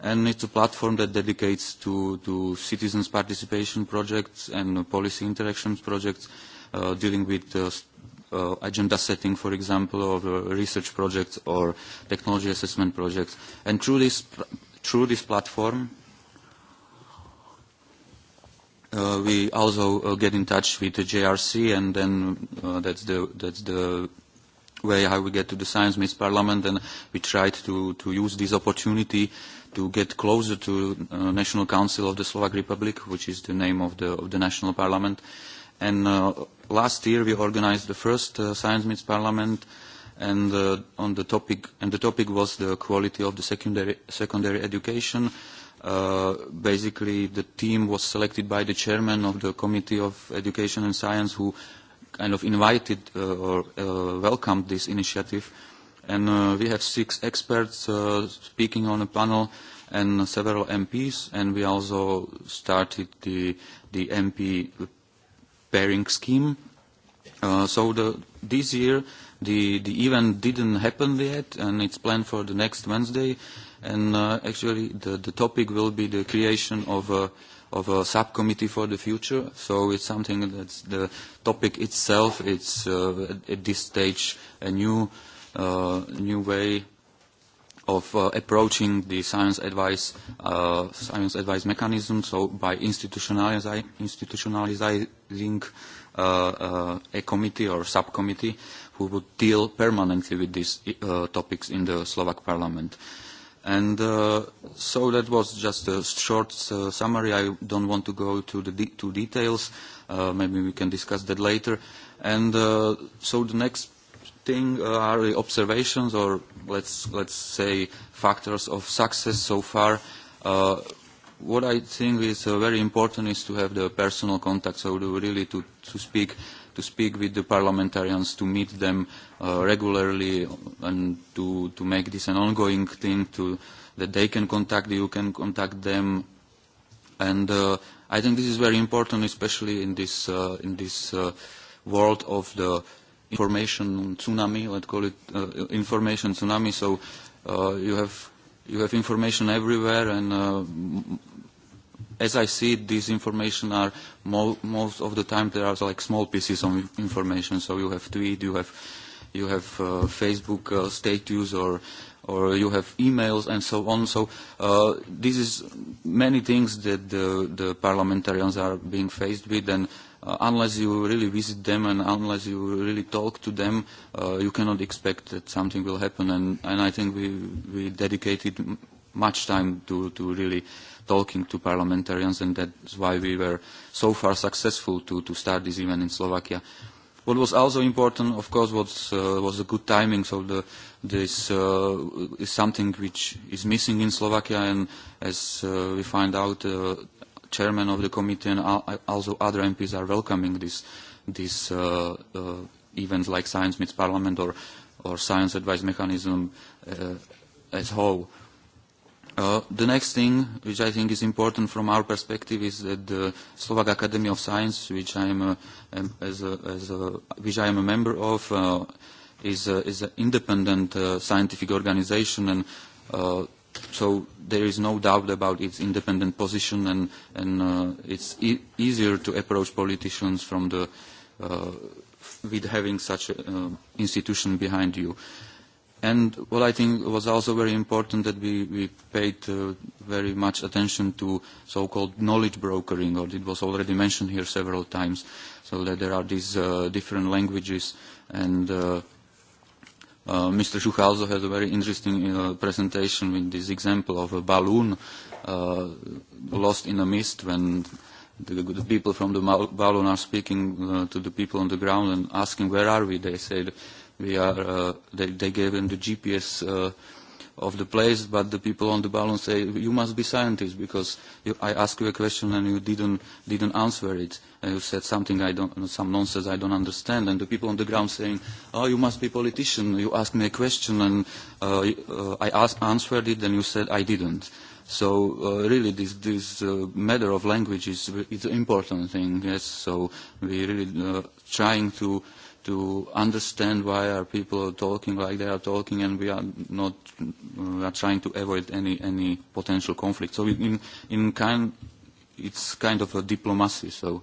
and it's a platform that dedicates to, to citizens participation projects and policy interactions projects uh, dealing with uh, uh, agenda setting, for example, or uh, research projects or technology assessment projects. And through this, through this platform, Uh, we also uh, get in touch with the JRC and then uh, that's the that's the way how we get to the Science Meets Parliament and we tried to to use this opportunity to get closer to uh, National Council of the Slovak Republic, which is the name of the of the National Parliament. And uh, last year we organized the first uh, Science Meets Parliament and uh, on the topic and the topic was the quality of the secondary secondary education Uh, basically the team was selected by the chairman of the committee of education and science who kind of invited uh, or uh, welcomed this initiative and uh, we have six experts uh, speaking on a panel and several MPs and we also started the the MP pairing scheme so the this year the the event didn't happen yet and it's planned for the next Wednesday and uh, actually the, the topic will be the creation of a, of a subcommittee for the future. So it's something that's the topic itself. It's uh, at this stage a new, uh, new way of uh, approaching the science advice, uh, science advice mechanism. So by institutionalizing, institutionalizing uh, uh, a committee or subcommittee who would deal permanently with these uh, topics in the Slovak parliament. Uh, And uh, so that was just a short uh, summary. I don't want to go to the de to details. Uh, maybe we can discuss that later. And uh, so the next thing uh, are the observations or let's, let's say factors of success so far. Uh, what I think is uh, very important is to have the personal contact, so really to, to speak uh, to speak with the parliamentarians, to meet them uh, regularly and to, to make this an ongoing thing, to, that they can contact you, can contact them. And uh, I think this is very important, especially in this, uh, in this uh, world of the information tsunami, let's call it uh, information tsunami. So uh, you have you have information everywhere and uh, as I see it, information are mo most of the time there are like small pieces of information. So you have tweet, you have you have uh, Facebook uh, status, or or you have emails and so on. So uh, this is many things that the, the parliamentarians are being faced with, and uh, unless you really visit them and unless you really talk to them, uh, you cannot expect that something will happen. And, and I think we we dedicated much time to to really talking to parliamentarians, and that's why we were so far successful to, to start this event in Slovakia. What was also important, of course, was, uh, was the good timing. So the, this uh, is something which is missing in Slovakia, and as uh, we find out, uh, chairman of the committee and also other MPs are welcoming this, this uh, uh, event like Science Meets Parliament or, or Science Advice Mechanism uh, as whole. Uh, the next thing which I think is important from our perspective is that the Slovak Academy of Science, which I am, uh, um, as a, as a, which I am a member of, uh, is, a, uh, is an independent uh, scientific organization, and uh, so there is no doubt about its independent position, and, and uh, it's e easier to approach politicians from the, uh, with having such an uh, um, institution behind you. Uh, And what I think was also very important that we, we paid uh, very much attention to so-called knowledge brokering, or it was already mentioned here several times, so that there are these uh, different languages. And uh, uh, Mr. Schuch also has a very interesting uh, presentation with this example of a balloon uh, lost in a mist when the, the people from the balloon are speaking uh, to the people on the ground and asking, where are we? They that we are uh, they, they gave him the GPS uh, of the place, but the people on the balloon say you must be scientists because you, I asked you a question and you didn't didn't answer it, and you said something I don't some nonsense I don't understand, and the people on the ground saying oh you must be politician, you asked me a question and uh, uh, I asked answered it and you said I didn't. So uh, really, this this uh, matter of language is is an important thing. Yes, so we really uh, trying to to understand why our people are talking like they are talking and we are not we are trying to avoid any any potential conflict so in in kind it's kind of a diplomacy so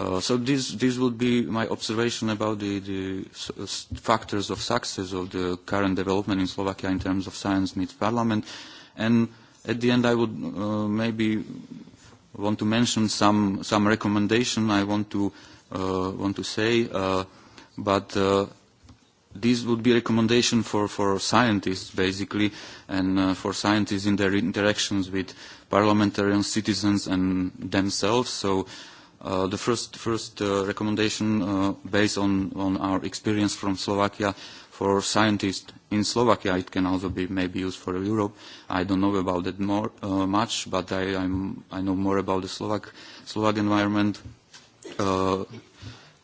uh, so this this would be my observation about the the factors of success of the current development in Slovakia in terms of science meets parliament and at the end I would uh, maybe want to mention some some recommendation I want to uh, want to say uh, but uh, this would be a recommendation for, for scientists, basically, and uh, for scientists in their interactions with parliamentarians, citizens, and themselves. So uh, the first, first uh, recommendation uh, based on, on our experience from Slovakia for scientists in Slovakia, it can also be maybe used for Europe. I don't know about it more, uh, much, but I, I'm, I know more about the Slovak, Slovak environment. Uh,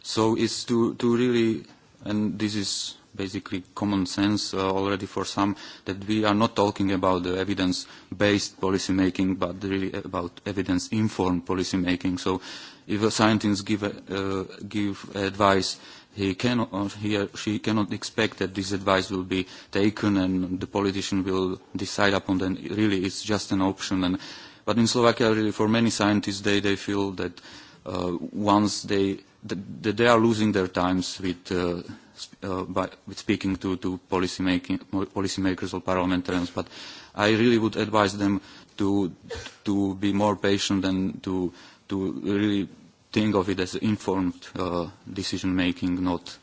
So it's to, to really, and this is basically common sense uh, already for some, that we are not talking about the evidence-based policy making but really about evidence-informed policy making. So if a scientist give, uh, give advice, he cannot or he or she cannot expect that this advice will be taken and the politician will decide upon that Really, it's just an option. And, but in Slovakia, really, for many scientists, they, they feel that uh, once they that they are losing their times with, uh, uh, with speaking to, to policy making, policymakers or parliamentarians. But I really would advise them to, to be more patient and to, to really think of it as informed uh, decision making, not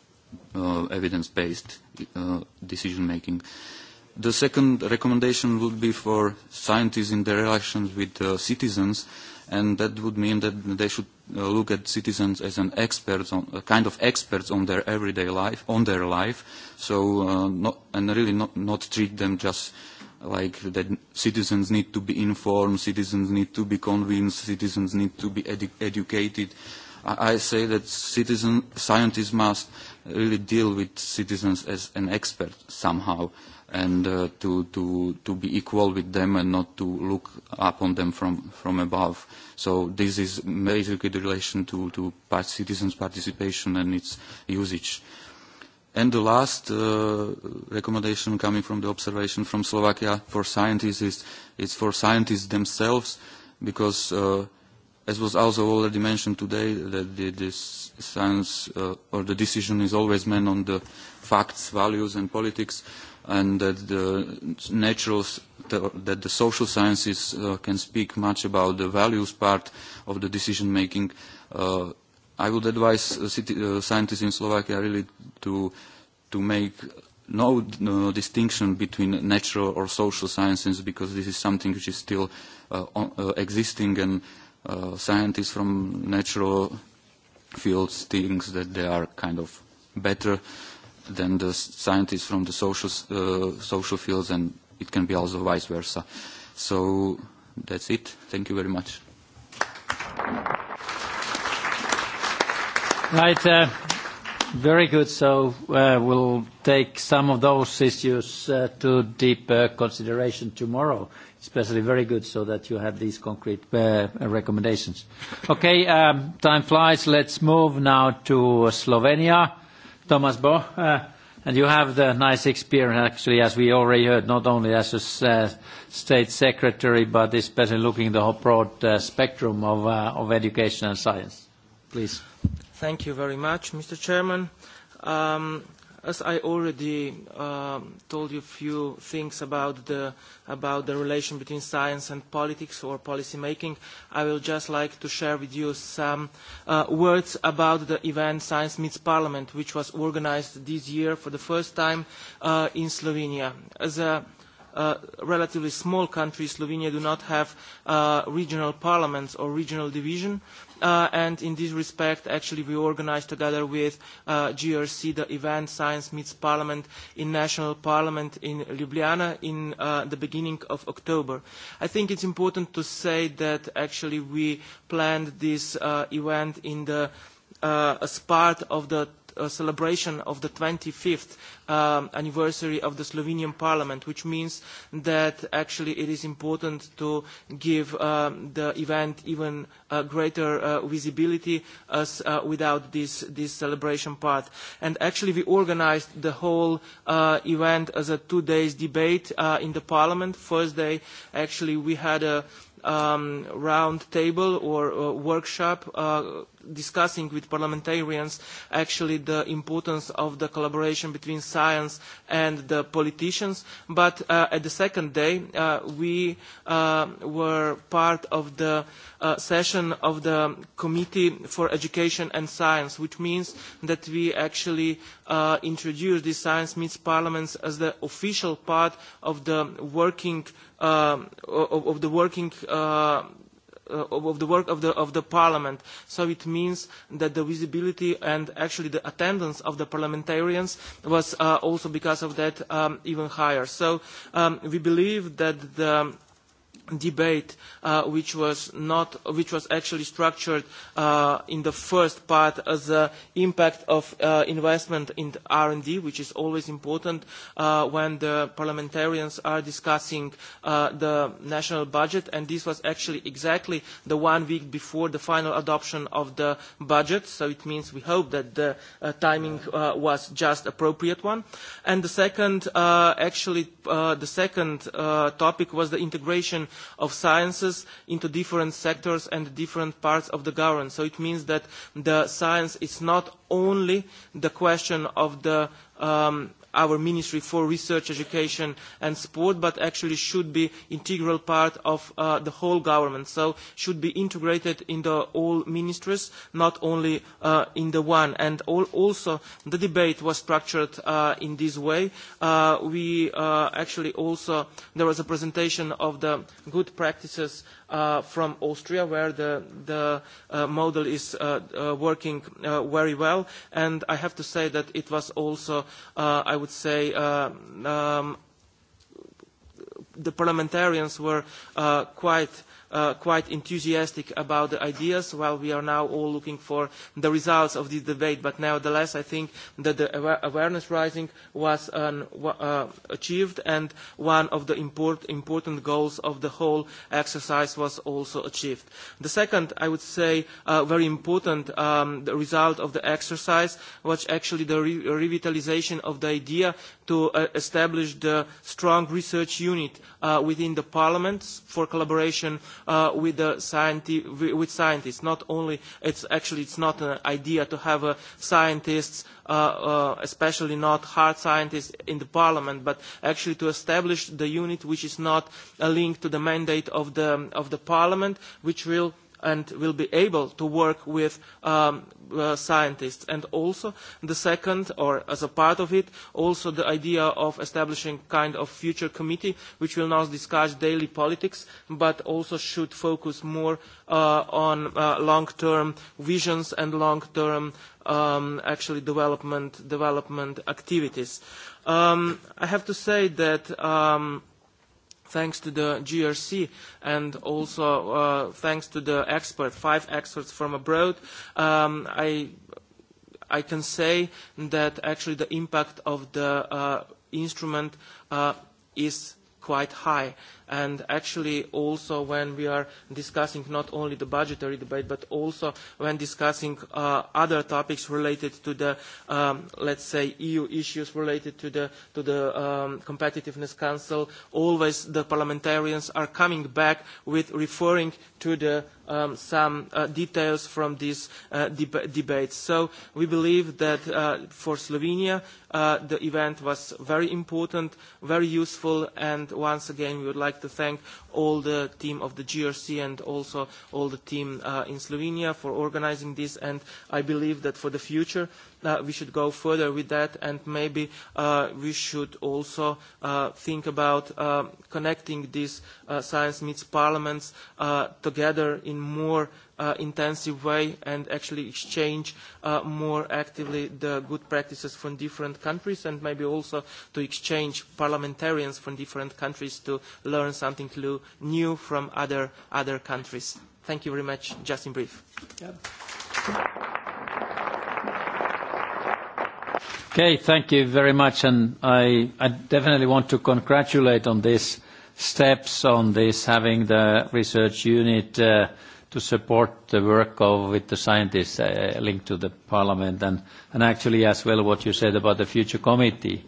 evidence based decision making. The second recommendation would be for scientists in their relations with citizens, and that would mean that they should Uh, look at citizens as an experts on kind of experts on their everyday life on their life so uh, not, and really not, not treat them just like that citizens need to be informed citizens need to be convinced citizens need to be edu educated I, I say that citizen scientists must really deal with citizens as an expert somehow and uh, to, to, to be equal with them and not to look up on them from, from above. So this is basically the relation to, to part citizens' participation and its usage. And the last uh, recommendation coming from the observation from Slovakia for scientists is it's for scientists themselves because, uh, as was also already mentioned today, that the, this science uh, or the decision is always meant on the facts, values and politics and that the natural that the social sciences uh, can speak much about the values part of the decision making. Uh, I would advise uh, city, uh, scientists in Slovakia really to to make no, no distinction between natural or social sciences because this is something which is still uh, uh, existing and uh, scientists from natural fields think that they are kind of better than the scientists from the social, uh, social fields, and it can be also vice versa. So that's it. Thank you very much.
Right. Uh, very good. So uh, we'll take some of those issues uh, to deep consideration tomorrow, especially very good so that you have these concrete uh, recommendations. Okay, um, time flies. Let's move now to Slovenia. Thomas Bo, uh, and you have the nice experience, actually, as we already heard, not only as a uh, state secretary, but especially looking the whole broad uh, spectrum of, of education and science. Please.
Thank you very much, Mr. Chairman. Um, as I already um, told you a few things about the, about the relation between science and politics or policy making, I will just like to share with you some uh, words about the event Science Meets Parliament, which was organized this year for the first time uh, in Slovenia. As a a uh, relatively small country, Slovenia, do not have uh, regional parliaments or regional division. Uh, and in this respect, actually, we organized together with GRC the event Science Meets Parliament in National Parliament in Ljubljana in the beginning of October. I think it's important to say that actually we planned this event in the, as part of the Uh, celebration of the 25th um, anniversary of the Slovenian Parliament, which means that actually it is important to give um, the event even uh, greater uh, visibility as without this, this celebration part. And actually we organized the whole event as a two days debate in the Parliament. First day, actually we had a um, round table or workshop discussing with parliamentarians actually the importance of the collaboration between science and the politicians. But uh, at the second day, uh, we uh, were part of the session of the Committee for Education and Science, which means that we actually introduced the Science Meets Parliaments as the official part of the working of the working Uh, of the work of the, of the parliament. So it means that the visibility and actually the attendance of the parliamentarians was uh, also because of that um, even higher. So um, we believe that the debate uh, which was not which was actually structured uh, in the first part as the impact of uh, investment in R&D which is always important uh, when the parliamentarians are discussing uh, the national budget and this was actually exactly the one week before the final adoption of the budget so it means we hope that the timing was just appropriate one and the second actually the second topic was the integration of sciences into different sectors and different parts of the government. So it means that the science is not only the question of the um, our ministry for research, education and sport, but actually should be an integral part of uh, the whole government. So should be integrated in the all ministries, not only uh, in the one. And also the debate was structured uh, in this way. we actually also there was a presentation of the good practices Uh, from Austria, where the, the uh, model is uh, working very well. And I have to say that it was also, I would say, um, the parliamentarians were quite uh, quite enthusiastic about the ideas while we are now all looking for the results of this debate. But nevertheless, I think that the awareness rising was uh, achieved and one of the import, important goals of the whole exercise was also achieved. The second, I would say, uh, very important um, result of the exercise was actually the revitalisation revitalization of the idea to uh, establish the strong research unit within the parliament for collaboration Uh, with the scientific, with scientists. Not only it's actually it's not an idea to have uh, scientists, uh, uh, especially not hard scientists, in the parliament, but actually to establish the unit which is not linked to the mandate of the of the parliament, which will and will be able to work with um, uh, scientists. And also the second, or as a part of it, also the idea of establishing kind of future committee which will not discuss daily politics but also should focus more uh, on uh, long-term visions and long-term um, actually development, development activities. Um, I have to say that thanks to the GRC and also uh, thanks to the experts, five experts from abroad, um, I, I can say that actually the impact of the uh, instrument uh, is quite high. And actually also when we are discussing not only the budgetary debate but also when discussing uh, other topics related to the, um, let's say, EU issues related to the, to the um, Competitiveness Council, always the parliamentarians are coming back with referring to the um, some uh, details from this uh, debate. So we believe that uh, for Slovenia, the event was very important, very useful, and once again, we would like to thank all the team of the GRC and also all the team in Slovenia for organizing this, and I believe that for the future, Uh, we should go further with that and maybe uh, we should also uh, think about connecting these science meets parliaments together in more intensive way and actually exchange more actively the good practices from different countries and maybe also to exchange parliamentarians from different countries to learn something new from other, other countries. Thank you very much. Just in brief.
Okay, thank you very much. And I, I definitely want to congratulate on these steps on this, having the research unit uh, to support the work of with the scientists uh, linked to the parliament. And, and actually as well what you said about the future committee.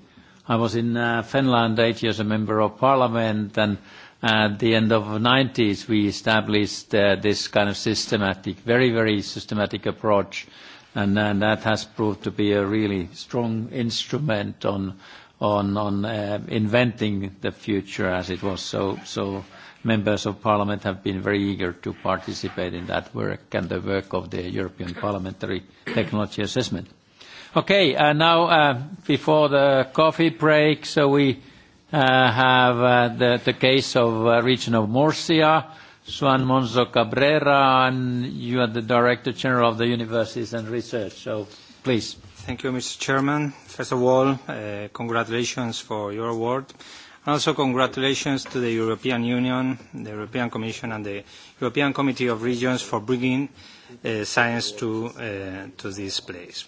I was in uh, Finland eight years a member of parliament and at the end of the 90s we established this kind of systematic, very, very systematic approach and, that has proved to be a really strong instrument on on on uh, inventing the future as it was. So so members of parliament have been very eager to participate in that work and the work of the European Parliamentary Technology Assessment. Okay, uh, now uh, before the coffee break, so we uh, have uh, the, the case of uh, region of Murcia Juan Monzo Cabrera, and you are the Director General of the Universities and Research. So please. Thank you, Mr. Chairman. First of all,
uh, congratulations for your award. And also congratulations to the European Union, the European Commission, and the European Committee of Regions for bringing uh, science to, uh, to this place.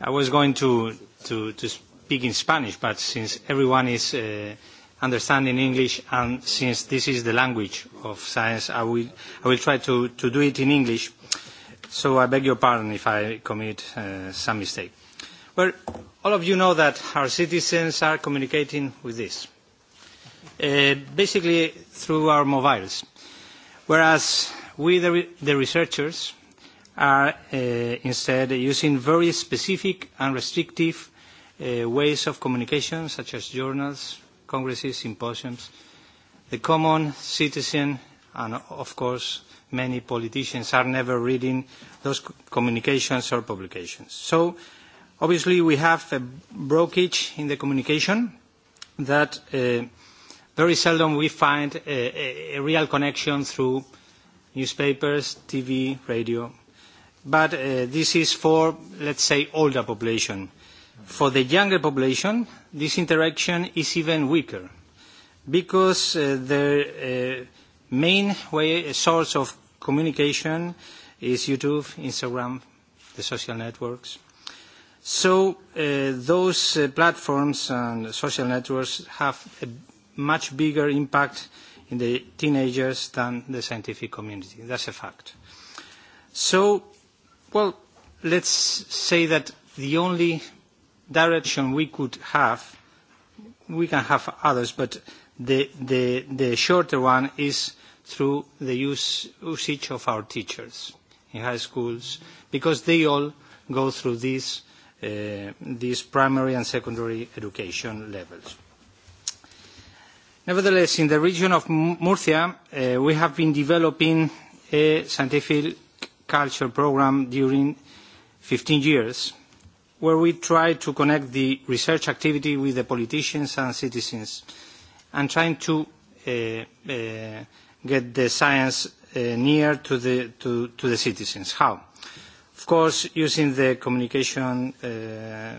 I was going to, to, to speak in Spanish, but since everyone is uh, understand in English, and since this is the language of science, I will, I will try to, to do it in English. So I beg your pardon if I commit uh, some mistake. Well, all of you know that our citizens are communicating with this, uh, basically through our mobiles, whereas we, the, the researchers, are uh, instead using very specific and restrictive ways of communication, such as journals, congresses, symposiums, the common citizen and of course many politicians are never reading those communications or publications. So obviously we have a brokerage in the communication that uh, very seldom we find a, a, a real connection through newspapers, TV, radio. But uh, this is for, let's say, older population. For the younger population, this interaction is even weaker because uh, the their uh, main uh, source of communication is YouTube, Instagram, the social networks. So those platforms and social networks have a much bigger impact in the teenagers than the scientific community. That's a fact. So, well, let's say that the only direction we could have, we can have others, but the, the, the shorter one is through the use, usage of our teachers in high schools, because they all go through these, uh, these primary and secondary education levels. Nevertheless, in the region of Murcia, uh, we have been developing a scientific culture program during 15 years, where we try to connect the research activity with the politicians and citizens and trying to uh, uh, get the science uh, near to the, to, to the citizens. How? Of course, using the communication uh,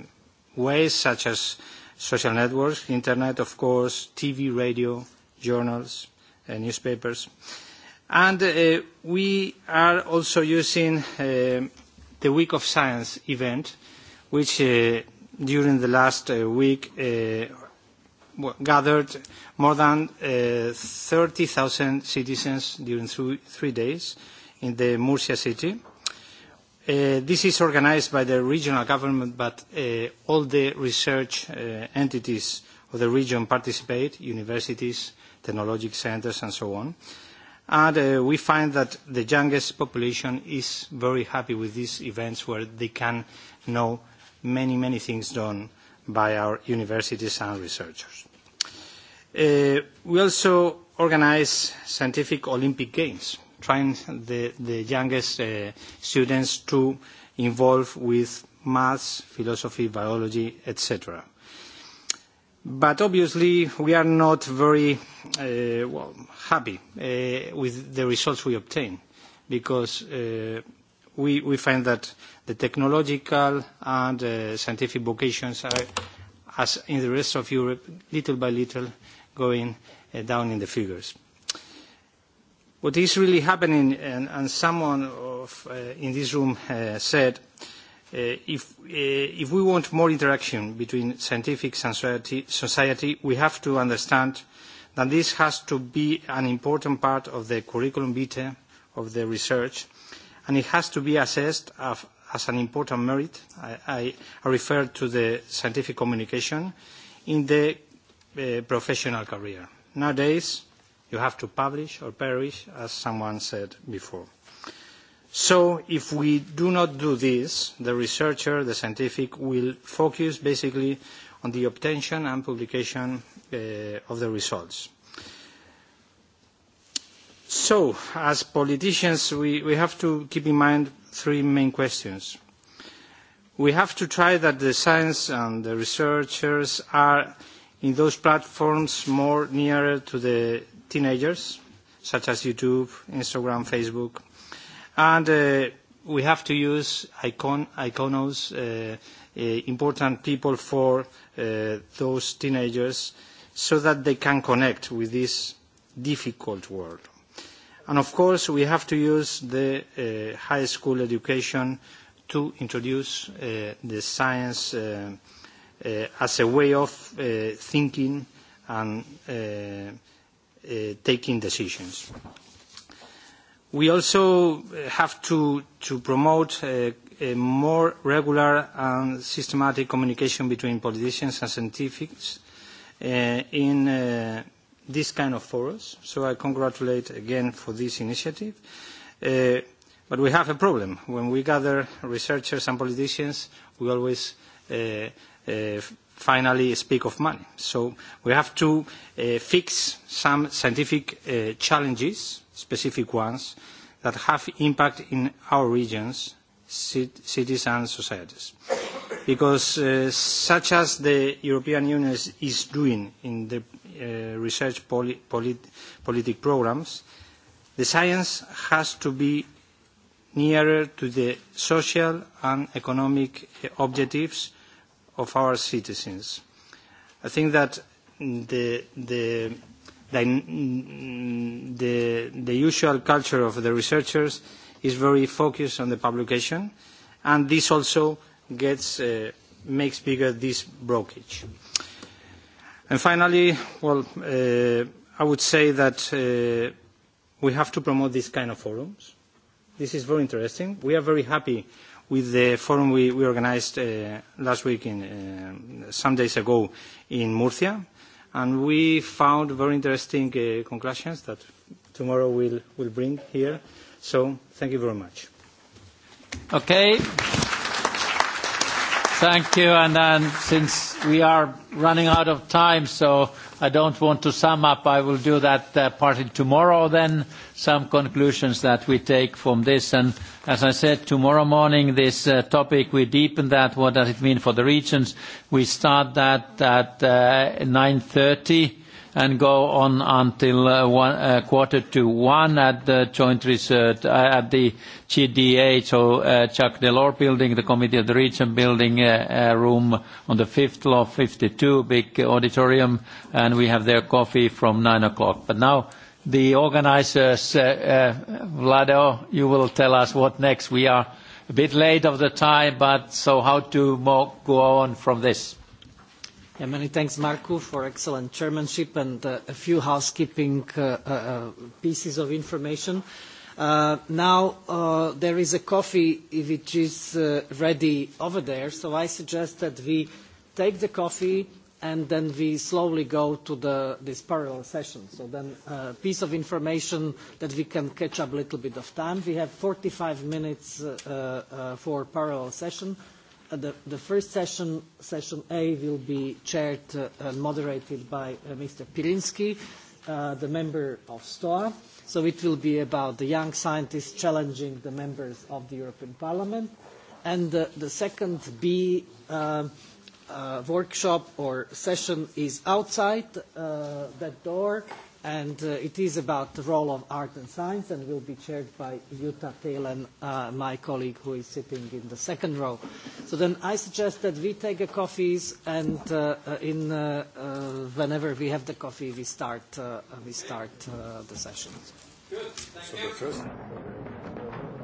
ways such as social networks, internet, of course, TV, radio, journals, uh, newspapers. And uh, we are also using the Week of Science event which uh, during the last uh, week uh, gathered more than 30,000 citizens during three days in the Murcia city. Uh, this is organised by the regional government, but all the research entities of the region participate, universities, technology centres and so on. And we find that the youngest population is very happy with these events where they can know many, many things done by our universities and researchers. Uh, we also organize scientific Olympic Games, trying the, the youngest uh, students to involve with maths, philosophy, biology, etc. But obviously, we are not very uh, well, happy uh, with the results we obtain because uh, we, we find that the technological and uh, scientific vocations are, as in the rest of Europe, little by little going uh, down in the figures. What is really happening, and, and someone of, uh, in this room uh, said, uh, if, uh, if we want more interaction between scientific and society, society, we have to understand that this has to be an important part of the curriculum vitae of the research and it has to be assessed as, an important merit. I, I, refer to the scientific communication in the uh, professional career. Nowadays, you have to publish or perish, as someone said before. So if we do not do this, the researcher, the scientific, will focus basically on the obtention and publication uh, of the results. So, as politicians, we, we have to keep in mind three main questions. We have to try that the science and the researchers are in those platforms more nearer to the teenagers, such as YouTube, Instagram, Facebook. And uh, we have to use icon, iconos, uh, uh, important people for those teenagers, so that they can connect with this difficult world. And of course, we have to use the uh, high school education to introduce uh, the science uh, as a way of thinking and taking decisions. We also have to, promote a more regular and systematic communication between politicians and scientists in this kind of forums, so I congratulate again for this initiative. Uh, but we have a problem. When we gather researchers and politicians, we always uh, uh, finally speak of money. So we have to fix some scientific challenges, specific ones, that have impact in our regions, cities and societies. Because such as the European Union is doing in the Uh, research political programmes, the science has to be nearer to the social and economic uh, objectives of our citizens. I think that the, the, the, the usual culture of the researchers is very focused on the publication, and this also gets, uh, makes bigger this brokerage finally, well, uh, I would say that uh, we have to promote these kind of forums. This is very interesting. We are very happy with the forum we, organized uh, last week, in, some days ago, in Murcia. And we found very interesting conclusions that tomorrow we'll, will bring here. So thank you very much.
Okay. Thank you. And, and since we are running out of time, so I don't want to sum up, I will do that uh, partly tomorrow then, some conclusions that we take from this. And as I said, tomorrow morning, this uh, topic, we deepen that. What does it mean for the regions? We start that at uh, 9:30 and go on until uh, uh, quarter to one at the joint research uh, at the GDA, so Jacques Delors building, the Committee of the Region building room on the fifth floor, 52, big auditorium, and we have their coffee from nine o'clock. But now the organizers, Vlado, you will tell us what next. We are a bit late of the time, but so how to go on from this?
many thanks, Marco, for excellent chairmanship and uh, a few housekeeping uh, uh, pieces of information. Now, there is a coffee which is ready over there, so I suggest that we take the coffee and then we slowly go to the, this parallel session. So then a piece of information that we can catch up a little bit of time. We have 45 minutes for parallel session. Uh, the, the first session, session A, will be chaired uh, and moderated by uh, Mr. Pirinski, uh, the member of STOA. So it will be about the young scientists challenging the members of the European Parliament. And the second B workshop or session is outside that door and uh, it is about the role of art and science and will be chaired by Jutta Thelen, uh, my colleague who is sitting in the second row. So then I suggest that we take a coffees and uh, uh in, uh, uh, whenever we have the coffee we start, uh, we start uh, the session.
Good, thank so you.